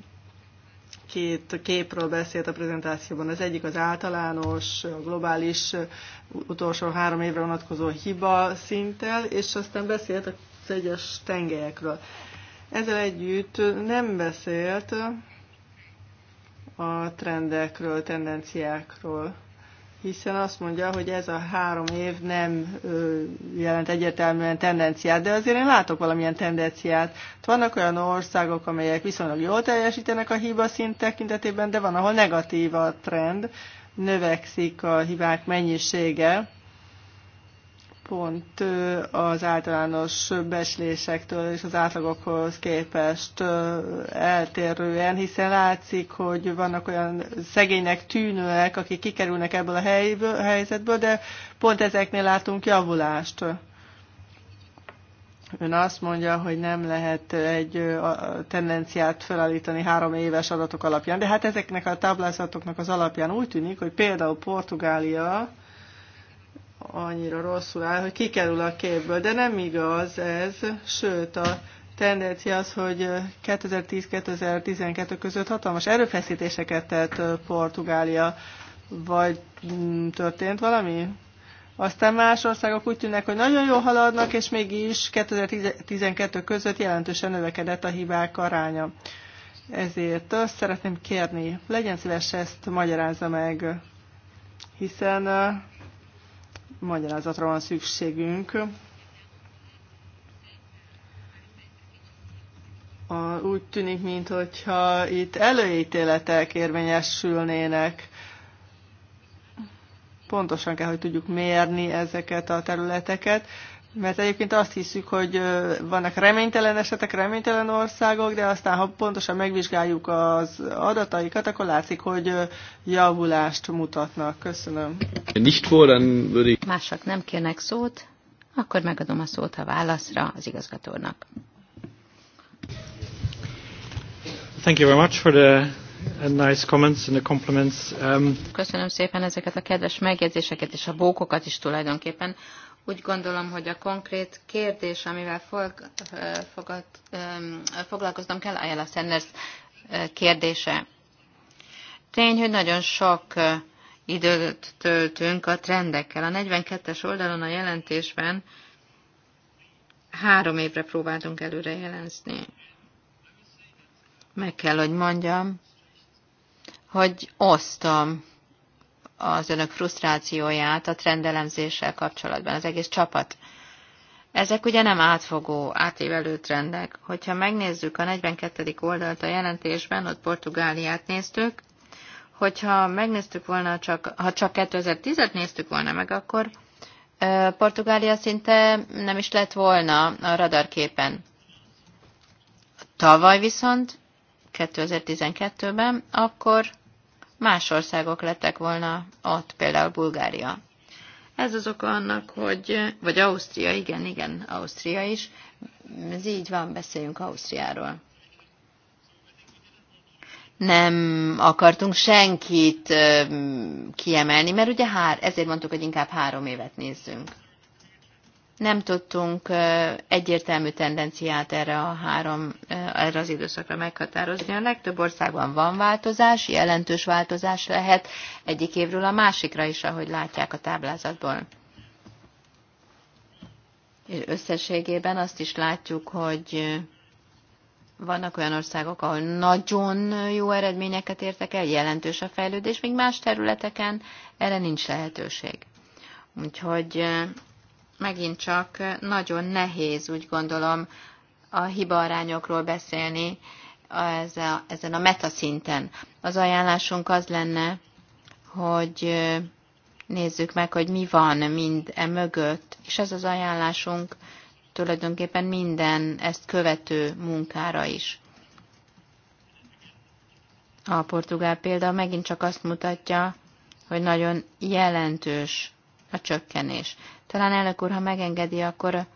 két képről beszélt a prezentációban. Az egyik az általános, a globális utolsó három évre vonatkozó hiba szinttel, és aztán beszélt az egyes tengelyekről. Ezzel együtt nem beszélt a trendekről, tendenciákról hiszen azt mondja, hogy ez a három év nem ö, jelent egyértelműen tendenciát, de azért én látok valamilyen tendenciát. Vannak olyan országok, amelyek viszonylag jól teljesítenek a hiba szint tekintetében, de van, ahol negatív a trend, növekszik a hibák mennyisége, pont az általános beslésektől és az átlagokhoz képest eltérően, hiszen látszik, hogy vannak olyan szegénynek tűnőek, akik kikerülnek ebből a a helyzetből, de pont ezeknél látunk javulást. Ön azt mondja, hogy nem lehet egy tendenciát felállítani három éves adatok alapján, de hát ezeknek a táblázatoknak az alapján úgy tűnik, hogy például Portugália annyira rosszul áll, hogy kikerül a képből. De nem igaz ez, sőt a tendencia az, hogy 2010-2012 között hatalmas erőfeszítéseket tett Portugália, vagy mm, történt valami? Aztán más országok úgy tűnnek, hogy nagyon jól haladnak, és mégis 2012 között jelentősen növekedett a hibák aránya. Ezért azt szeretném kérni, legyen szíves ezt magyarázza meg, hiszen magyarázatra van szükségünk. A, úgy tűnik, mintha itt előítéletek érvényesülnének. Pontosan kell, hogy tudjuk mérni ezeket a területeket, mert egyébként azt hiszük, hogy vannak reménytelen esetek, reménytelen országok, de aztán, ha pontosan megvizsgáljuk az adataikat, akkor látszik, hogy javulást mutatnak. Köszönöm. Mások nem kérnek szót, akkor megadom a szót a válaszra az igazgatónak. Thank you very much for the uh, nice comments and the compliments. Um, Köszönöm szépen ezeket a kedves megjegyzéseket és a bókokat is tulajdonképpen. Úgy gondolom, hogy a konkrét kérdés, amivel fog, fogad, foglalkoznom kell, Ayala Sanders kérdése. Tény, hogy nagyon sok időt töltünk a trendekkel. A 42-es oldalon a jelentésben három évre próbáltunk előre jelenzni. Meg kell, hogy mondjam, hogy osztom az önök frusztrációját a trendelemzéssel kapcsolatban, az egész csapat. Ezek ugye nem átfogó, átívelő trendek. Hogyha megnézzük a 42. oldalt a jelentésben, ott Portugáliát néztük, hogyha megnéztük volna, csak, ha csak 2010-et néztük volna meg, akkor Portugália szinte nem is lett volna a radarképen. Tavaly viszont, 2012-ben, akkor más országok lettek volna ott, például Bulgária. Ez az oka annak, hogy, vagy Ausztria, igen, igen, Ausztria is. Ez így van, beszéljünk Ausztriáról. Nem akartunk senkit kiemelni, mert ugye hár, ezért mondtuk, hogy inkább három évet nézzünk nem tudtunk egyértelmű tendenciát erre a három, erre az időszakra meghatározni. A legtöbb országban van változás, jelentős változás lehet egyik évről a másikra is, ahogy látják a táblázatból. És összességében azt is látjuk, hogy vannak olyan országok, ahol nagyon jó eredményeket értek el, jelentős a fejlődés, még más területeken erre nincs lehetőség. Úgyhogy megint csak nagyon nehéz, úgy gondolom, a hibaarányokról beszélni ezen a metaszinten. Az ajánlásunk az lenne, hogy nézzük meg, hogy mi van mind e mögött, és ez az ajánlásunk tulajdonképpen minden ezt követő munkára is. A portugál példa megint csak azt mutatja, hogy nagyon jelentős a csökkenés. Talán elnök úr, ha megengedi, akkor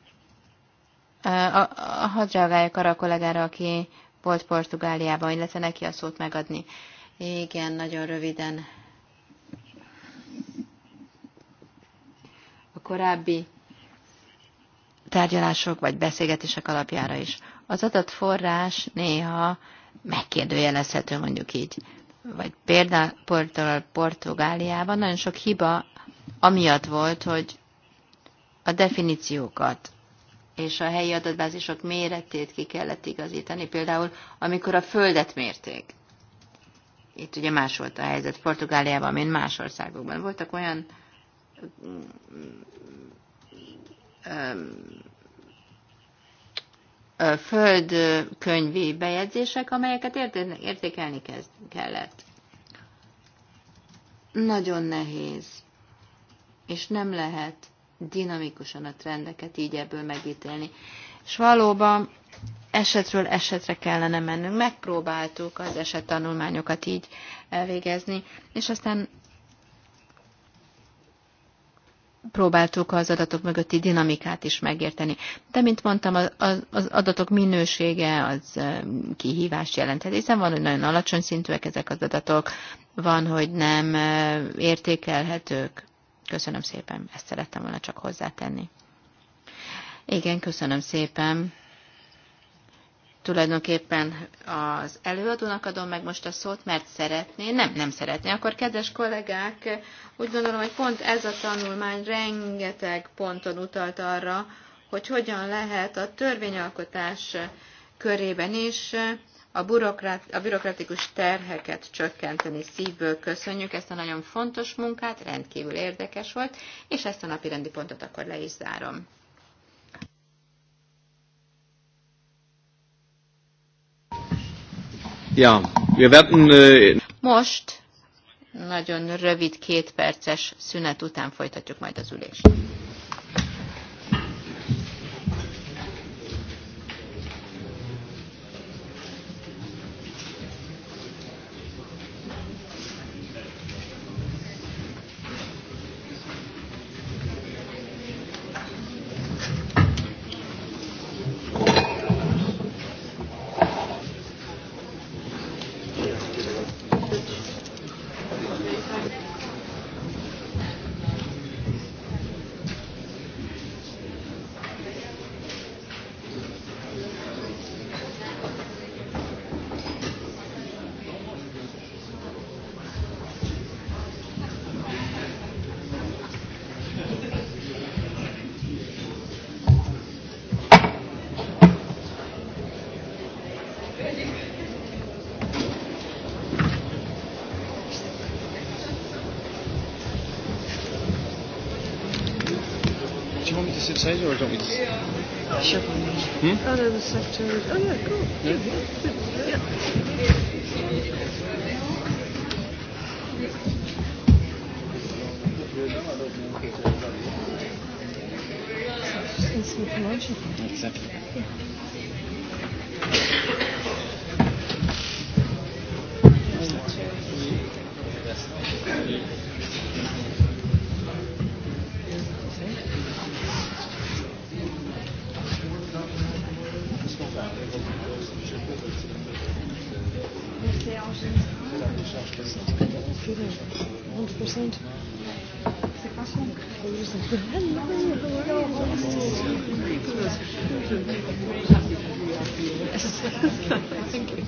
hadd reagáljak arra a kollégára, aki volt Portugáliában, illetve neki a szót megadni. Igen, nagyon röviden. A korábbi tárgyalások vagy beszélgetések alapjára is. Az adatforrás néha megkérdőjelezhető, mondjuk így. Vagy például Portugáliában nagyon sok hiba amiatt volt, hogy a definíciókat és a helyi adatbázisok méretét ki kellett igazítani, például amikor a földet mérték. Itt ugye más volt a helyzet Portugáliában, mint más országokban. Voltak olyan földkönyvi bejegyzések, amelyeket értékelni kellett. Nagyon nehéz, és nem lehet dinamikusan a trendeket így ebből megítélni. És valóban esetről esetre kellene mennünk. Megpróbáltuk az tanulmányokat így elvégezni, és aztán próbáltuk az adatok mögötti dinamikát is megérteni. De, mint mondtam, az adatok minősége az kihívást jelenthet, hiszen van, hogy nagyon alacsony szintűek ezek az adatok, van, hogy nem értékelhetők. Köszönöm szépen, ezt szerettem volna csak hozzátenni. Igen, köszönöm szépen. Tulajdonképpen az előadónak adom meg most a szót, mert szeretné, nem, nem szeretné. Akkor, kedves kollégák, úgy gondolom, hogy pont ez a tanulmány rengeteg ponton utalt arra, hogy hogyan lehet a törvényalkotás körében is a, bürokrat, a bürokratikus terheket csökkenteni. Szívből köszönjük ezt a nagyon fontos munkát, rendkívül érdekes volt, és ezt a napi rendi pontot akkor le is zárom. Ja, wir werden, äh, Most nagyon rövid két perces szünet után folytatjuk majd az ülést. or do you Hmm? Oh, no, the secretary. Oh, yeah, cool. Yeah. yeah. yeah. yeah. yeah. 100%. C'est pas concret. Thank you.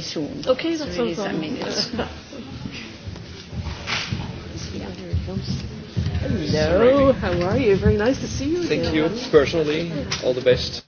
very soon. Okay, that's really all problem. Hello, how are you? Very nice to see you. Thank again. you personally. All the best.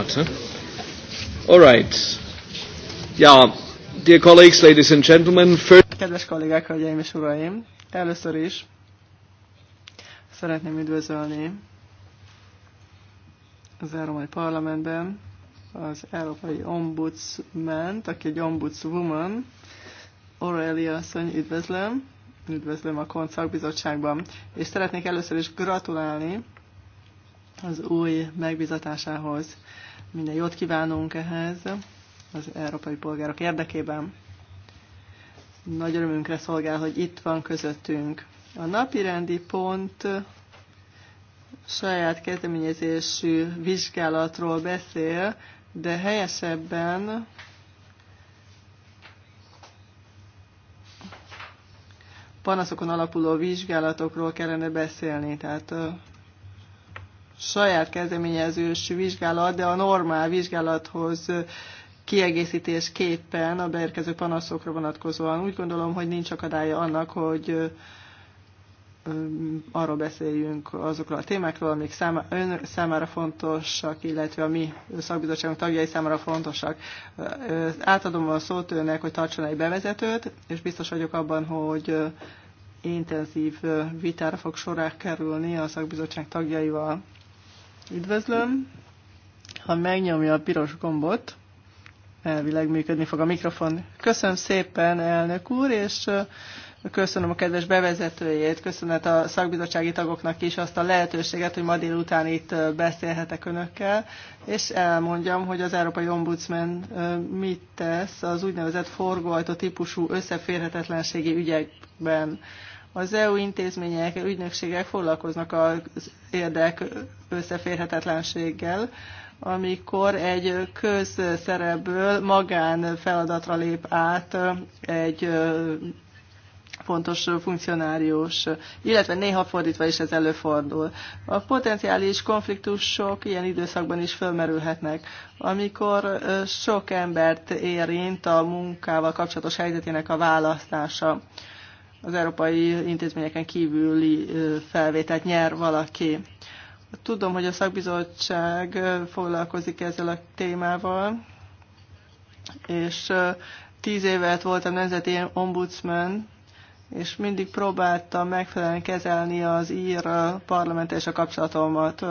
start. Huh? All right. Yeah, dear colleagues, ladies and gentlemen, first... Kedves kollégák, hölgyeim és uraim, először is szeretném üdvözölni az Európai Parlamentben az Európai Ombudsman, aki egy ombudswoman, Aurelia asszony, üdvözlöm, üdvözlöm a Koncak Bizottságban, és szeretnék először is gratulálni az új megbizatásához. Minden jót kívánunk ehhez az európai polgárok érdekében. Nagy örömünkre szolgál, hogy itt van közöttünk. A napirendi pont saját kezdeményezésű vizsgálatról beszél, de helyesebben panaszokon alapuló vizsgálatokról kellene beszélni. Tehát saját kezdeményezős vizsgálat, de a normál vizsgálathoz kiegészítés képpen a beérkező panaszokra vonatkozóan. Úgy gondolom, hogy nincs akadálya annak, hogy arról beszéljünk azokról a témákról, amik száma, ön számára fontosak, illetve a mi szakbizottságunk tagjai számára fontosak. Átadom a szót önnek, hogy tartson egy bevezetőt, és biztos vagyok abban, hogy intenzív vitára fog sorá kerülni a szakbizottság tagjaival. Üdvözlöm. Ha megnyomja a piros gombot, elvileg működni fog a mikrofon. Köszönöm szépen, elnök úr, és köszönöm a kedves bevezetőjét, köszönet a szakbizottsági tagoknak is azt a lehetőséget, hogy ma délután itt beszélhetek önökkel, és elmondjam, hogy az Európai Ombudsman mit tesz az úgynevezett forgóajtó típusú összeférhetetlenségi ügyekben. Az EU intézmények, ügynökségek foglalkoznak az érdek összeférhetetlenséggel, amikor egy közszerebből magán feladatra lép át egy fontos funkcionárius, illetve néha fordítva is ez előfordul. A potenciális konfliktusok ilyen időszakban is fölmerülhetnek, amikor sok embert érint a munkával kapcsolatos helyzetének a választása az európai intézményeken kívüli felvételt nyer valaki. Tudom, hogy a szakbizottság foglalkozik ezzel a témával, és tíz évet voltam nemzeti ombudsman, és mindig próbáltam megfelelően kezelni az ír parlament és a kapcsolatomat.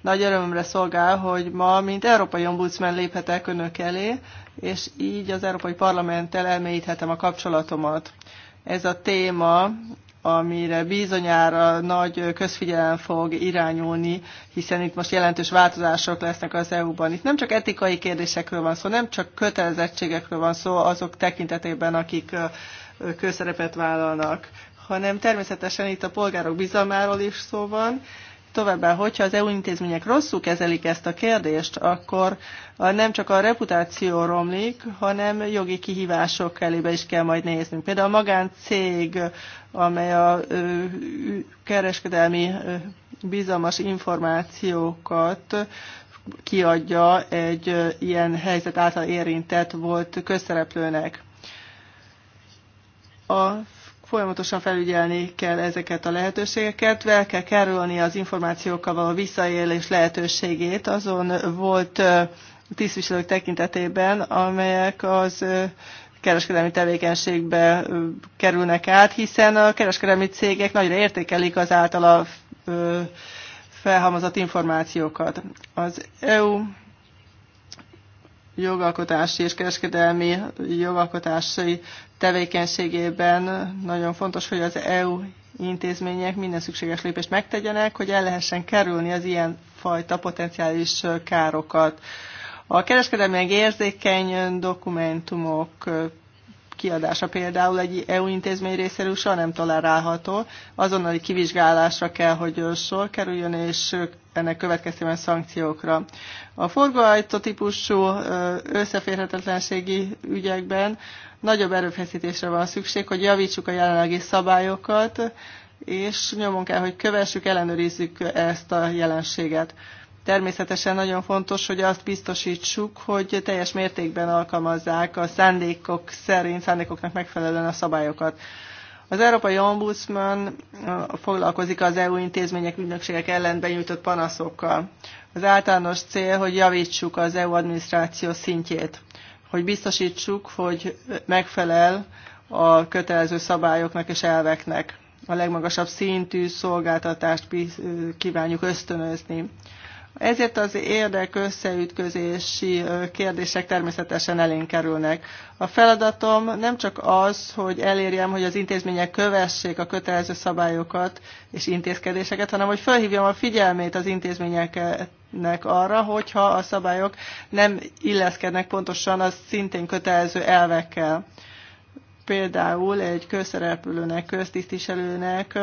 Nagy örömömre szolgál, hogy ma, mint európai ombudsman léphetek önök elé, és így az európai parlamenttel elmélyíthetem a kapcsolatomat. Ez a téma, amire bizonyára nagy közfigyelem fog irányulni, hiszen itt most jelentős változások lesznek az EU-ban. Itt nem csak etikai kérdésekről van szó, nem csak kötelezettségekről van szó azok tekintetében, akik közszerepet vállalnak, hanem természetesen itt a polgárok bizalmáról is szó van, Továbbá, hogyha az EU intézmények rosszul kezelik ezt a kérdést, akkor nem csak a reputáció romlik, hanem jogi kihívások elébe is kell majd néznünk. Például a magáncég, amely a kereskedelmi bizalmas információkat kiadja egy ilyen helyzet által érintett volt közszereplőnek. A Folyamatosan felügyelni kell ezeket a lehetőségeket, vel kell kerülni az információkkal való visszaélés lehetőségét azon volt tisztviselők tekintetében, amelyek az kereskedelmi tevékenységbe kerülnek át, hiszen a kereskedelmi cégek nagyra értékelik az általa felhalmozott információkat. Az EU jogalkotási és kereskedelmi jogalkotási tevékenységében nagyon fontos, hogy az EU intézmények minden szükséges lépést megtegyenek, hogy el lehessen kerülni az ilyen fajta potenciális károkat. A kereskedelmi érzékeny dokumentumok kiadása például egy EU intézmény részéről soha nem tolerálható. Azonnali kivizsgálásra kell, hogy sor kerüljön, és ennek következtében szankciókra. A forgóajtó típusú összeférhetetlenségi ügyekben nagyobb erőfeszítésre van szükség, hogy javítsuk a jelenlegi szabályokat, és nyomon kell, hogy kövessük, ellenőrizzük ezt a jelenséget. Természetesen nagyon fontos, hogy azt biztosítsuk, hogy teljes mértékben alkalmazzák a szándékok szerint, szándékoknak megfelelően a szabályokat. Az Európai Ombudsman foglalkozik az EU intézmények, ügynökségek ellen benyújtott panaszokkal. Az általános cél, hogy javítsuk az EU adminisztráció szintjét, hogy biztosítsuk, hogy megfelel a kötelező szabályoknak és elveknek. A legmagasabb szintű szolgáltatást kívánjuk ösztönözni. Ezért az érdek összeütközési kérdések természetesen elénk kerülnek. A feladatom nem csak az, hogy elérjem, hogy az intézmények kövessék a kötelező szabályokat és intézkedéseket, hanem hogy felhívjam a figyelmét az intézményeknek arra, hogyha a szabályok nem illeszkednek pontosan az szintén kötelező elvekkel. Például egy közszereplőnek, köztisztviselőnek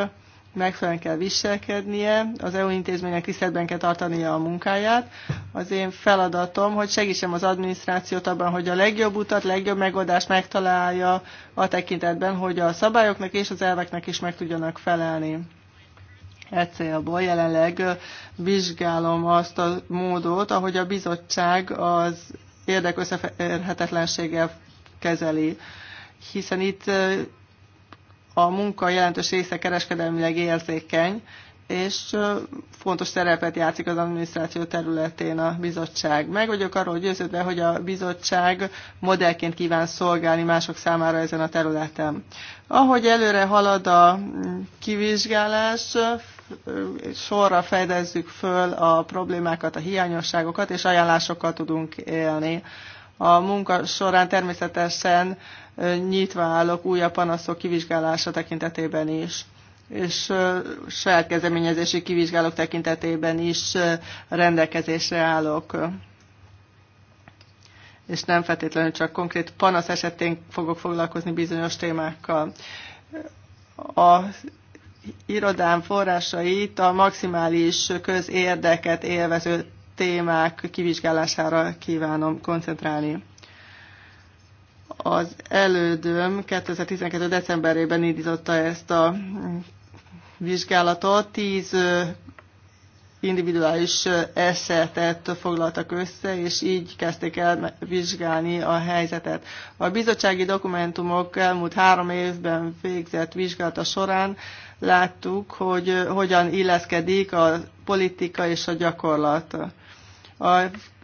megfelelően kell viselkednie, az EU intézmények tiszteletben kell tartania a munkáját. Az én feladatom, hogy segítsem az adminisztrációt abban, hogy a legjobb utat, legjobb megoldást megtalálja a tekintetben, hogy a szabályoknak és az elveknek is meg tudjanak felelni. E célból jelenleg vizsgálom azt a módot, ahogy a bizottság az érdekösszeférhetetlenséggel kezeli hiszen itt a munka jelentős része kereskedelmileg érzékeny, és fontos szerepet játszik az adminisztráció területén a bizottság. Meg vagyok arról győződve, hogy a bizottság modellként kíván szolgálni mások számára ezen a területen. Ahogy előre halad a mm, kivizsgálás, sorra fedezzük föl a problémákat, a hiányosságokat, és ajánlásokkal tudunk élni. A munka során természetesen nyitva állok újabb panaszok kivizsgálása tekintetében is és saját kezdeményezési kivizsgálók tekintetében is rendelkezésre állok. És nem feltétlenül csak konkrét panasz esetén fogok foglalkozni bizonyos témákkal. A irodám forrásait a maximális közérdeket élvező témák kivizsgálására kívánom koncentrálni. Az elődöm 2012. decemberében indította ezt a vizsgálatot. Tíz individuális esetet foglaltak össze, és így kezdték el vizsgálni a helyzetet. A bizottsági dokumentumok elmúlt három évben végzett vizsgálata során láttuk, hogy hogyan illeszkedik a politika és a gyakorlat. A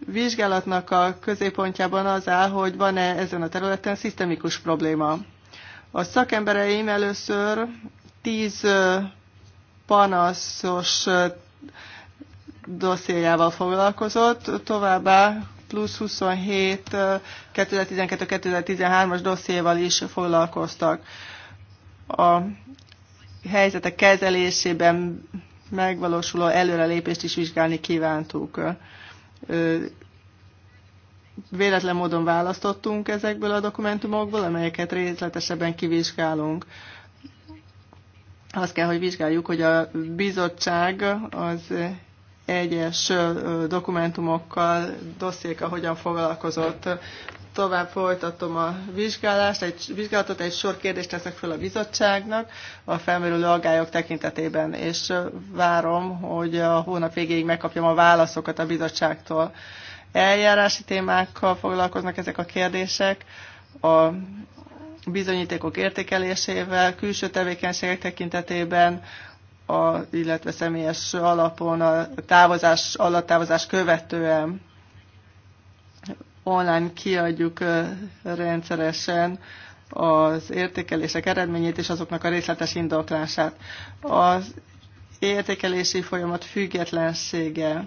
vizsgálatnak a középpontjában az áll, hogy van-e ezen a területen szisztemikus probléma. A szakembereim először tíz panaszos dossziéjával foglalkozott, továbbá plusz 27 2012-2013-as dossziéval is foglalkoztak. A helyzetek kezelésében megvalósuló előrelépést is vizsgálni kívántuk véletlen módon választottunk ezekből a dokumentumokból, amelyeket részletesebben kivizsgálunk. Azt kell, hogy vizsgáljuk, hogy a bizottság az egyes dokumentumokkal, dossziékkal hogyan foglalkozott tovább folytatom a vizsgálást, egy vizsgálatot, egy sor kérdést teszek fel a bizottságnak a felmerülő aggályok tekintetében, és várom, hogy a hónap végéig megkapjam a válaszokat a bizottságtól. Eljárási témákkal foglalkoznak ezek a kérdések, a bizonyítékok értékelésével, külső tevékenységek tekintetében, a, illetve személyes alapon a távozás, alattávozás követően online kiadjuk rendszeresen az értékelések eredményét és azoknak a részletes indoklását. Az értékelési folyamat függetlensége,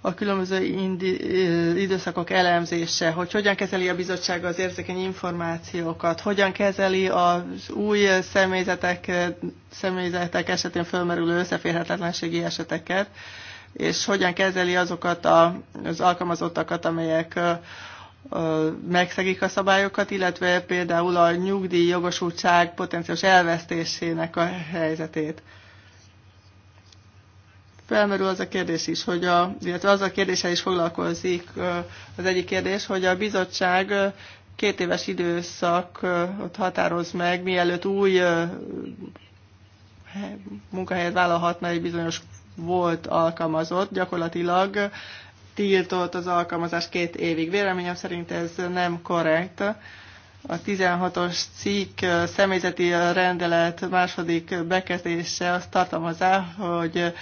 a különböző indi, időszakok elemzése, hogy hogyan kezeli a bizottság az érzékeny információkat, hogyan kezeli az új személyzetek, személyzetek esetén fölmerülő összeférhetetlenségi eseteket, és hogyan kezeli azokat a, az alkalmazottakat, amelyek megszegik a szabályokat, illetve például a nyugdíj jogosultság potenciális elvesztésének a helyzetét. Felmerül az a kérdés is, hogy a, illetve az a kérdéssel is foglalkozik az egyik kérdés, hogy a bizottság két éves időszak ott határoz meg, mielőtt új munkahelyet vállalhatna egy bizonyos volt alkalmazott, gyakorlatilag tiltott az alkalmazás két évig. Véleményem szerint ez nem korrekt. A 16-os cikk személyzeti rendelet második bekezdése azt tartalmazza, hogy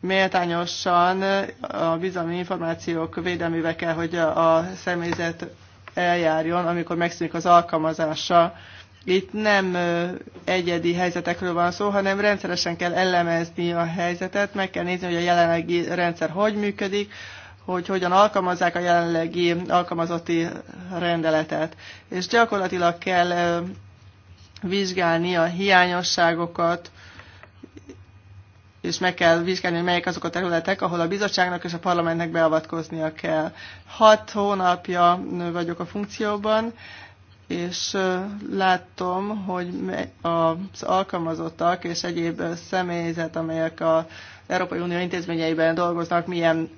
méltányosan a bizalmi információk védelmével kell, hogy a személyzet eljárjon, amikor megszűnik az alkalmazása. Itt nem egyedi helyzetekről van szó, hanem rendszeresen kell elemezni a helyzetet, meg kell nézni, hogy a jelenlegi rendszer hogy működik, hogy hogyan alkalmazzák a jelenlegi alkalmazotti rendeletet. És gyakorlatilag kell vizsgálni a hiányosságokat, és meg kell vizsgálni, hogy melyek azok a területek, ahol a bizottságnak és a parlamentnek beavatkoznia kell. Hat hónapja vagyok a funkcióban, és látom, hogy az alkalmazottak és egyéb személyzet, amelyek az Európai Unió intézményeiben dolgoznak, milyen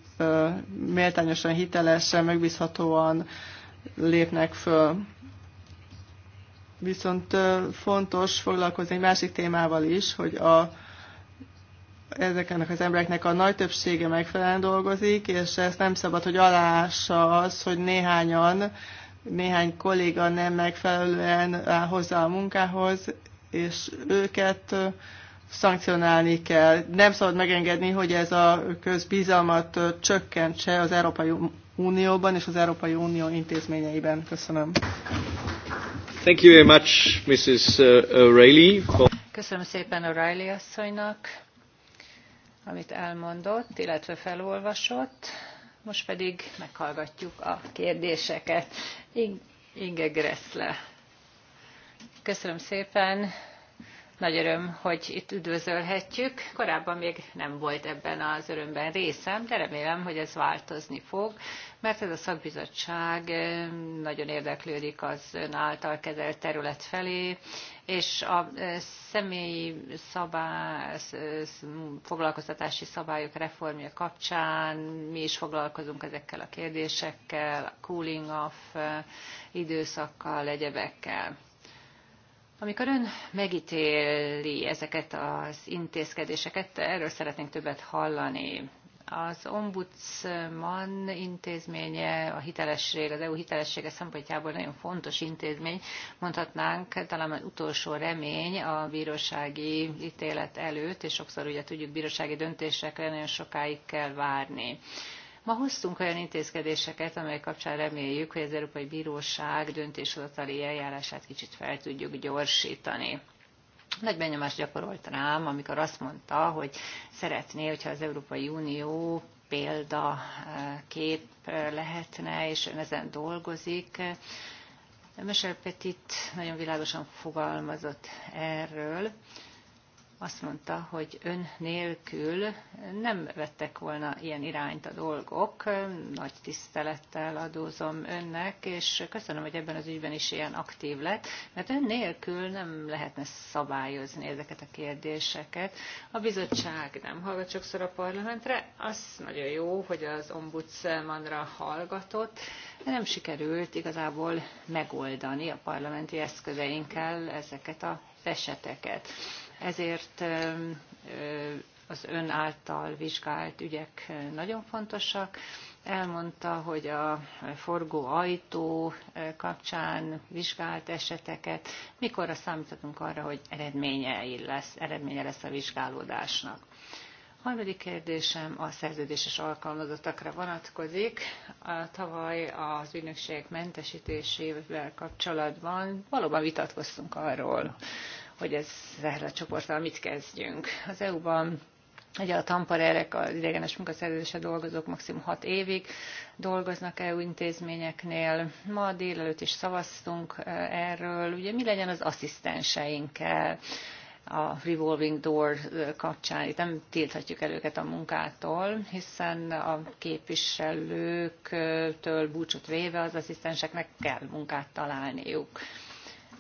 méltányosan, hitelesen, megbízhatóan lépnek föl. Viszont fontos foglalkozni egy másik témával is, hogy a, ezeknek az embereknek a nagy többsége megfelelően dolgozik, és ezt nem szabad, hogy aláássa az, hogy néhányan néhány kolléga nem megfelelően áll hozzá a munkához, és őket szankcionálni kell. Nem szabad megengedni, hogy ez a közbizalmat csökkentse az Európai Unióban és az Európai Unió intézményeiben. Köszönöm. Thank you very much, Mrs. Uh, O'Reilly. For... Köszönöm szépen O'Reilly asszonynak, amit elmondott, illetve felolvasott. Most pedig meghallgatjuk a kérdéseket. Inge Gressle. Köszönöm szépen. Nagy öröm, hogy itt üdvözölhetjük. Korábban még nem volt ebben az örömben részem, de remélem, hogy ez változni fog, mert ez a szakbizottság eh, nagyon érdeklődik az ön által kezelt terület felé, és a eh, személyi szabály, eh, foglalkoztatási szabályok reformja kapcsán mi is foglalkozunk ezekkel a kérdésekkel, a cooling off időszakkal, egyebekkel. Amikor ön megítéli ezeket az intézkedéseket, erről szeretnénk többet hallani. Az ombudsman intézménye, a hitelesség, az EU hitelessége szempontjából nagyon fontos intézmény, mondhatnánk, talán az utolsó remény a bírósági ítélet előtt, és sokszor ugye tudjuk, bírósági döntésekre nagyon sokáig kell várni. Ma hoztunk olyan intézkedéseket, amelyek kapcsán reméljük, hogy az Európai Bíróság döntéshozatali eljárását kicsit fel tudjuk gyorsítani nagy benyomást gyakorolt rám, amikor azt mondta, hogy szeretné, hogyha az Európai Unió példa eh, kép eh, lehetne, és ön ezen dolgozik. Michel Petit nagyon világosan fogalmazott erről, azt mondta, hogy ön nélkül nem vettek volna ilyen irányt a dolgok. Nagy tisztelettel adózom önnek, és köszönöm, hogy ebben az ügyben is ilyen aktív lett, mert ön nélkül nem lehetne szabályozni ezeket a kérdéseket. A bizottság nem hallgat sokszor a parlamentre, az nagyon jó, hogy az ombudsmanra hallgatott, de nem sikerült igazából megoldani a parlamenti eszközeinkkel ezeket a eseteket ezért az ön által vizsgált ügyek nagyon fontosak. Elmondta, hogy a forgó ajtó kapcsán vizsgált eseteket, Mikor a számíthatunk arra, hogy eredménye lesz, eredménye lesz a vizsgálódásnak. A harmadik kérdésem a szerződéses alkalmazottakra vonatkozik. A tavaly az ügynökségek mentesítésével kapcsolatban valóban vitatkoztunk arról, hogy ezzel a csoporttal mit kezdjünk. Az EU-ban Ugye a tamparerek, az idegenes munkaszerződése dolgozók maximum 6 évig dolgoznak EU intézményeknél. Ma délelőtt is szavaztunk e, erről. Ugye mi legyen az asszisztenseinkkel? a revolving door e, kapcsán. Itt nem tilthatjuk el őket a munkától, hiszen a képviselőktől búcsút véve az asszisztenseknek kell munkát találniuk.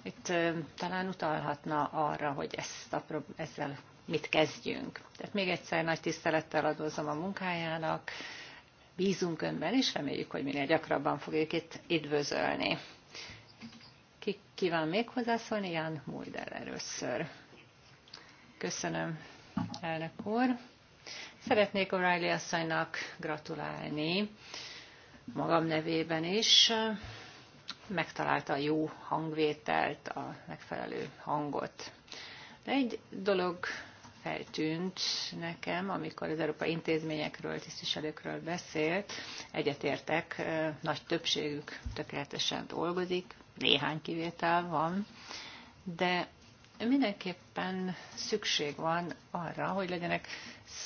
Itt talán utalhatna arra, hogy ezt a, ezzel mit kezdjünk. Tehát még egyszer nagy tisztelettel adózom a munkájának, bízunk önben, és reméljük, hogy minél gyakrabban fogjuk itt üdvözölni. Ki kíván még hozzászólni? Ján Mulder először. Köszönöm, elnök úr. Szeretnék O'Reilly asszonynak gratulálni magam nevében is megtalálta a jó hangvételt, a megfelelő hangot. De egy dolog feltűnt nekem, amikor az európai intézményekről, tisztviselőkről beszélt, egyetértek, nagy többségük tökéletesen dolgozik, néhány kivétel van, de mindenképpen szükség van arra, hogy legyenek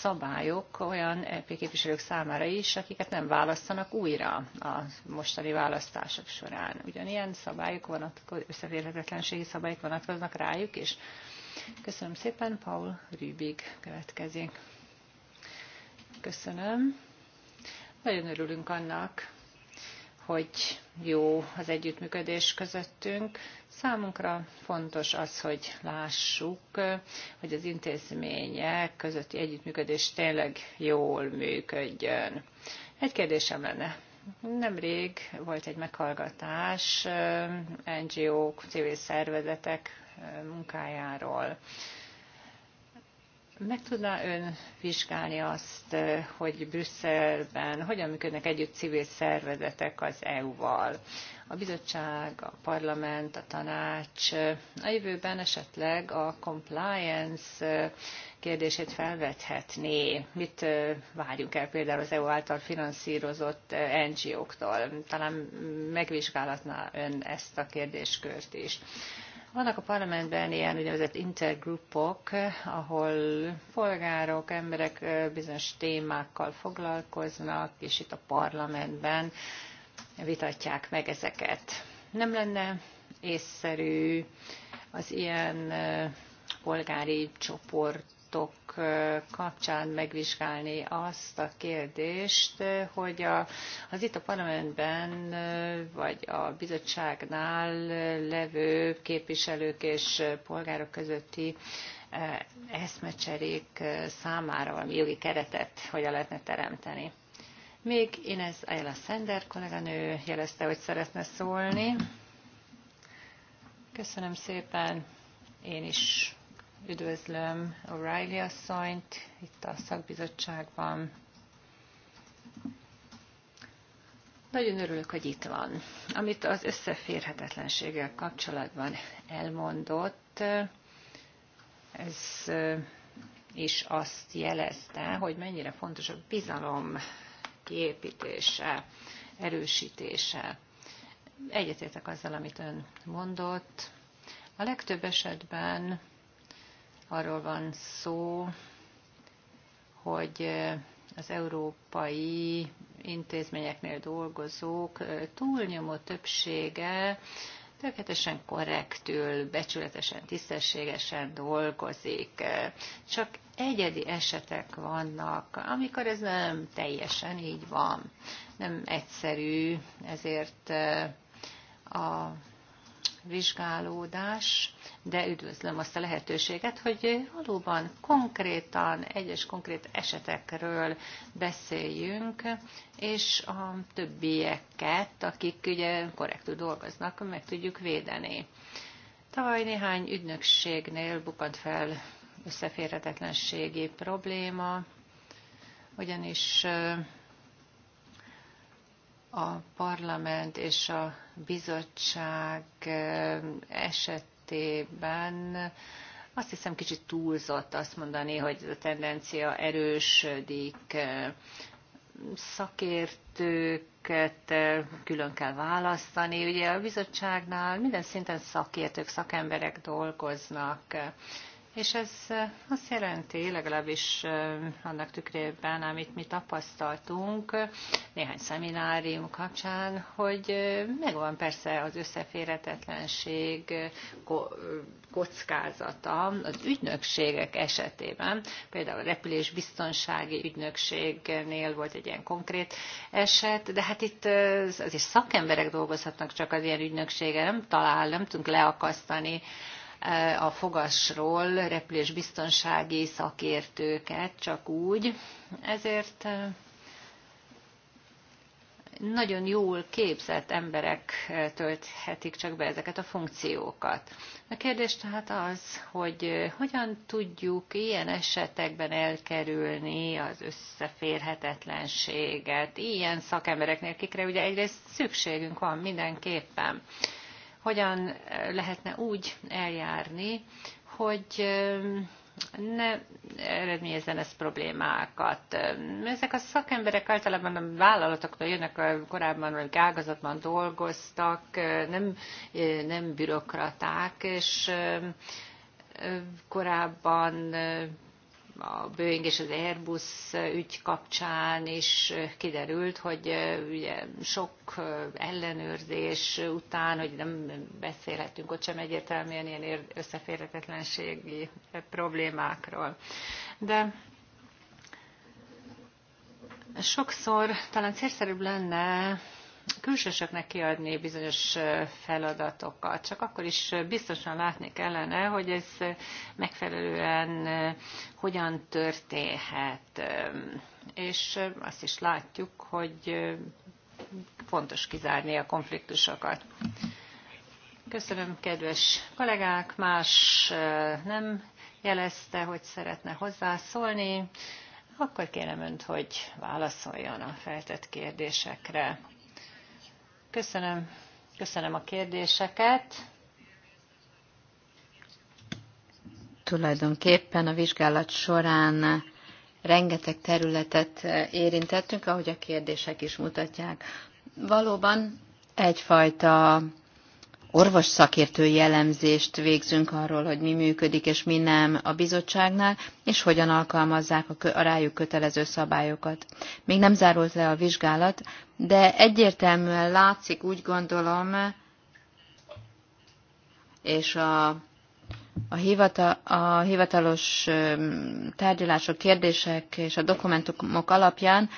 szabályok olyan EP képviselők számára is, akiket nem választanak újra a mostani választások során. Ugyanilyen szabályok vonatkoznak, összeférhetetlenségi szabályok vonatkoznak rájuk is. Köszönöm szépen, Paul Rübig következik. Köszönöm. Nagyon örülünk annak, hogy jó az együttműködés közöttünk. Számunkra fontos az, hogy lássuk, hogy az intézmények közötti együttműködés tényleg jól működjön. Egy kérdésem lenne. Nemrég volt egy meghallgatás eh, NGO-k, civil szervezetek eh, munkájáról. Meg tudná ön vizsgálni azt, hogy Brüsszelben hogyan működnek együtt civil szervezetek az EU-val? A bizottság, a parlament, a tanács, a jövőben esetleg a compliance kérdését felvethetné. Mit várjunk el például az EU által finanszírozott NGO-któl? Talán megvizsgálatná ön ezt a kérdéskört is. Vannak a parlamentben ilyen úgynevezett intergrupok, ahol polgárok, emberek bizonyos témákkal foglalkoznak, és itt a parlamentben vitatják meg ezeket. Nem lenne észszerű az ilyen polgári csoport adatok kapcsán megvizsgálni azt a kérdést, hogy a, az itt a parlamentben vagy a bizottságnál levő képviselők és polgárok közötti eszmecserék számára valami jogi keretet hogyan lehetne teremteni. Még Inez Ayala Sender kolléganő jelezte, hogy szeretne szólni. Köszönöm szépen. Én is Üdvözlöm O'Reilly asszonyt itt a szakbizottságban. Nagyon örülök, hogy itt van. Amit az összeférhetetlenséggel kapcsolatban elmondott, ez is azt jelezte, hogy mennyire fontos a bizalom kiépítése, erősítése. Egyetértek azzal, amit ön mondott. A legtöbb esetben Arról van szó, hogy az európai intézményeknél dolgozók túlnyomó többsége tökéletesen korrektül, becsületesen, tisztességesen dolgozik. Csak egyedi esetek vannak, amikor ez nem teljesen így van. Nem egyszerű, ezért a vizsgálódás, de üdvözlöm azt a lehetőséget, hogy valóban konkrétan, egyes konkrét esetekről beszéljünk, és a többieket, akik ugye korrektül dolgoznak, meg tudjuk védeni. Tavaly néhány ügynökségnél bukant fel összeférhetetlenségi probléma, ugyanis a parlament és a bizottság eh, esetében azt hiszem kicsit túlzott azt mondani, hogy a tendencia erősödik, szakértőket eh, külön kell választani. Ugye a bizottságnál minden szinten szakértők, szakemberek dolgoznak, és ez azt jelenti, legalábbis annak tükrében, amit mi tapasztaltunk néhány szeminárium kapcsán, hogy megvan persze az összeférhetetlenség kockázata az ügynökségek esetében. Például a repülésbiztonsági ügynökségnél volt egy ilyen konkrét eset, de hát itt az is szakemberek dolgozhatnak csak az ilyen ügynökségen, nem talál, nem tudunk leakasztani a fogasról repülésbiztonsági szakértőket, csak úgy. Ezért nagyon jól képzett emberek tölthetik csak be ezeket a funkciókat. A kérdés tehát az, hogy hogyan tudjuk ilyen esetekben elkerülni az összeférhetetlenséget, ilyen szakembereknél, kikre ugye egyrészt szükségünk van mindenképpen hogyan eh, lehetne úgy eljárni, hogy eh, ne eredményezzen ez problémákat. Eh, ezek a szakemberek általában a vállalatoktól jönnek, korábban vagy ágazatban dolgoztak, nem, nem bürokraták, és korábban a Boeing és az Airbus ügy kapcsán is kiderült, hogy ugye sok ellenőrzés után, hogy nem beszélhetünk ott sem egyértelműen ilyen összeférhetetlenségi problémákról. De sokszor talán célszerűbb lenne külsősöknek kiadni bizonyos feladatokat. Csak akkor is biztosan látni kellene, hogy ez megfelelően hogyan történhet. És azt is látjuk, hogy fontos kizárni a konfliktusokat. Köszönöm, kedves kollégák! Más nem jelezte, hogy szeretne hozzászólni. Akkor kérem önt, hogy válaszoljon a feltett kérdésekre. Köszönöm. Köszönöm a kérdéseket. Tulajdonképpen a vizsgálat során rengeteg területet érintettünk, ahogy a kérdések is mutatják. Valóban egyfajta orvos szakértő jellemzést végzünk arról, hogy mi működik és mi nem a bizottságnál, és hogyan alkalmazzák a kö a rájuk kötelező szabályokat. Még nem zárult le a vizsgálat, de egyértelműen látszik, úgy gondolom, és a, a, hivata, a hivatalos tárgyalások, kérdések és a dokumentumok alapján,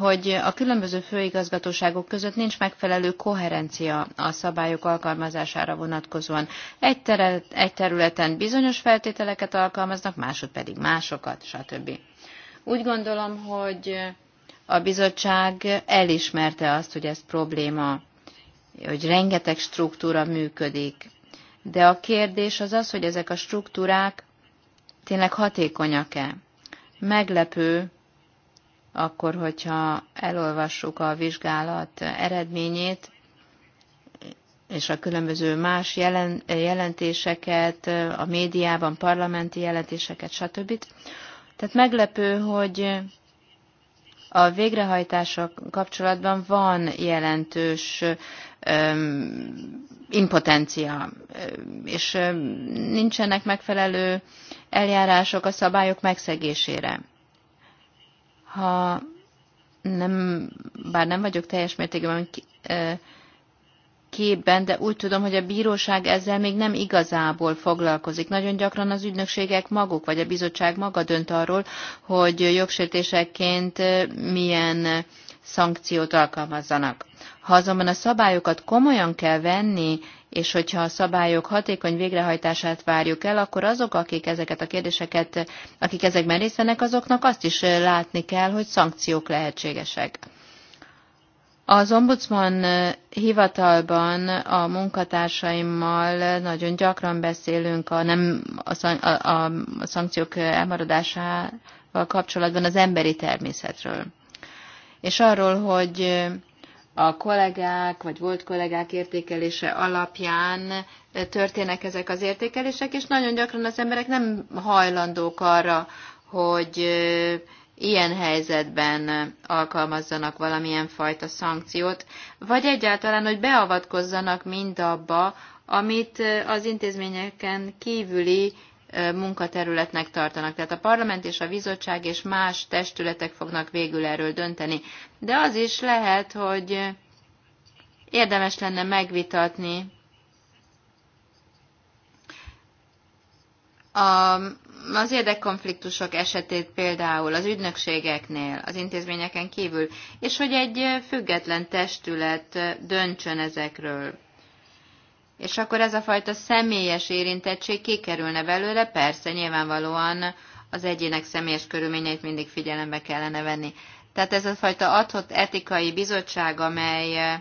hogy a különböző főigazgatóságok között nincs megfelelő koherencia a szabályok alkalmazására vonatkozóan. Egy, teret, egy területen bizonyos feltételeket alkalmaznak, másod pedig másokat, stb. Úgy gondolom, hogy a bizottság elismerte azt, hogy ez probléma, hogy rengeteg struktúra működik. De a kérdés az az, hogy ezek a struktúrák tényleg hatékonyak-e. Meglepő, akkor, hogyha elolvassuk a vizsgálat eredményét, és a különböző más jelen, jelentéseket, a médiában parlamenti jelentéseket, stb. Tehát meglepő, hogy a végrehajtások kapcsolatban van jelentős öm, impotencia, és nincsenek megfelelő eljárások a szabályok megszegésére ha nem, bár nem vagyok teljes mértékben képben, de úgy tudom, hogy a bíróság ezzel még nem igazából foglalkozik. Nagyon gyakran az ügynökségek maguk, vagy a bizottság maga dönt arról, hogy jogsértéseként milyen szankciót alkalmazzanak. Ha azonban a szabályokat komolyan kell venni, és hogyha a szabályok hatékony végrehajtását várjuk el, akkor azok, akik ezeket a kérdéseket, akik ezekben részt vennek, azoknak azt is látni kell, hogy szankciók lehetségesek. Az ombudsman hivatalban a munkatársaimmal nagyon gyakran beszélünk a, nem, a, a, a szankciók elmaradásával kapcsolatban az emberi természetről. És arról, hogy a kollégák, vagy volt kollégák értékelése alapján eh, történnek ezek az értékelések, és nagyon gyakran az emberek nem hajlandók arra, hogy eh, ilyen helyzetben alkalmazzanak valamilyen fajta szankciót, vagy egyáltalán, hogy beavatkozzanak mindabba, amit eh, az intézményeken kívüli munkaterületnek tartanak. Tehát a parlament és a bizottság és más testületek fognak végül erről dönteni. De az is lehet, hogy érdemes lenne megvitatni a, az érdekkonfliktusok esetét például az ügynökségeknél, az intézményeken kívül, és hogy egy független testület döntsön ezekről. És akkor ez a fajta személyes érintettség kikerülne belőle, persze nyilvánvalóan az egyének személyes körülményeit mindig figyelembe kellene venni. Tehát ez a fajta adott etikai bizottság, amely eh,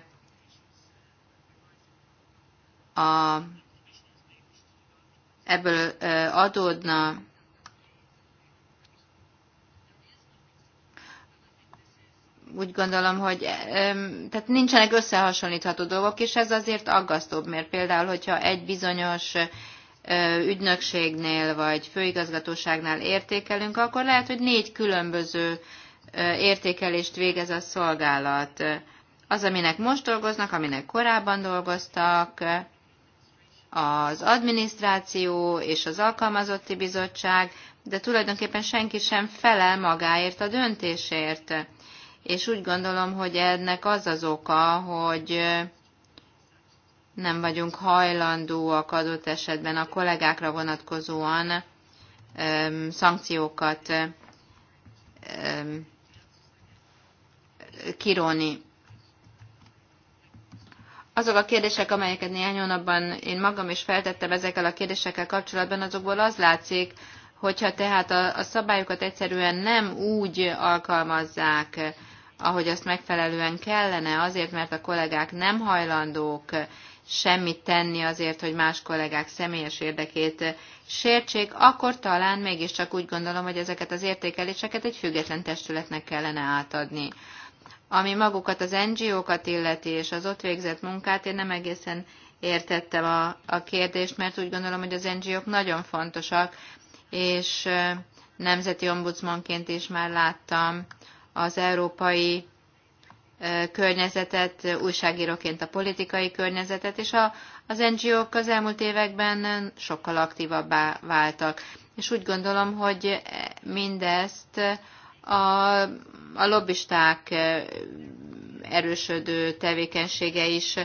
a, ebből eh, adódna úgy gondolom, hogy tehát nincsenek összehasonlítható dolgok, és ez azért aggasztóbb, mert például, hogyha egy bizonyos ügynökségnél vagy főigazgatóságnál értékelünk, akkor lehet, hogy négy különböző értékelést végez a szolgálat. Az, aminek most dolgoznak, aminek korábban dolgoztak, az adminisztráció és az alkalmazotti bizottság, de tulajdonképpen senki sem felel magáért a döntésért és úgy gondolom, hogy ennek az az oka, hogy nem vagyunk hajlandóak adott esetben a kollégákra vonatkozóan öm, szankciókat öm, kiróni. Azok a kérdések, amelyeket néhány hónapban én magam is feltettem ezekkel a kérdésekkel kapcsolatban, azokból az látszik, hogyha tehát a, a szabályokat egyszerűen nem úgy alkalmazzák, ahogy azt megfelelően kellene, azért, mert a kollégák nem hajlandók semmit tenni azért, hogy más kollégák személyes érdekét sértsék, akkor talán mégiscsak úgy gondolom, hogy ezeket az értékeléseket egy független testületnek kellene átadni. Ami magukat az NGO-kat illeti, és az ott végzett munkát, én nem egészen értettem a, a kérdést, mert úgy gondolom, hogy az NGO-k nagyon fontosak, és nemzeti ombudsmanként is már láttam az európai környezetet, újságíróként a politikai környezetet, és a, az NGO-k az elmúlt években sokkal aktívabbá váltak. És úgy gondolom, hogy mindezt a, a lobbisták erősödő tevékenysége is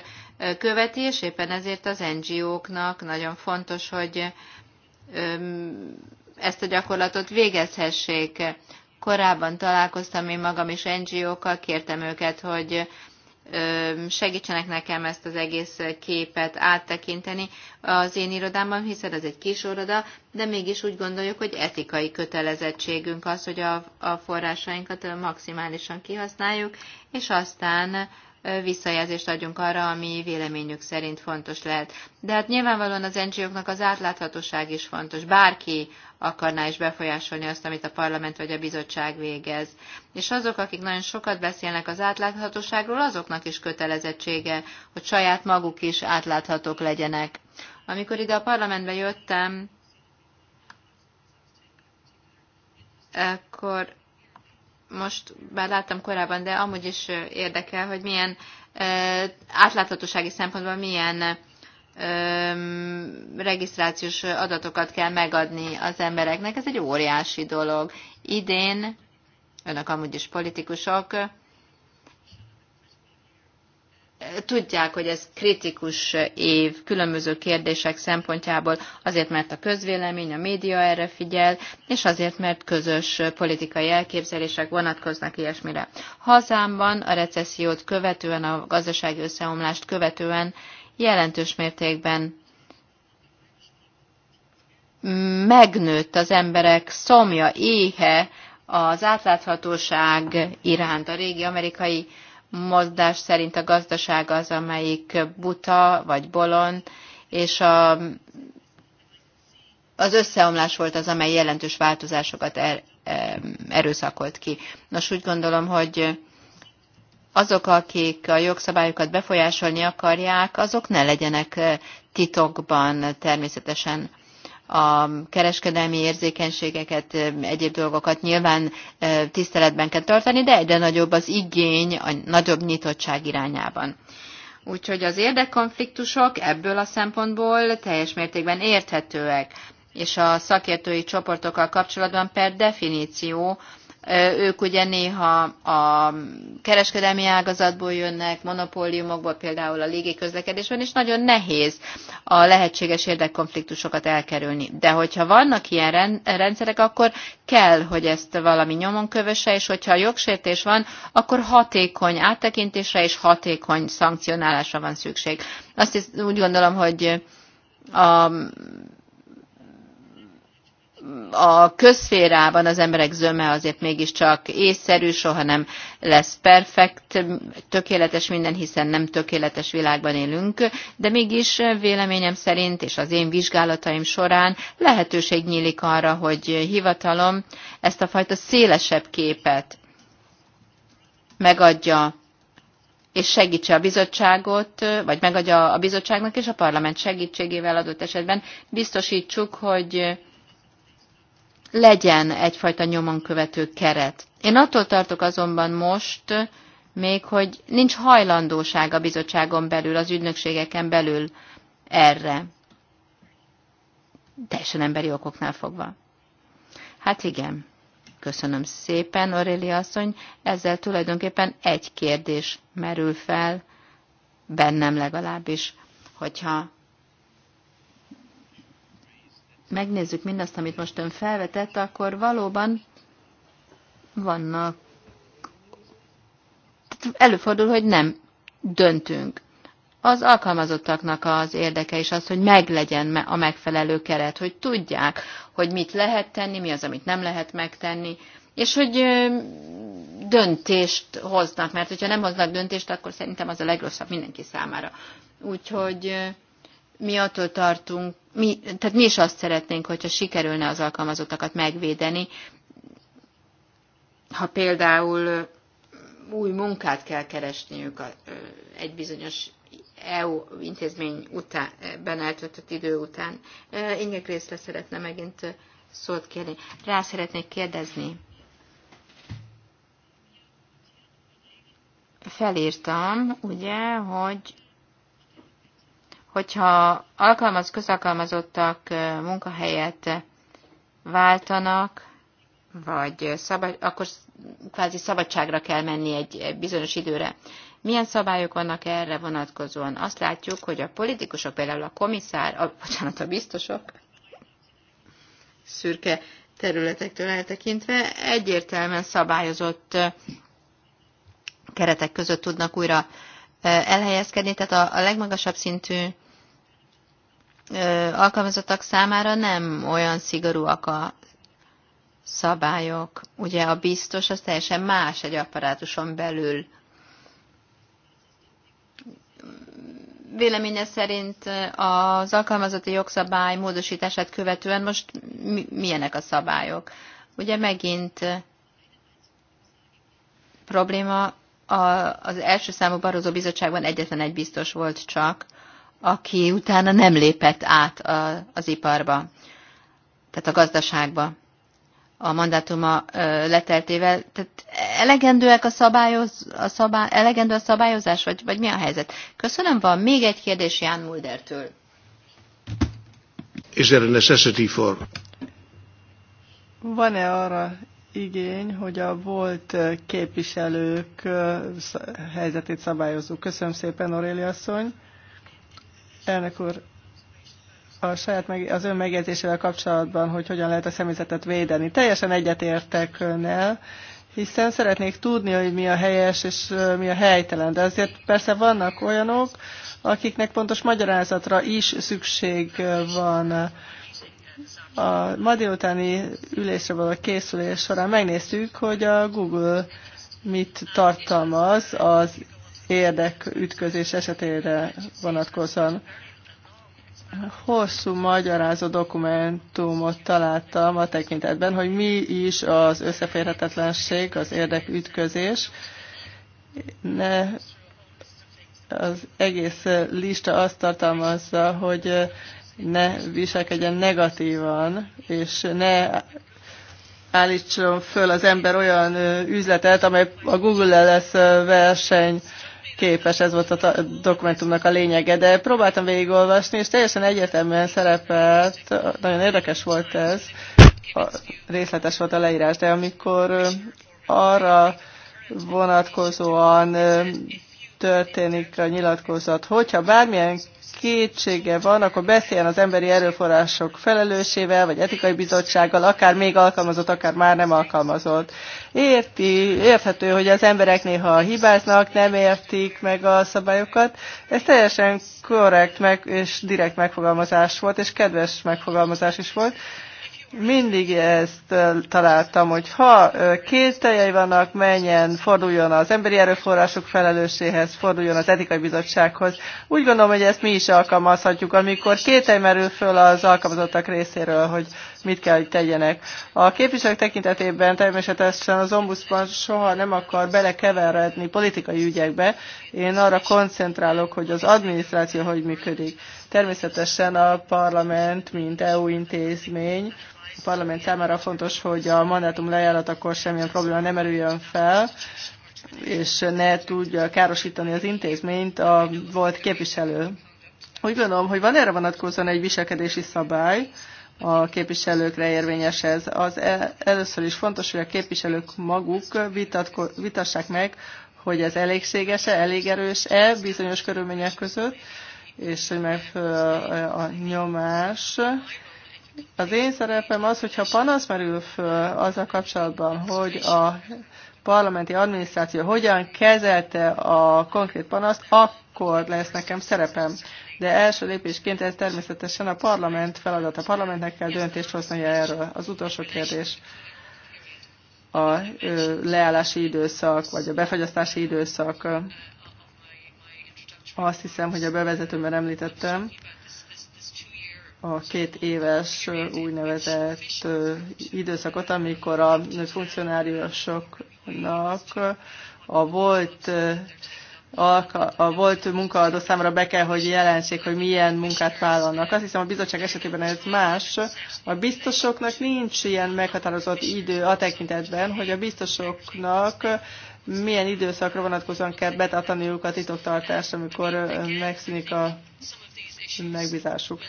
követi, és éppen ezért az NGO-knak nagyon fontos, hogy ezt a gyakorlatot végezhessék. Korábban találkoztam én magam is NGO-kkal, kértem őket, hogy segítsenek nekem ezt az egész képet áttekinteni az én irodámban, hiszen ez egy kis oroda, de mégis úgy gondoljuk, hogy etikai kötelezettségünk az, hogy a, a forrásainkat maximálisan kihasználjuk, és aztán visszajelzést adjunk arra, ami véleményük szerint fontos lehet. De hát nyilvánvalóan az NGO-knak az átláthatóság is fontos. Bárki akarná is befolyásolni azt, amit a parlament vagy a bizottság végez. És azok, akik nagyon sokat beszélnek az átláthatóságról, azoknak is kötelezettsége, hogy saját maguk is átláthatók legyenek. Amikor ide a parlamentbe jöttem, akkor most már láttam korábban, de amúgy is érdekel, hogy milyen eh, átláthatósági szempontból milyen regisztrációs adatokat kell megadni az embereknek. Ez egy óriási dolog. Idén, önök amúgy is politikusok, tudják, hogy ez kritikus év különböző kérdések szempontjából, azért, mert a közvélemény, a média erre figyel, és azért, mert közös politikai elképzelések vonatkoznak ilyesmire. Hazámban a recessziót követően, a gazdasági összeomlást követően jelentős mértékben megnőtt az emberek szomja, éhe az átláthatóság iránt. A régi amerikai mozdás szerint a gazdaság az, amelyik buta vagy bolond, és a, az összeomlás volt az, amely jelentős változásokat er, erőszakolt ki. Nos, úgy gondolom, hogy azok, akik a jogszabályokat befolyásolni akarják, azok ne legyenek titokban természetesen a kereskedelmi érzékenységeket, egyéb dolgokat nyilván tiszteletben kell tartani, de egyre nagyobb az igény a nagyobb nyitottság irányában. Úgyhogy az érdekkonfliktusok ebből a szempontból teljes mértékben érthetőek, és a szakértői csoportokkal kapcsolatban per definíció ők ugye néha a kereskedelmi ágazatból jönnek, monopóliumokból, például a légiközlekedésben, és nagyon nehéz a lehetséges érdekkonfliktusokat elkerülni. De hogyha vannak ilyen rendszerek, akkor kell, hogy ezt valami nyomon kövesse, és hogyha a jogsértés van, akkor hatékony áttekintésre és hatékony szankcionálásra van szükség. Azt is úgy gondolom, hogy a a közférában az emberek zöme azért mégiscsak észszerű, soha nem lesz perfekt, tökéletes minden, hiszen nem tökéletes világban élünk, de mégis véleményem szerint és az én vizsgálataim során lehetőség nyílik arra, hogy hivatalom ezt a fajta szélesebb képet megadja és segítse a bizottságot, vagy megadja a bizottságnak és a parlament segítségével adott esetben biztosítsuk, hogy legyen egyfajta nyomon követő keret. Én attól tartok azonban most még, hogy nincs hajlandóság a bizottságon belül, az ügynökségeken belül erre. Teljesen emberi okoknál fogva. Hát igen. Köszönöm szépen, Aurélia asszony. Ezzel tulajdonképpen egy kérdés merül fel, bennem legalábbis, hogyha megnézzük mindazt, amit most ön felvetett, akkor valóban vannak, előfordul, hogy nem döntünk. Az alkalmazottaknak az érdeke is az, hogy meglegyen a megfelelő keret, hogy tudják, hogy mit lehet tenni, mi az, amit nem lehet megtenni, és hogy döntést hoznak, mert hogyha nem hoznak döntést, akkor szerintem az a legrosszabb mindenki számára. Úgyhogy mi attól tartunk, mi, tehát mi is azt szeretnénk, hogyha sikerülne az alkalmazottakat megvédeni, ha például új munkát kell keresniük egy bizonyos EU intézmény után, ben eltöltött idő után. Ingek részre szeretne megint szót kérni. Rá szeretnék kérdezni. Felírtam, ugye, hogy hogyha alkalmaz közalkalmazottak munkahelyet váltanak, vagy szabad, akkor kvázi szabadságra kell menni egy bizonyos időre. Milyen szabályok vannak erre vonatkozóan? Azt látjuk, hogy a politikusok, például a komiszár, a, bocsánat, a biztosok, szürke területektől eltekintve egyértelműen szabályozott keretek között tudnak újra elhelyezkedni, tehát a, a legmagasabb szintű alkalmazottak számára nem olyan szigorúak a szabályok. Ugye a biztos az teljesen más egy apparátuson belül. Véleménye szerint az alkalmazati jogszabály módosítását követően most milyenek a szabályok? Ugye megint probléma, az első számú Barozó Bizottságban egyetlen egy biztos volt csak, aki utána nem lépett át a, az iparba, tehát a gazdaságba a mandátuma leteltével. Tehát elegendőek a, szabályoz, a szabály, elegendő a szabályozás, vagy, vagy mi a helyzet? Köszönöm, van még egy kérdés Ján Muldertől. Is there a necessity for? Van-e arra igény, hogy a volt képviselők helyzetét szabályozzuk? Köszönöm szépen, Aurélia asszony. Elnök úr, a saját meg, az ön megjegyzésével kapcsolatban, hogy hogyan lehet a személyzetet védeni. Teljesen egyetértek önnel, hiszen szeretnék tudni, hogy mi a helyes és mi a helytelen. De azért persze vannak olyanok, akiknek pontos magyarázatra is szükség van. A ma délutáni ülésre való készülés során megnéztük, hogy a Google mit tartalmaz az érdekütközés esetére vonatkozóan. Hosszú magyarázó dokumentumot találtam a tekintetben, hogy mi is az összeférhetetlenség, az érdekütközés. Ne, az egész lista azt tartalmazza, hogy ne viselkedjen negatívan, és ne állítson föl az ember olyan üzletet, amely a Google-el lesz verseny képes, ez volt a dokumentumnak a lényege, de próbáltam végigolvasni, és teljesen egyetemben szerepelt, nagyon érdekes volt ez, a, részletes volt a leírás, de amikor arra vonatkozóan történik a nyilatkozat, hogyha bármilyen kétsége van, akkor beszéljen az emberi erőforrások felelősével, vagy etikai bizottsággal, akár még alkalmazott, akár már nem alkalmazott. Érti, érthető, hogy az emberek néha hibáznak, nem értik meg a szabályokat. Ez teljesen korrekt meg, és direkt megfogalmazás volt, és kedves megfogalmazás is volt. Mindig ezt találtam, hogy ha kételjei vannak, menjen, forduljon az emberi erőforrások felelősséhez, forduljon az etikai bizottsághoz. Úgy gondolom, hogy ezt mi is alkalmazhatjuk, amikor kételj merül föl az alkalmazottak részéről, hogy mit kell, hogy tegyenek. A képviselők tekintetében természetesen az ombudsman soha nem akar belekeveredni politikai ügyekbe. Én arra koncentrálok, hogy az adminisztráció hogy működik. Természetesen a parlament, mint EU intézmény, parlament számára fontos, hogy a mandátum lejáratakor semmilyen probléma nem erüljön fel, és ne tudja károsítani az intézményt a volt képviselő. Úgy gondolom, hogy van erre vonatkozóan egy viselkedési szabály, a képviselőkre érvényes ez. Az e- először is fontos, hogy a képviselők maguk vitatko, vitassák meg, hogy ez elégséges-e, elég erős-e bizonyos körülmények között, és hogy meg a nyomás az én szerepem az, hogyha panasz merül föl azzal kapcsolatban, hogy a parlamenti adminisztráció hogyan kezelte a konkrét panaszt, akkor lesz nekem szerepem. De első lépésként ez természetesen a parlament feladata. A parlamentnek kell döntést hoznia erről. Az utolsó kérdés a leállási időszak, vagy a befagyasztási időszak. Azt hiszem, hogy a bevezetőben említettem, a két éves úgynevezett időszakot, amikor a funkcionáriusoknak a volt a volt munkaadó számára be kell, hogy jelentsék, hogy milyen munkát vállalnak. Azt hiszem, a bizottság esetében ez más. A biztosoknak nincs ilyen meghatározott idő a tekintetben, hogy a biztosoknak milyen időszakra vonatkozóan kell betartaniuk a titoktartást, amikor megszűnik a megbízásuk.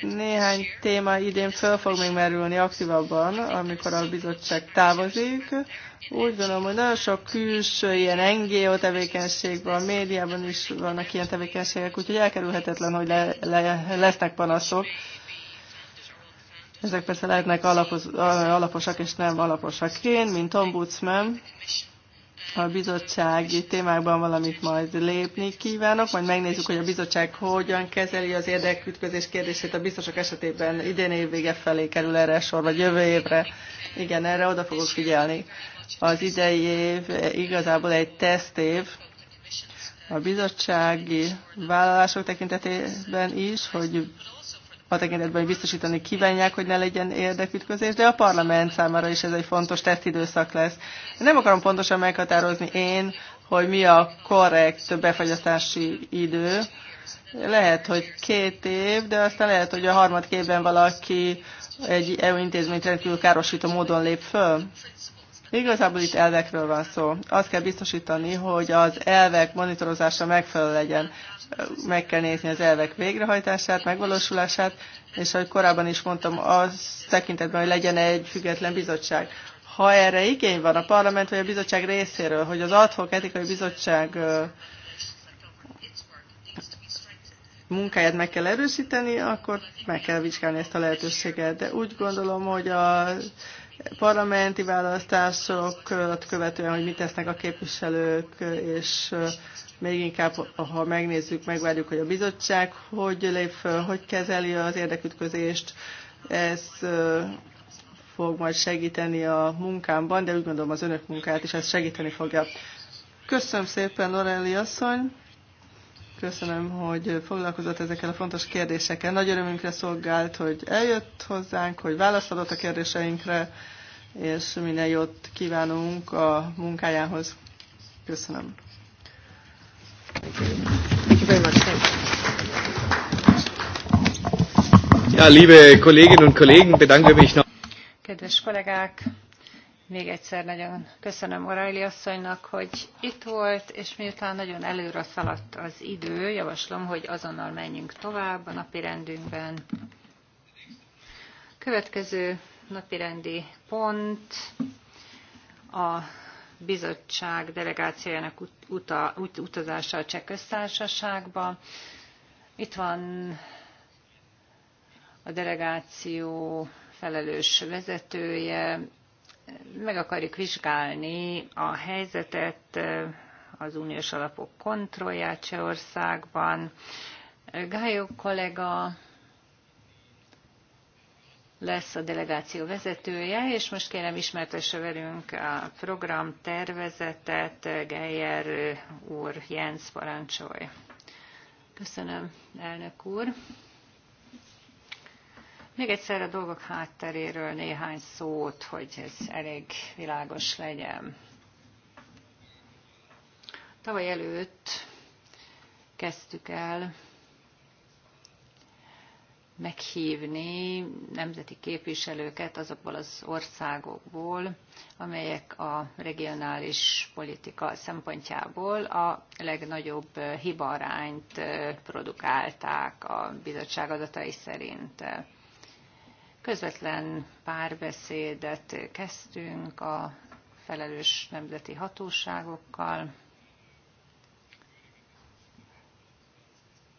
Néhány téma idén föl fog még merülni aktívabban, amikor a bizottság távozik. Úgy gondolom, hogy nagyon sok külső ilyen NGO tevékenység van, médiában is vannak ilyen tevékenységek, úgyhogy elkerülhetetlen, hogy le, le, lesznek panaszok. Ezek persze lehetnek alapos, alaposak és nem alaposak. Én, mint ombudsman, a bizottsági témákban valamit majd lépni kívánok, majd megnézzük, hogy a bizottság hogyan kezeli az érdekütközés kérdését a biztosok esetében idén évvége felé kerül erre sor, vagy jövő évre. Igen, erre oda fogok figyelni. Az idei év igazából egy tesztév a bizottsági vállalások tekintetében is, hogy a tekintetben, biztosítani kívánják, hogy ne legyen érdekütközés, de a parlament számára is ez egy fontos tesztidőszak lesz. Nem akarom pontosan meghatározni én, hogy mi a korrekt befagyasztási idő. Lehet, hogy két év, de aztán lehet, hogy a harmadik évben valaki egy EU intézményt rendkívül károsító módon lép föl. Igazából itt elvekről van szó. Azt kell biztosítani, hogy az elvek monitorozása megfelelő legyen. Meg kell nézni az elvek végrehajtását, megvalósulását, és ahogy korábban is mondtam, az tekintetben, hogy legyen egy független bizottság. Ha erre igény van a parlament vagy a bizottság részéről, hogy az adhok etikai bizottság munkáját meg kell erősíteni, akkor meg kell vizsgálni ezt a lehetőséget. De úgy gondolom, hogy a parlamenti választásokat követően, hogy mit tesznek a képviselők, és még inkább, ha megnézzük, megvárjuk, hogy a bizottság hogy lép föl, hogy kezeli az érdekütközést. Ez fog majd segíteni a munkámban, de úgy gondolom az önök munkát is ez segíteni fogja. Köszönöm szépen, Lorelli asszony! Köszönöm, hogy foglalkozott ezekkel a fontos kérdésekkel. Nagy örömünkre szolgált, hogy eljött hozzánk, hogy válaszadott a kérdéseinkre, és minden jót kívánunk a munkájához. Köszönöm. Ja, liebe Kolleginnen und Kollegen, bedanke mich noch. Kedves kollégák, még egyszer nagyon köszönöm Orajli asszonynak, hogy itt volt, és miután nagyon előre szaladt az idő, javaslom, hogy azonnal menjünk tovább a napi rendünkben. Következő napirendi pont a bizottság delegációjának uta, ut, utazása a Cseh Köztársaságba. Itt van a delegáció felelős vezetője, meg akarjuk vizsgálni a helyzetet, az uniós alapok kontrollját Csehországban. Gályó kollega lesz a delegáció vezetője, és most kérem ismertesse velünk a program tervezetet, Geyer úr Jens parancsolj. Köszönöm, elnök úr. Még egyszer a dolgok hátteréről néhány szót, hogy ez elég világos legyen. Tavaly előtt kezdtük el meghívni nemzeti képviselőket azokból az országokból, amelyek a regionális politika szempontjából a legnagyobb hibarányt eh, produkálták a bizottság adatai szerint. Közvetlen párbeszédet kezdtünk a felelős nemzeti hatóságokkal.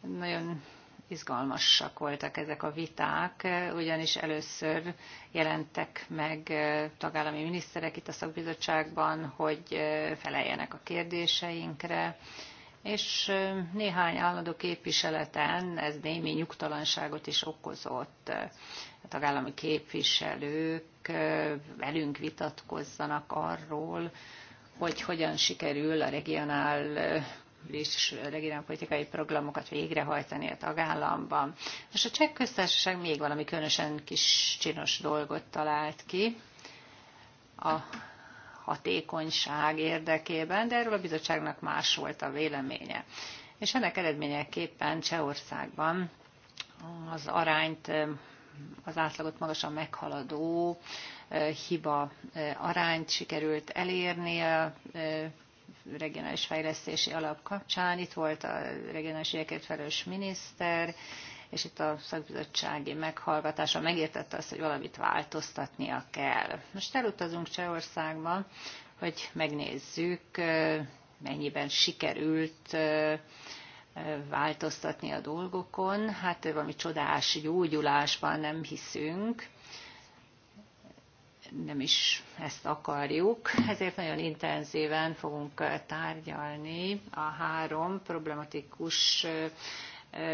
Nagyon izgalmasak voltak ezek a viták, ugyanis először jelentek meg tagállami miniszterek itt a szakbizottságban, hogy feleljenek a kérdéseinkre, és néhány állandó képviseleten ez némi nyugtalanságot is okozott. A tagállami képviselők velünk vitatkozzanak arról, hogy hogyan sikerül a regionál és regionálpolitikai programokat végrehajtani a tagállamban. És a cseh köztársaság még valami különösen kis csinos dolgot talált ki. A hatékonyság érdekében, de erről a bizottságnak más volt a véleménye. És ennek eredményeképpen Csehországban az arányt, az átlagot magasan meghaladó hiba arányt sikerült elérni a regionális fejlesztési alap kapcsán. Itt volt a regionális ügyekért felelős miniszter, és itt a szakbizottsági meghallgatása megértette azt, hogy valamit változtatnia kell. Most elutazunk Csehországba, hogy megnézzük, mennyiben sikerült változtatni a dolgokon. Hát valami csodás gyógyulásban nem hiszünk, nem is ezt akarjuk, ezért nagyon intenzíven fogunk tárgyalni a három problematikus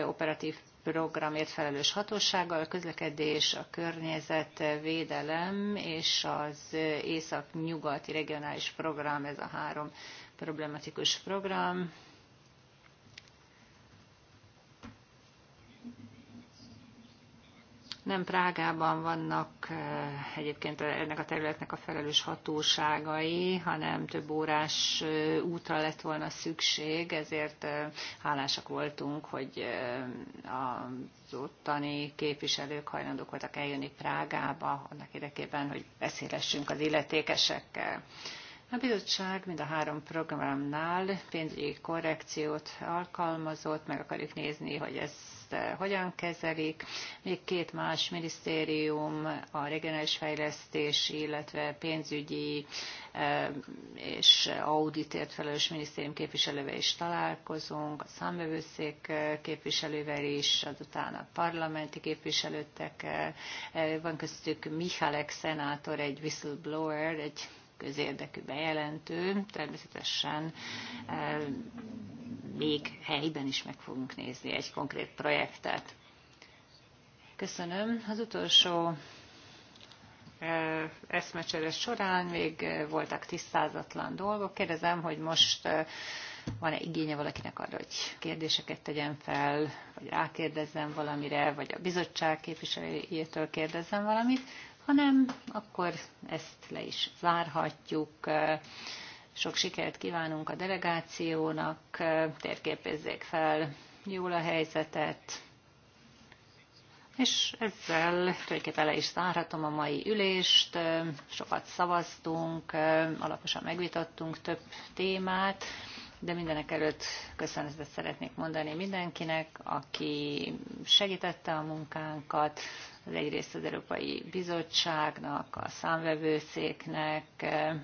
operatív programért felelős hatósággal, a közlekedés, a környezetvédelem és az észak-nyugati regionális program, ez a három problematikus program, Nem Prágában vannak eh, egyébként ennek a területnek a felelős hatóságai, hanem több órás eh, útra lett volna szükség, ezért eh, hálásak voltunk, hogy az ottani képviselők hajlandók voltak eljönni Prágába annak érdekében, hogy beszélhessünk az illetékesekkel. A bizottság mind a három programnál pénzügyi korrekciót alkalmazott, meg akarjuk nézni, hogy ezt eh, hogyan kezelik. Még két más minisztérium, a regionális fejlesztés, illetve pénzügyi eh, és auditért felelős minisztérium képviselővel is találkozunk, a számövőszék eh, képviselővel is, azután a parlamenti képviselőtek, van köztük Michalek szenátor, egy whistleblower, egy közérdekű bejelentő. Természetesen eh, még helyben is meg fogunk nézni egy konkrét projektet. Köszönöm. Az utolsó eh, eszmecseres során még eh, voltak tisztázatlan dolgok. Kérdezem, hogy most van-e igénye valakinek arra, hogy kérdéseket tegyen fel, vagy rákérdezzem valamire, vagy a bizottság képviselőjétől kérdezzem valamit. Ha nem, akkor ezt le is zárhatjuk. Sok sikert kívánunk a delegációnak, térképezzék fel jól a helyzetet, és ezzel tulajdonképpen le is zárhatom a mai ülést. Sokat szavaztunk, alaposan megvitattunk több témát, de mindenek előtt köszönetet szeretnék mondani mindenkinek, aki segítette a munkánkat, az egyrészt az Európai Bizottságnak, a számvevőszéknek, eh,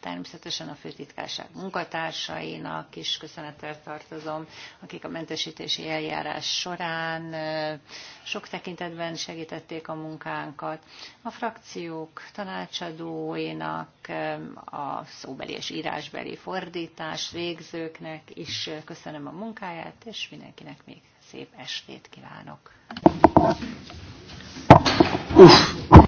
természetesen a főtitkárság munkatársainak is köszönettel tartozom, akik a mentesítési eljárás során eh, sok tekintetben segítették a munkánkat, a frakciók tanácsadóinak, eh, a szóbeli és írásbeli fordítás végzőknek is köszönöm a munkáját, és mindenkinek még szép estét kívánok. Uff.